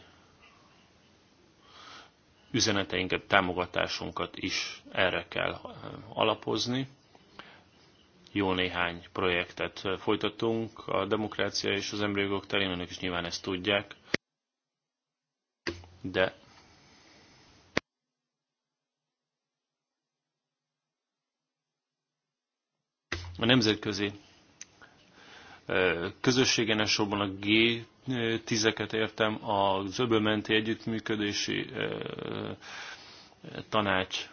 üzeneteinket, támogatásunkat is erre kell eh, alapozni. Jó néhány projektet eh, folytatunk a demokrácia és az emberi jogok terén, önök is nyilván ezt tudják, de A nemzetközi közösségen elsősorban a G10-eket értem, a Zöbömenti együttműködési tanács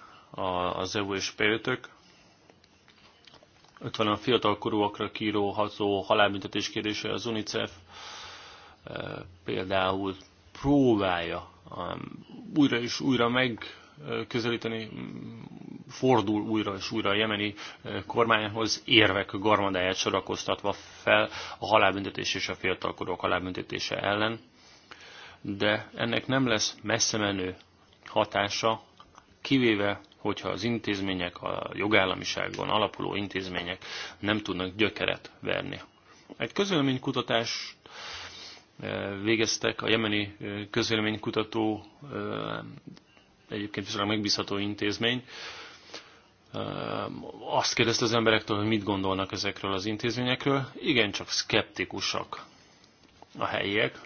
az EU és p 5 a fiatalkorúakra kíróható halálbüntetés kérdése az UNICEF például próbálja újra és újra megközelíteni fordul újra és újra a jemeni eh, kormányhoz, érvek garmadáját sorakoztatva fel a halálbüntetés és a fiatalkorok halálbüntetése ellen, de ennek nem lesz messze menő hatása, kivéve, hogyha az intézmények, a jogállamiságon alapuló intézmények nem tudnak gyökeret verni. Egy közölménykutatás eh, végeztek a jemeni eh, közvéleménykutató egyébként viszonylag megbízható intézmény, azt kérdezte az emberektől, hogy mit gondolnak ezekről az intézményekről. Igen, csak szkeptikusak a helyiek.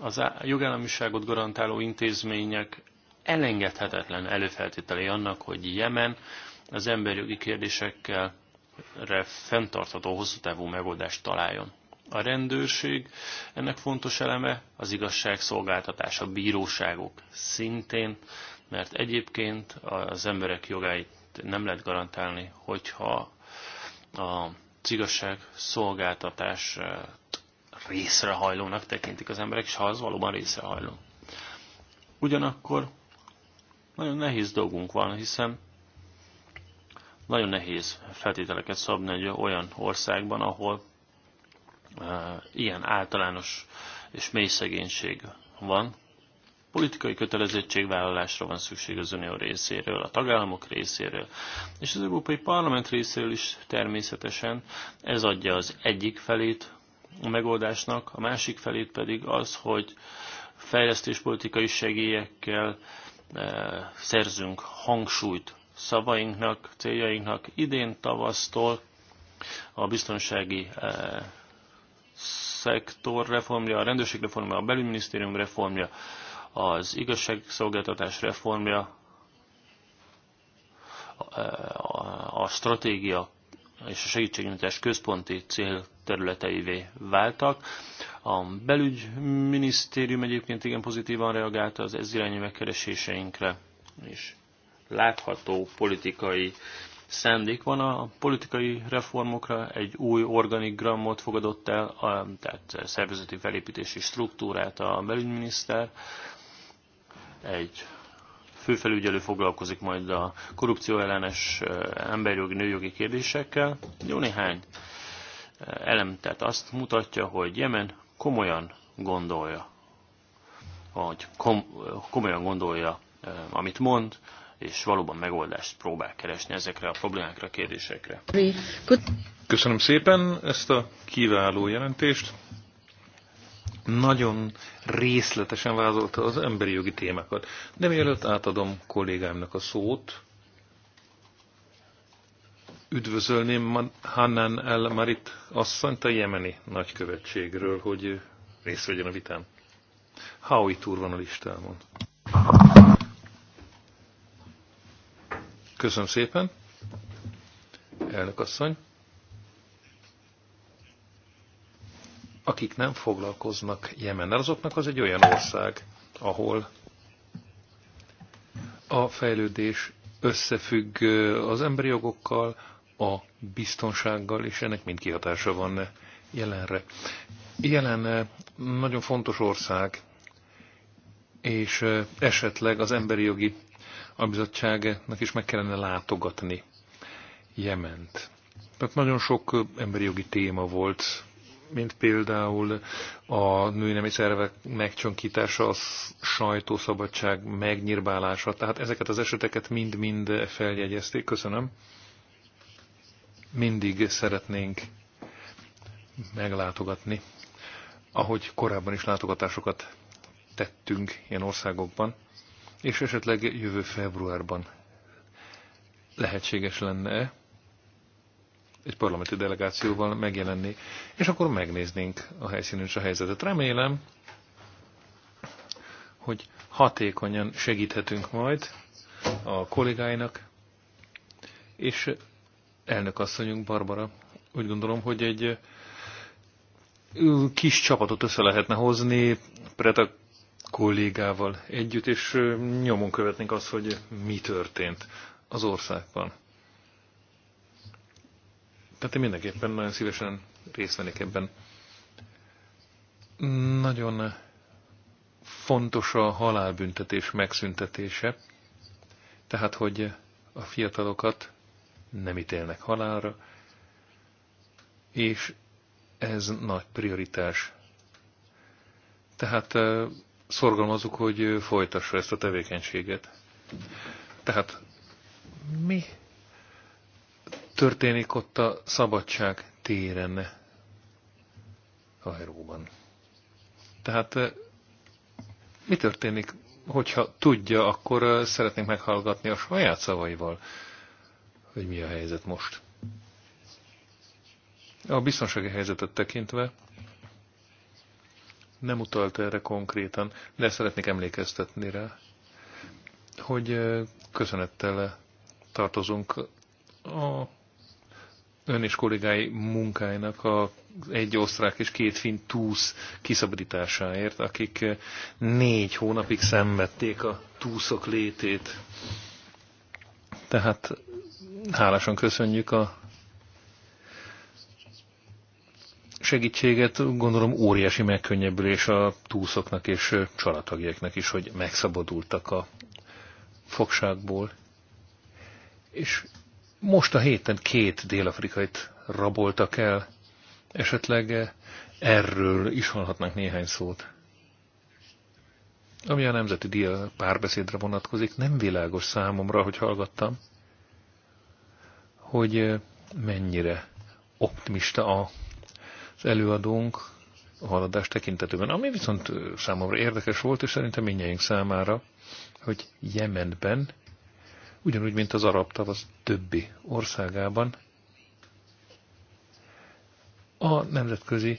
Az jogállamiságot garantáló intézmények elengedhetetlen előfeltételei annak, hogy Jemen az emberjogi kérdésekkel fenntartható hosszú távú megoldást találjon. A rendőrség ennek fontos eleme, az igazságszolgáltatás, a bíróságok szintén, mert egyébként az emberek jogáit nem lehet garantálni, hogyha a igazság szolgáltatás eh, részrehajlónak tekintik az emberek, és ha az valóban részrehajló. Ugyanakkor nagyon nehéz dolgunk van, hiszen nagyon nehéz feltételeket szabni egy olyan országban, ahol eh, ilyen általános és mély szegénység van. Politikai kötelezettségvállalásra van szükség az Unió részéről, a tagállamok részéről, és az Európai Parlament részéről is természetesen ez adja az egyik felét a megoldásnak, a másik felét pedig az, hogy fejlesztéspolitikai segélyekkel eh, szerzünk hangsúlyt szavainknak, céljainknak. Idén tavasztól a biztonsági eh, szektor reformja, a rendőrség reformja, a belügyminisztérium reformja az igazságszolgáltatás reformja, a stratégia és a segítségnyújtás központi célterületeivé váltak. A belügyminisztérium egyébként igen pozitívan reagálta az ez irányú megkereséseinkre, és látható politikai szándék van a politikai reformokra, egy új organigramot fogadott el, tehát szervezeti felépítési struktúrát a belügyminiszter, egy főfelügyelő foglalkozik majd a korrupció ellenes emberjogi, nőjogi kérdésekkel. Jó néhány elem, tehát azt mutatja, hogy Jemen komolyan gondolja, hogy kom, komolyan gondolja, amit mond, és valóban megoldást próbál keresni ezekre a problémákra, kérdésekre. Köszönöm szépen ezt a kiváló jelentést nagyon részletesen vázolta az emberi jogi témákat. De mielőtt átadom kollégámnak a szót, üdvözölném Hannan El Marit asszonyt a jemeni nagykövetségről, hogy részt vegyen a vitán. Haui túr van a listámon. Köszönöm szépen, elnök asszony. akik nem foglalkoznak Jemennel, azoknak az egy olyan ország, ahol a fejlődés összefügg az emberi jogokkal, a biztonsággal, és ennek mind kihatása van jelenre. Jelen nagyon fontos ország, és esetleg az emberi jogi albizottságnak is meg kellene látogatni Jement. Tehát nagyon sok emberi jogi téma volt mint például a női nemi szervek megcsonkítása, a sajtószabadság megnyírbálása. Tehát ezeket az eseteket mind-mind feljegyezték. Köszönöm. Mindig szeretnénk meglátogatni, ahogy korábban is látogatásokat tettünk ilyen országokban, és esetleg jövő februárban lehetséges lenne egy parlamenti delegációval megjelenni, és akkor megnéznénk a helyszínen és a helyzetet. Remélem, hogy hatékonyan segíthetünk majd a kollégáinak, és elnök asszonyunk Barbara úgy gondolom, hogy egy kis csapatot össze lehetne hozni Preta kollégával együtt, és nyomon követnénk azt, hogy mi történt az országban. Tehát én mindenképpen nagyon szívesen részt vennék ebben. Nagyon fontos a halálbüntetés megszüntetése, tehát hogy a fiatalokat nem ítélnek halálra, és ez nagy prioritás. Tehát szorgalmazok, hogy folytassa ezt a tevékenységet. Tehát mi történik ott a szabadság téren Kairóban. Tehát mi történik, hogyha tudja, akkor szeretnénk meghallgatni a saját szavaival, hogy mi a helyzet most. A biztonsági helyzetet tekintve nem utalt erre konkrétan, de szeretnék emlékeztetni rá, hogy köszönettel tartozunk a ön és kollégái munkájának a egy osztrák és két finn túsz kiszabadításáért, akik négy hónapig szenvedték a túszok létét. Tehát hálásan köszönjük a segítséget, gondolom óriási megkönnyebbülés a túszoknak és családtagjaiknak is, hogy megszabadultak a fogságból. És most a héten két dél-afrikait raboltak el. Esetleg eh, erről is hallhatnánk néhány szót. Ami a nemzeti díja párbeszédre vonatkozik, nem világos számomra, hogy hallgattam, hogy eh, mennyire optimista az előadónk a haladás tekintetében. Ami viszont eh, számomra érdekes volt, és szerintem mindjárt számára, hogy Jemenben ugyanúgy, mint az arab tavasz többi országában, a nemzetközi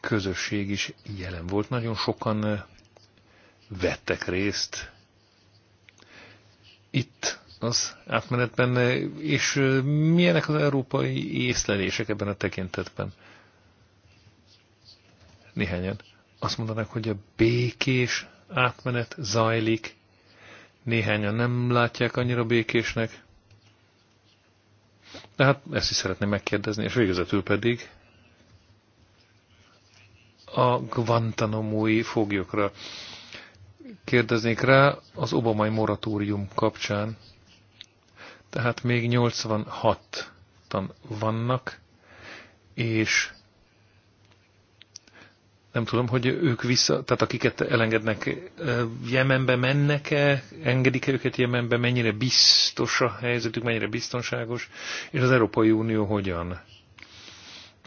közösség is jelen volt. Nagyon sokan vettek részt itt az átmenetben, és milyenek az európai észlelések ebben a tekintetben? Néhányan azt mondanak, hogy a békés átmenet zajlik, néhányan nem látják annyira békésnek. De hát ezt is szeretném megkérdezni, és végezetül pedig a Guantanamo-i foglyokra kérdeznék rá az obamai moratórium kapcsán. Tehát még 86-tan vannak, és nem tudom, hogy ők vissza, tehát akiket elengednek, Jemenbe mennek-e, engedik-e őket Jemenbe, mennyire biztos a helyzetük, mennyire biztonságos, és az Európai Unió hogyan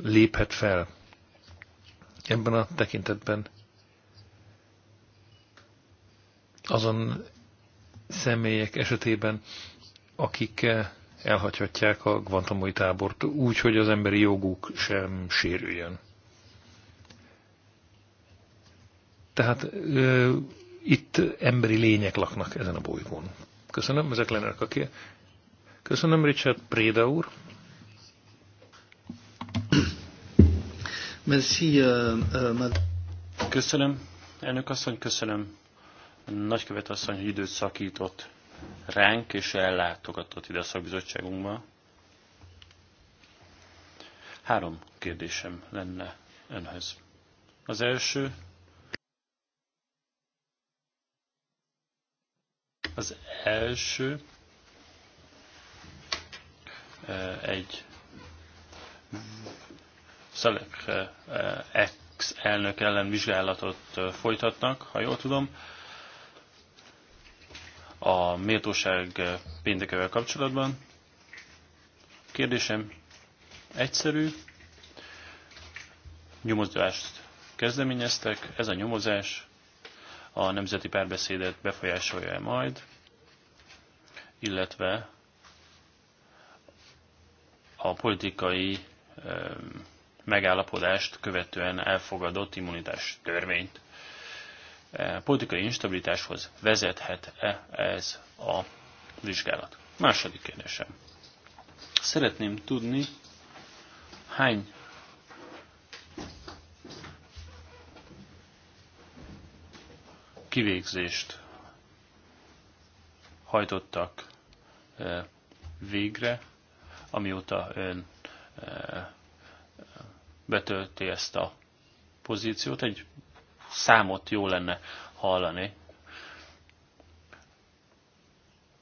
léphet fel ebben a tekintetben. Azon személyek esetében, akik elhagyhatják a guantamoi tábort úgy, hogy az emberi joguk sem sérüljön. Tehát ö, itt emberi lények laknak ezen a bolygón. Köszönöm, ezek lennek a kér. Köszönöm, Richard Préda úr. Merci, uh, uh, köszönöm, elnök asszony, köszönöm. Nagykövet asszony, hogy időt szakított ránk, és ellátogatott ide a szakbizottságunkba. Három kérdésem lenne önhöz. Az első, Az első egy Szelek ex-elnök ellen vizsgálatot folytatnak, ha jól tudom, a méltóság péntekevel kapcsolatban. Kérdésem egyszerű, nyomozást kezdeményeztek, ez a nyomozás a nemzeti párbeszédet befolyásolja -e majd, illetve a politikai megállapodást követően elfogadott immunitás törvényt. E, politikai instabilitáshoz vezethet-e ez a vizsgálat? Második kérdésem. Szeretném tudni, hány kivégzést hajtottak végre, amióta ön betölti ezt a pozíciót. Egy számot jó lenne hallani,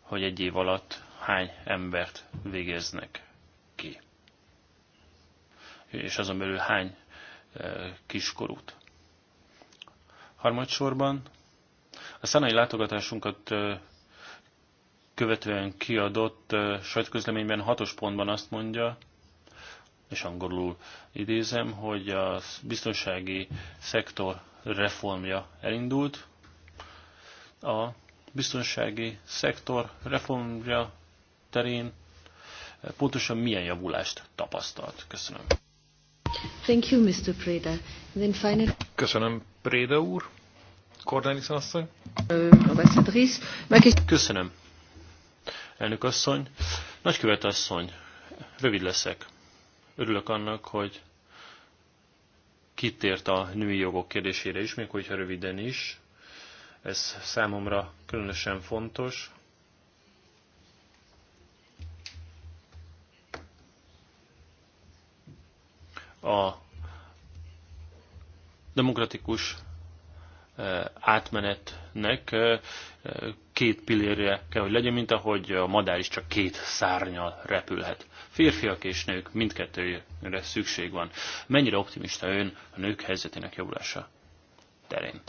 hogy egy év alatt hány embert végeznek ki. És azon belül hány kiskorút. Harmadsorban a szánai látogatásunkat követően kiadott sajtközleményben hatos pontban azt mondja, és angolul idézem, hogy a biztonsági szektor reformja elindult. A biztonsági szektor reformja terén pontosan milyen javulást tapasztalt? Köszönöm. Thank you, Mr. Preda. then finally... Köszönöm, Préda úr. Cornelissen asszony. Köszönöm. Elnök asszony. Nagykövet asszony, rövid leszek. Örülök annak, hogy kitért a női jogok kérdésére is, még hogyha röviden is. Ez számomra különösen fontos. A demokratikus Eh, átmenetnek eh, két pillérje kell, hogy legyen, mint ahogy a madár is csak két szárnyal repülhet. Férfiak és nők mindkettőre szükség van. Mennyire optimista ön a nők helyzetének javulása terén?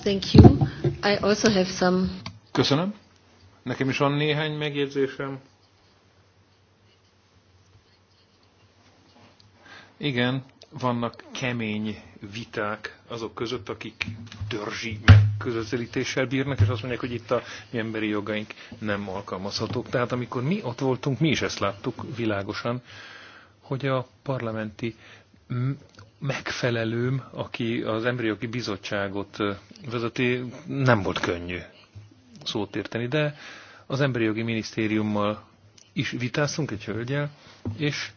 Thank you. I also have some... Köszönöm. Nekem is van néhány megjegyzésem. Igen, vannak kemény viták azok között, akik törzsi megközelítéssel bírnak, és azt mondják, hogy itt a mi emberi jogaink nem alkalmazhatók. Tehát amikor mi ott voltunk, mi is ezt láttuk világosan, hogy a parlamenti megfelelőm, aki az Emberi Jogi Bizottságot vezeti, nem volt könnyű szót érteni, de az Emberi Jogi Minisztériummal is vitáztunk egy hölgyel, és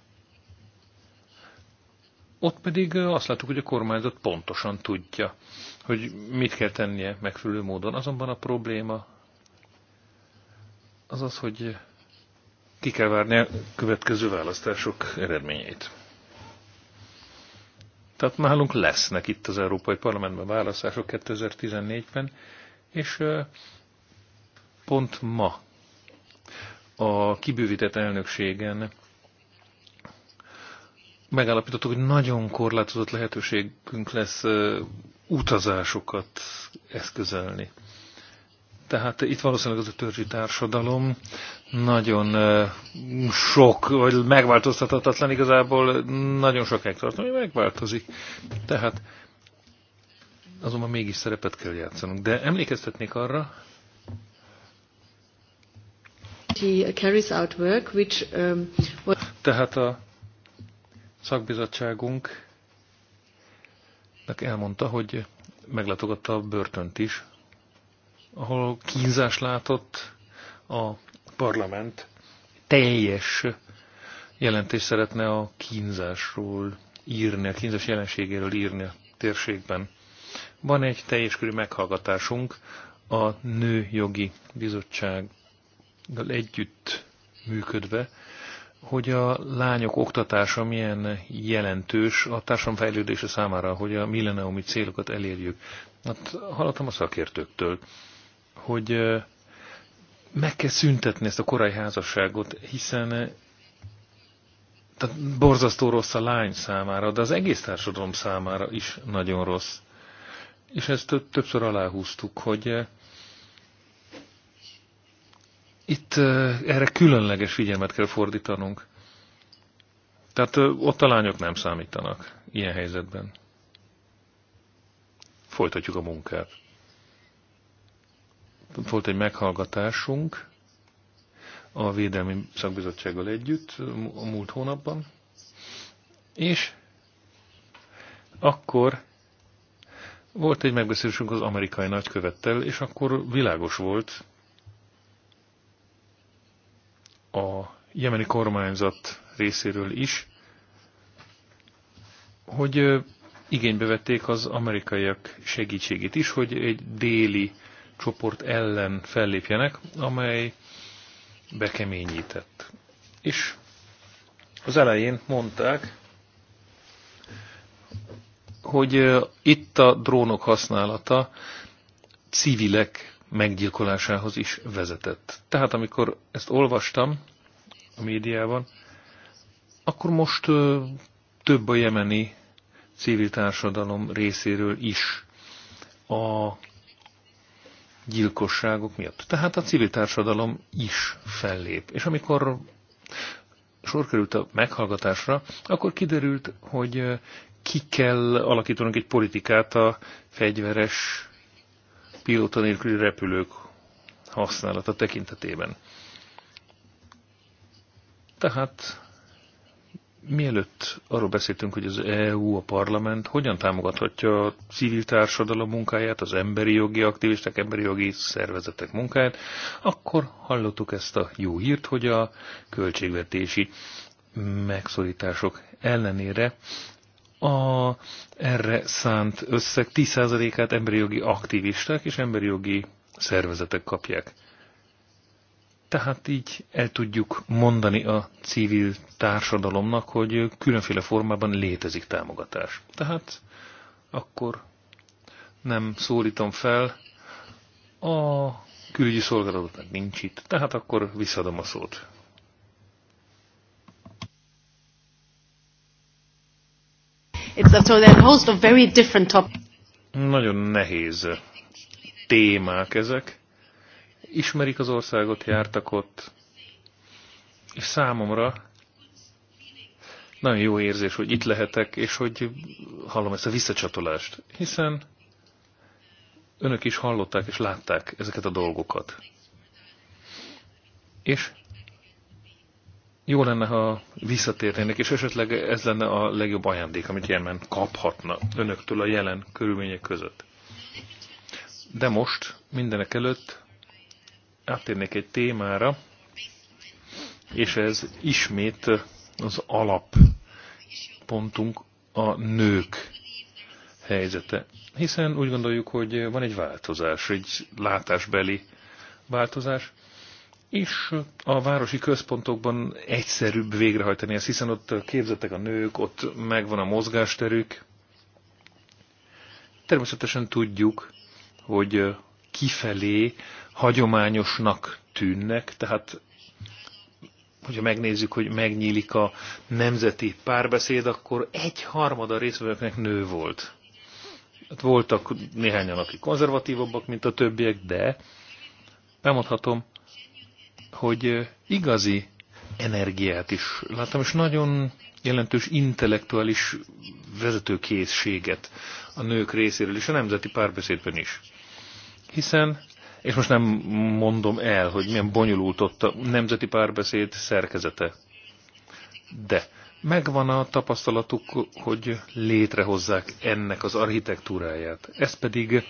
ott pedig azt láttuk, hogy a kormányzat pontosan tudja, hogy mit kell tennie megfelelő módon. Azonban a probléma az az, hogy ki kell várni a következő választások eredményeit. Tehát nálunk lesznek itt az Európai Parlamentben választások 2014-ben, és pont ma a kibővített elnökségen megállapítottuk, hogy nagyon korlátozott lehetőségünk lesz utazásokat eszközölni. Tehát itt valószínűleg az a törzsi társadalom nagyon sok, vagy megváltoztathatatlan igazából, nagyon sok tartom, hogy megváltozik. Tehát azonban mégis szerepet kell játszanunk. De emlékeztetnék arra, He carries out work, which, um, Tehát a szakbizottságunk elmondta, hogy meglátogatta a börtönt is, ahol kínzás látott a parlament teljes jelentést szeretne a kínzásról írni, a kínzás jelenségéről írni a térségben. Van egy teljes körű meghallgatásunk a Nőjogi Bizottsággal együtt működve, hogy a lányok oktatása milyen jelentős a társadalom fejlődése számára, hogy a milleniumi célokat elérjük. Hát hallottam a szakértőktől, hogy meg kell szüntetni ezt a korai házasságot, hiszen tehát borzasztó rossz a lány számára, de az egész társadalom számára is nagyon rossz. És ezt többször aláhúztuk, hogy itt erre különleges figyelmet kell fordítanunk. Tehát ott a lányok nem számítanak ilyen helyzetben. Folytatjuk a munkát. Volt egy meghallgatásunk a Védelmi Szakbizottsággal együtt a múlt hónapban, és akkor volt egy megbeszélésünk az amerikai nagykövettel, és akkor világos volt, a jemeni kormányzat részéről is, hogy igénybe vették az amerikaiak segítségét is, hogy egy déli csoport ellen fellépjenek, amely bekeményített. És az elején mondták, hogy itt a drónok használata civilek meggyilkolásához is vezetett. Tehát amikor ezt olvastam a médiában, akkor most több a jemeni civil társadalom részéről is a gyilkosságok miatt. Tehát a civil társadalom is fellép. És amikor sor került a meghallgatásra, akkor kiderült, hogy ki kell alakítanunk egy politikát a fegyveres pilóta nélküli repülők használata tekintetében. Tehát mielőtt arról beszéltünk, hogy az EU, a parlament hogyan támogathatja a civil társadalom munkáját, az emberi jogi aktivisták, emberi jogi szervezetek munkáját, akkor hallottuk ezt a jó hírt, hogy a költségvetési megszorítások ellenére a erre szánt összeg 10%-át emberi jogi aktivisták és emberi jogi szervezetek kapják. Tehát így el tudjuk mondani a civil társadalomnak, hogy különféle formában létezik támogatás. Tehát akkor nem szólítom fel a külügyi szolgálatot, nincs itt. Tehát akkor visszadom a szót. It's, so a host of very different topics. Nagyon nehéz témák ezek. Ismerik az országot, jártak ott, és számomra nagyon jó érzés, hogy itt lehetek, és hogy hallom ezt a visszacsatolást, hiszen önök is hallották és látták ezeket a dolgokat. És jó lenne, ha visszatérnének, és esetleg ez lenne a legjobb ajándék, amit Jemen kaphatna önöktől a jelen körülmények között. De most, mindenek előtt áttérnék egy témára, és ez ismét az alappontunk a nők helyzete. Hiszen úgy gondoljuk, hogy van egy változás, egy látásbeli változás, és a városi központokban egyszerűbb végrehajtani ezt, hiszen ott képzettek a nők, ott megvan a mozgásterük. Természetesen tudjuk, hogy kifelé hagyományosnak tűnnek, tehát hogyha megnézzük, hogy megnyílik a nemzeti párbeszéd, akkor egy harmada részvevőknek nő volt. Hát voltak néhányan, akik konzervatívabbak, mint a többiek, de bemondhatom, hogy igazi energiát is láttam, és nagyon jelentős intellektuális vezetőkészséget a nők részéről, és a nemzeti párbeszédben is. Hiszen, és most nem mondom el, hogy milyen bonyolult ott a nemzeti párbeszéd szerkezete, de megvan a tapasztalatuk, hogy létrehozzák ennek az architektúráját. Ez pedig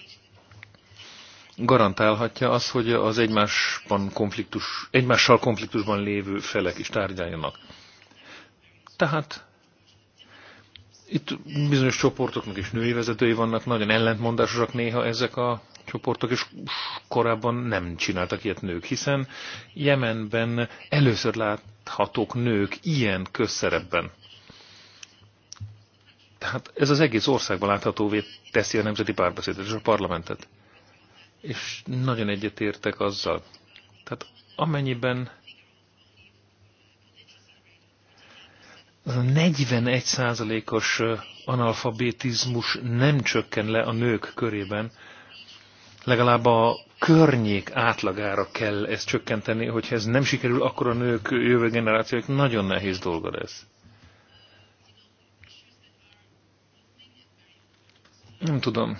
garantálhatja az, hogy az egymásban konfliktus, egymással konfliktusban lévő felek is tárgyaljanak. Tehát itt bizonyos csoportoknak is női vezetői vannak, nagyon ellentmondásosak néha ezek a csoportok, és korábban nem csináltak ilyet nők, hiszen Jemenben először láthatók nők ilyen közszerepben. Tehát ez az egész országban láthatóvé teszi a nemzeti párbeszédet és a parlamentet és nagyon egyetértek azzal. Tehát amennyiben az a 41%-os analfabetizmus nem csökken le a nők körében, legalább a környék átlagára kell ezt csökkenteni, hogyha ez nem sikerül, akkor a nők jövő generációk nagyon nehéz dolga lesz. Nem tudom.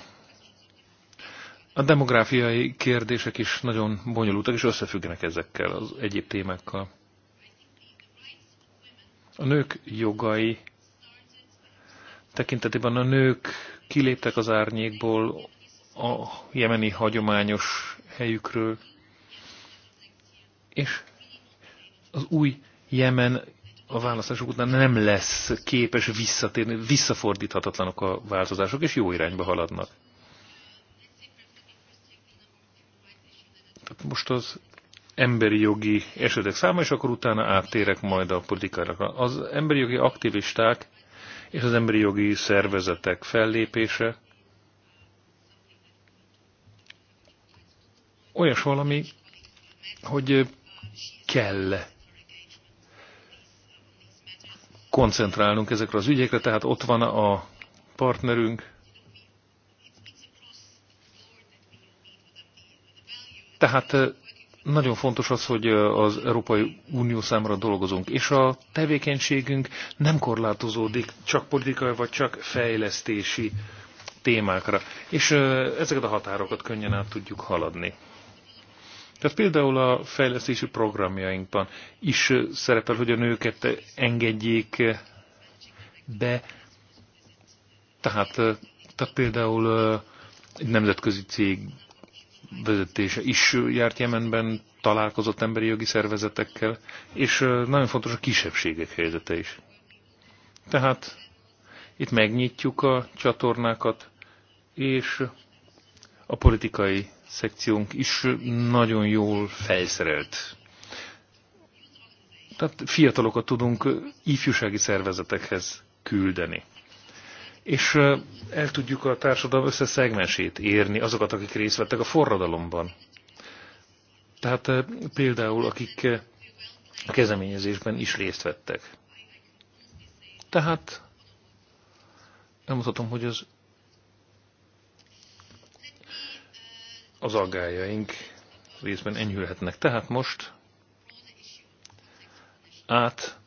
A demográfiai kérdések is nagyon bonyolultak, és összefüggenek ezekkel az egyéb témákkal. A nők jogai tekintetében a nők kiléptek az árnyékból a jemeni hagyományos helyükről, és az új Jemen a választások után nem lesz képes visszatérni, visszafordíthatatlanok a változások, és jó irányba haladnak. most az emberi jogi esetek száma, és akkor utána áttérek majd a politikára. Az emberi jogi aktivisták és az emberi jogi szervezetek fellépése olyas valami, hogy kell koncentrálnunk ezekre az ügyekre, tehát ott van a partnerünk, Tehát nagyon fontos az, hogy az Európai Unió számára dolgozunk, és a tevékenységünk nem korlátozódik csak politikai vagy csak fejlesztési témákra, és ezeket a határokat könnyen át tudjuk haladni. Tehát például a fejlesztési programjainkban is szerepel, hogy a nőket engedjék be, tehát, tehát például egy nemzetközi cég vezetése is járt Jemenben, találkozott emberi jogi szervezetekkel, és nagyon fontos a kisebbségek helyzete is. Tehát itt megnyitjuk a csatornákat, és a politikai szekciónk is nagyon jól felszerelt. Tehát fiatalokat tudunk ifjúsági szervezetekhez küldeni és el tudjuk a társadalom összes szegmensét érni, azokat, akik részt vettek a forradalomban. Tehát például, akik a kezdeményezésben is részt vettek. Tehát elmutatom, hogy az az aggájaink részben enyhülhetnek. Tehát most át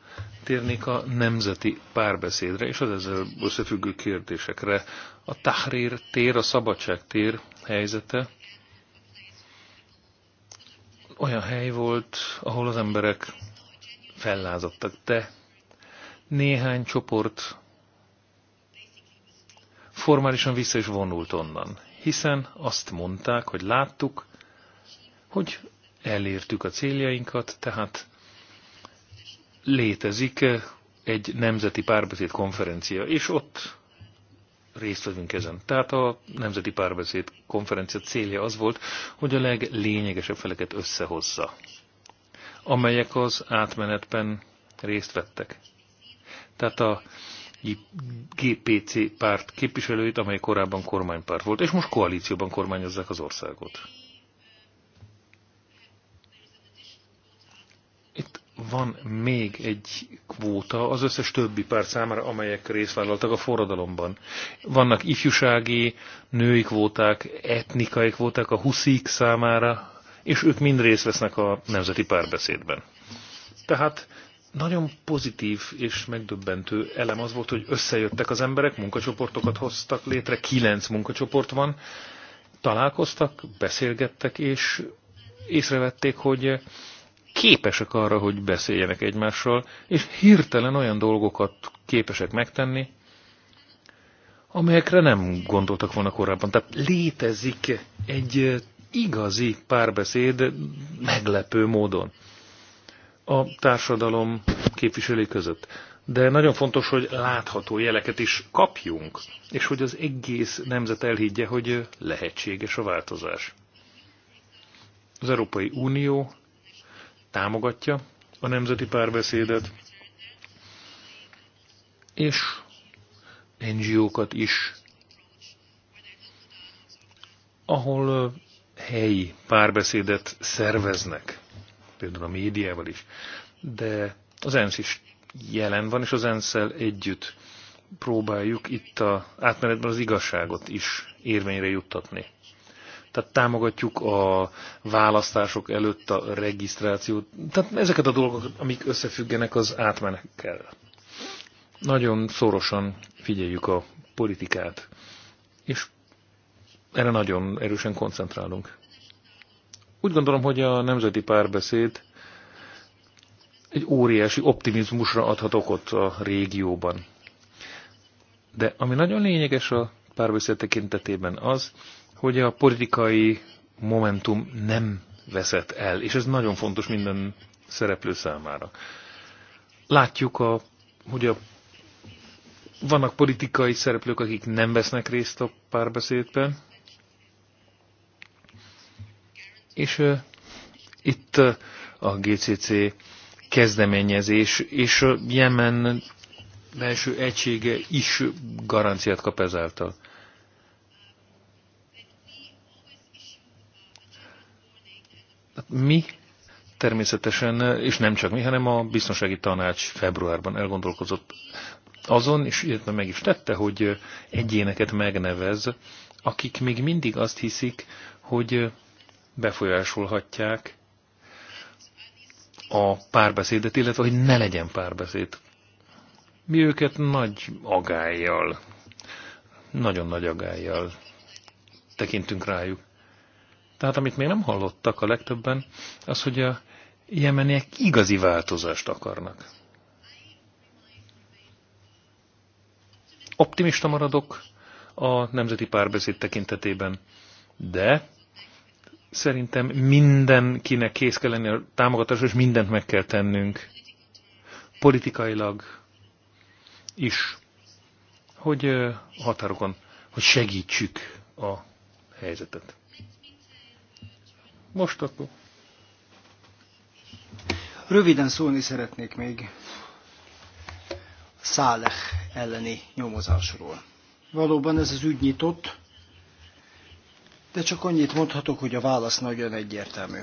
áttérnék a nemzeti párbeszédre és az ezzel összefüggő kérdésekre. A Tahrir tér, a szabadság tér helyzete olyan hely volt, ahol az emberek fellázadtak, de néhány csoport formálisan vissza is vonult onnan, hiszen azt mondták, hogy láttuk, hogy elértük a céljainkat, tehát létezik eh, egy nemzeti párbeszéd konferencia, és ott részt vagyunk ezen. Tehát a Nemzeti Párbeszéd konferencia célja az volt, hogy a leglényegesebb feleket összehozza, amelyek az átmenetben részt vettek. Tehát a GPC párt képviselőit, amely korábban kormánypárt volt, és most koalícióban kormányozzák az országot. van még egy kvóta az összes többi párt számára, amelyek részvállaltak a forradalomban. Vannak ifjúsági, női kvóták, etnikai kvóták a huszik számára, és ők mind részt vesznek a nemzeti párbeszédben. Tehát nagyon pozitív és megdöbbentő elem az volt, hogy összejöttek az emberek, munkacsoportokat hoztak létre, kilenc munkacsoport van, találkoztak, beszélgettek, és észrevették, hogy képesek arra, hogy beszéljenek egymással, és hirtelen olyan dolgokat képesek megtenni, amelyekre nem gondoltak volna korábban. Tehát létezik egy eh, igazi párbeszéd meglepő módon a társadalom képviselői között. De nagyon fontos, hogy látható jeleket is kapjunk, és hogy az egész nemzet elhiggye, hogy eh, lehetséges a változás. Az Európai Unió támogatja a nemzeti párbeszédet, és NGO-kat is, ahol helyi párbeszédet szerveznek, például a médiával is, de az ENSZ is jelen van, és az ensz együtt próbáljuk itt a átmenetben az igazságot is érvényre juttatni. Tehát támogatjuk a választások előtt a regisztrációt. Tehát ezeket a dolgokat, amik összefüggenek az átmenekkel. Nagyon szorosan figyeljük a politikát. És erre nagyon erősen koncentrálunk. Úgy gondolom, hogy a nemzeti párbeszéd egy óriási optimizmusra adhat okot a régióban. De ami nagyon lényeges a párbeszéd tekintetében az, hogy a politikai momentum nem veszett el, és ez nagyon fontos minden szereplő számára. Látjuk, a, hogy a, vannak politikai szereplők, akik nem vesznek részt a párbeszédben, és uh, itt uh, a GCC kezdeményezés, és a Jemen belső egysége is garanciát kap ezáltal. Hát mi természetesen, és nem csak mi, hanem a biztonsági tanács februárban elgondolkozott azon, és illetve meg is tette, hogy egyéneket megnevez, akik még mindig azt hiszik, hogy befolyásolhatják a párbeszédet, illetve hogy ne legyen párbeszéd. Mi őket nagy agállyal, nagyon nagy agállyal tekintünk rájuk. Tehát amit még nem hallottak a legtöbben, az, hogy a jemeniek igazi változást akarnak. Optimista maradok a nemzeti párbeszéd tekintetében, de szerintem mindenkinek kész kell lenni a támogatás, és mindent meg kell tennünk politikailag is, hogy határokon, hogy segítsük a helyzetet. Most akkor. Röviden szólni szeretnék még Szálech elleni nyomozásról. Valóban ez az ügy nyitott, de csak annyit mondhatok, hogy a válasz nagyon egyértelmű.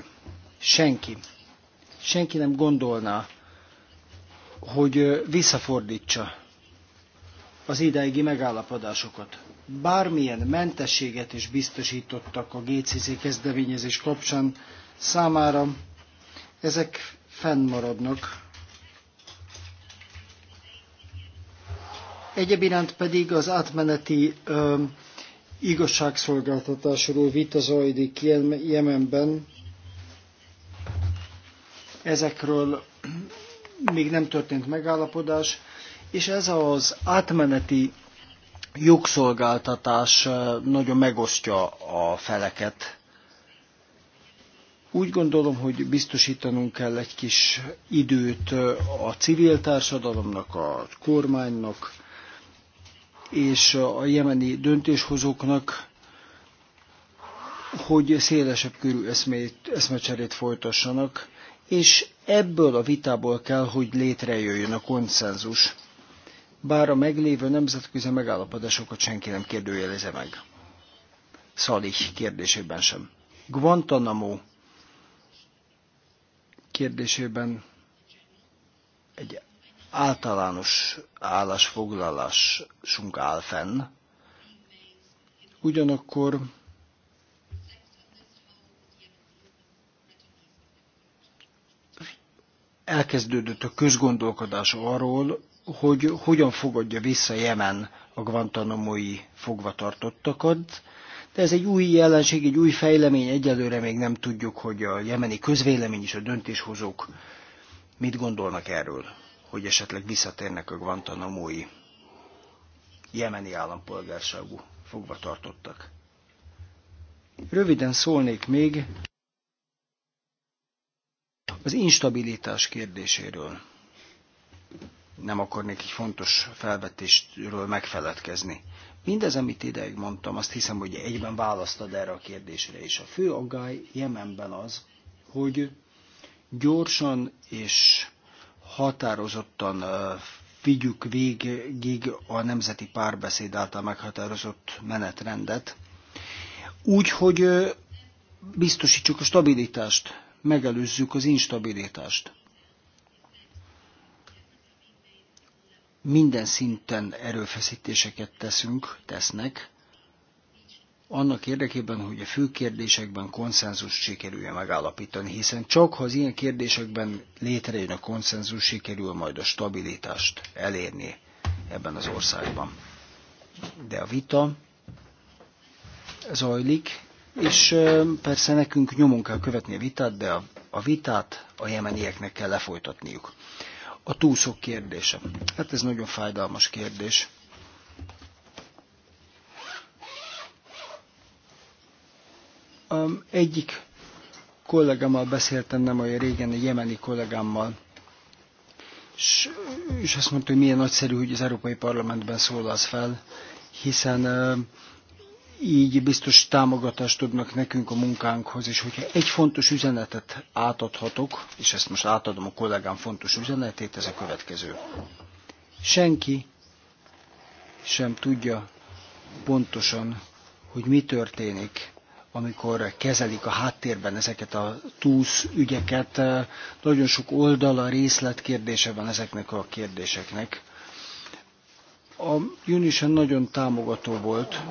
Senki, senki nem gondolná, hogy visszafordítsa az ideigi megállapodásokat. Bármilyen mentességet is biztosítottak a GCC kezdeményezés kapcsán számára, ezek fennmaradnak. Egyébként pedig az átmeneti ö, igazságszolgáltatásról vita zajlik Jemenben. Ezekről még nem történt megállapodás és ez az átmeneti jogszolgáltatás nagyon megosztja a feleket. Úgy gondolom, hogy biztosítanunk kell egy kis időt a civil társadalomnak, a kormánynak és a jemeni döntéshozóknak, hogy szélesebb körű eszmét, eszmecserét folytassanak, és ebből a vitából kell, hogy létrejöjjön a konszenzus bár a meglévő nemzetközi megállapodásokat senki nem kérdőjelezze meg. Szalih kérdésében sem. Guantanamo kérdésében egy általános állásfoglalásunk áll fenn, ugyanakkor elkezdődött a közgondolkodás arról, hogy hogyan fogadja vissza Jemen a guantanamo fogvatartottakat, de ez egy új jelenség, egy új fejlemény, egyelőre még nem tudjuk, hogy a jemeni közvélemény és a döntéshozók mit gondolnak erről, hogy esetleg visszatérnek a guantanamo jemeni állampolgárságú fogvatartottak. Röviden szólnék még az instabilitás kérdéséről nem akarnék egy fontos felvetésről megfeledkezni. Mindez, amit ideig mondtam, azt hiszem, hogy egyben választad erre a kérdésre is. A fő aggály Jemenben az, hogy gyorsan és határozottan figyük végig a nemzeti párbeszéd által meghatározott menetrendet, úgy, hogy biztosítsuk a stabilitást, megelőzzük az instabilitást. minden szinten erőfeszítéseket teszünk, tesznek, annak érdekében, hogy a fő kérdésekben konszenzus sikerülje megállapítani, hiszen csak ha az ilyen kérdésekben létrejön a konszenzus, sikerül majd a stabilitást elérni ebben az országban. De a vita zajlik, és persze nekünk nyomon kell követni a vitát, de a, a vitát a jemenieknek kell lefolytatniuk a túszok kérdése. Hát ez nagyon fájdalmas kérdés. egyik kollégámmal beszéltem nem olyan régen, egy jemeni kollégámmal, és, és azt mondta, hogy milyen nagyszerű, hogy az Európai Parlamentben szólalsz fel, hiszen így biztos támogatást tudnak nekünk a munkánkhoz, és hogyha egy fontos üzenetet átadhatok, és ezt most átadom a kollégám fontos üzenetét, ez a következő. Senki sem tudja pontosan, hogy mi történik, amikor kezelik a háttérben ezeket a túsz ügyeket. Nagyon sok oldala, részletkérdése van ezeknek a kérdéseknek. A Junisen nagyon támogató volt,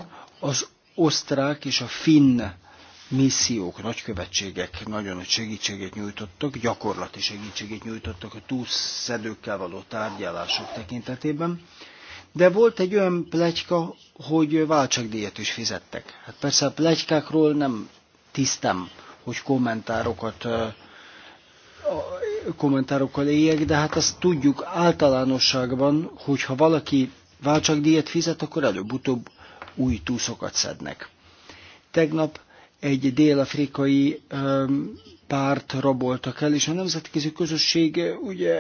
az osztrák és a finn missziók, nagykövetségek nagyon nagy segítséget nyújtottak, gyakorlati segítséget nyújtottak a túlszedőkkel való tárgyalások tekintetében. De volt egy olyan plegyka, hogy váltságdíjat is fizettek. Hát persze a plegykákról nem tisztem, hogy kommentárokat kommentárokkal éljek, de hát azt tudjuk általánosságban, hogy ha valaki váltságdíjat fizet, akkor előbb-utóbb új túszokat szednek. Tegnap egy dél-afrikai párt raboltak el, és a nemzetközi közösség ugye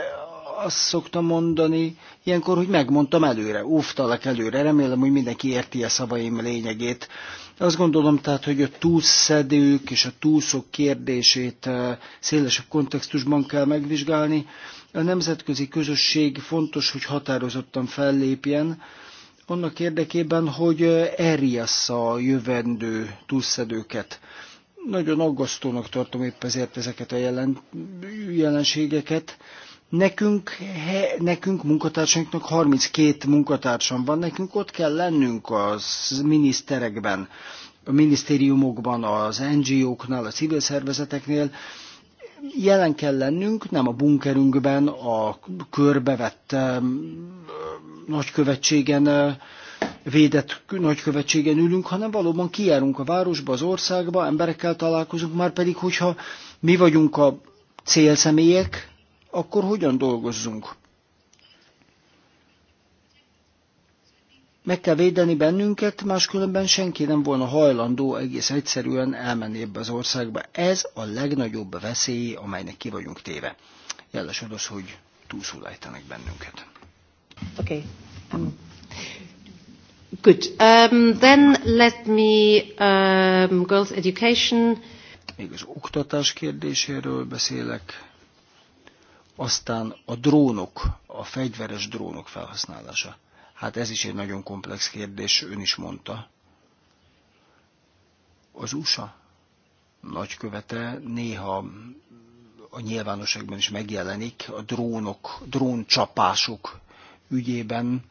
azt szokta mondani ilyenkor, hogy megmondtam előre, óvtalak előre, remélem, hogy mindenki érti a szavaim lényegét. Azt gondolom tehát, hogy a túlszedők és a túlszok kérdését szélesebb kontextusban kell megvizsgálni. A nemzetközi közösség fontos, hogy határozottan fellépjen, annak érdekében, hogy elriassza a jövendő túlszedőket. Nagyon aggasztónak tartom épp ezért ezeket a jelen, jelenségeket. Nekünk, he, nekünk munkatársainknak 32 munkatársam van, nekünk ott kell lennünk az miniszterekben, a minisztériumokban, az NGO-knál, a civil szervezeteknél, jelen kell lennünk, nem a bunkerünkben, a körbevett nagykövetségen védett nagykövetségen ülünk, hanem valóban kijárunk a városba, az országba, emberekkel találkozunk, már pedig, hogyha mi vagyunk a célszemélyek, akkor hogyan dolgozzunk? meg kell védeni bennünket, máskülönben senki nem volna hajlandó egész egyszerűen elmenni ebbe az országba. Ez a legnagyobb veszély, amelynek ki vagyunk téve. Jeles az, hogy túlszul ejtenek bennünket. Oké. Okay. Um, good. Um, then let me um, girls education. Még az oktatás kérdéséről beszélek, aztán a drónok, a fegyveres drónok felhasználása. Hát ez is egy nagyon komplex kérdés, ön is mondta. Az USA nagykövete néha a nyilvánosságban is megjelenik a drónok, dróncsapások ügyében.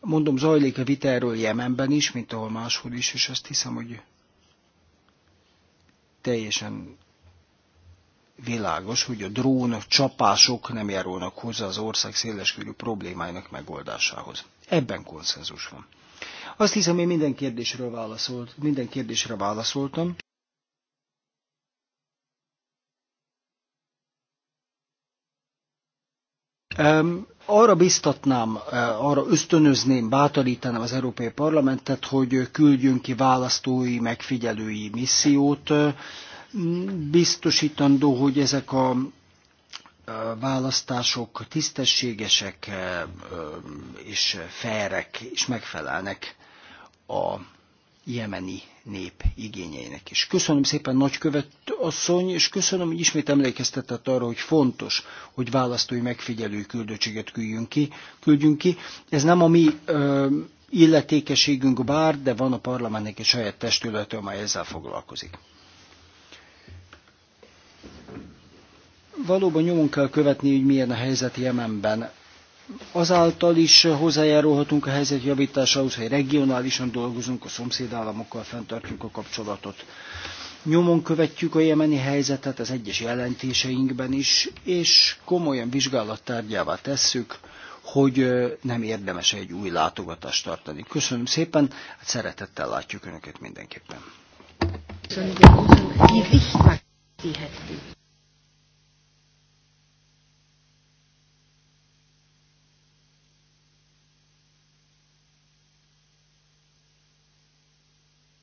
Mondom, zajlik a vita erről Jemenben is, mint ahol máshol is, és azt hiszem, hogy teljesen világos, hogy a drón csapások nem járulnak hozzá az ország széleskörű problémáinak megoldásához. Ebben konszenzus van. Azt hiszem, én minden kérdésről válaszolt, minden kérdésre válaszoltam. Arra biztatnám, e, arra ösztönözném, bátorítanám az Európai Parlamentet, hogy küldjön ki választói, megfigyelői missziót, biztosítandó, hogy ezek a választások tisztességesek e, és felrek, és megfelelnek a jemeni nép igényeinek is. Köszönöm szépen nagykövet asszony, és köszönöm, hogy ismét emlékeztetett arra, hogy fontos, hogy választói megfigyelő küldöttséget küldjünk ki. Küldjünk ki. Ez nem a mi ö, e, illetékeségünk bár, de van a parlamentnek egy saját testülete, amely ezzel foglalkozik. Valóban nyomon kell követni, hogy milyen a helyzet Jemenben. Azáltal is hozzájárulhatunk a helyzet javításához, hogy regionálisan dolgozunk, a szomszédállamokkal fenntartjuk a kapcsolatot. Nyomon követjük a jemeni helyzetet az egyes jelentéseinkben is, és komolyan vizsgálattárgyává tesszük, hogy nem érdemes egy új látogatást tartani. Köszönöm szépen, hát szeretettel látjuk Önöket mindenképpen.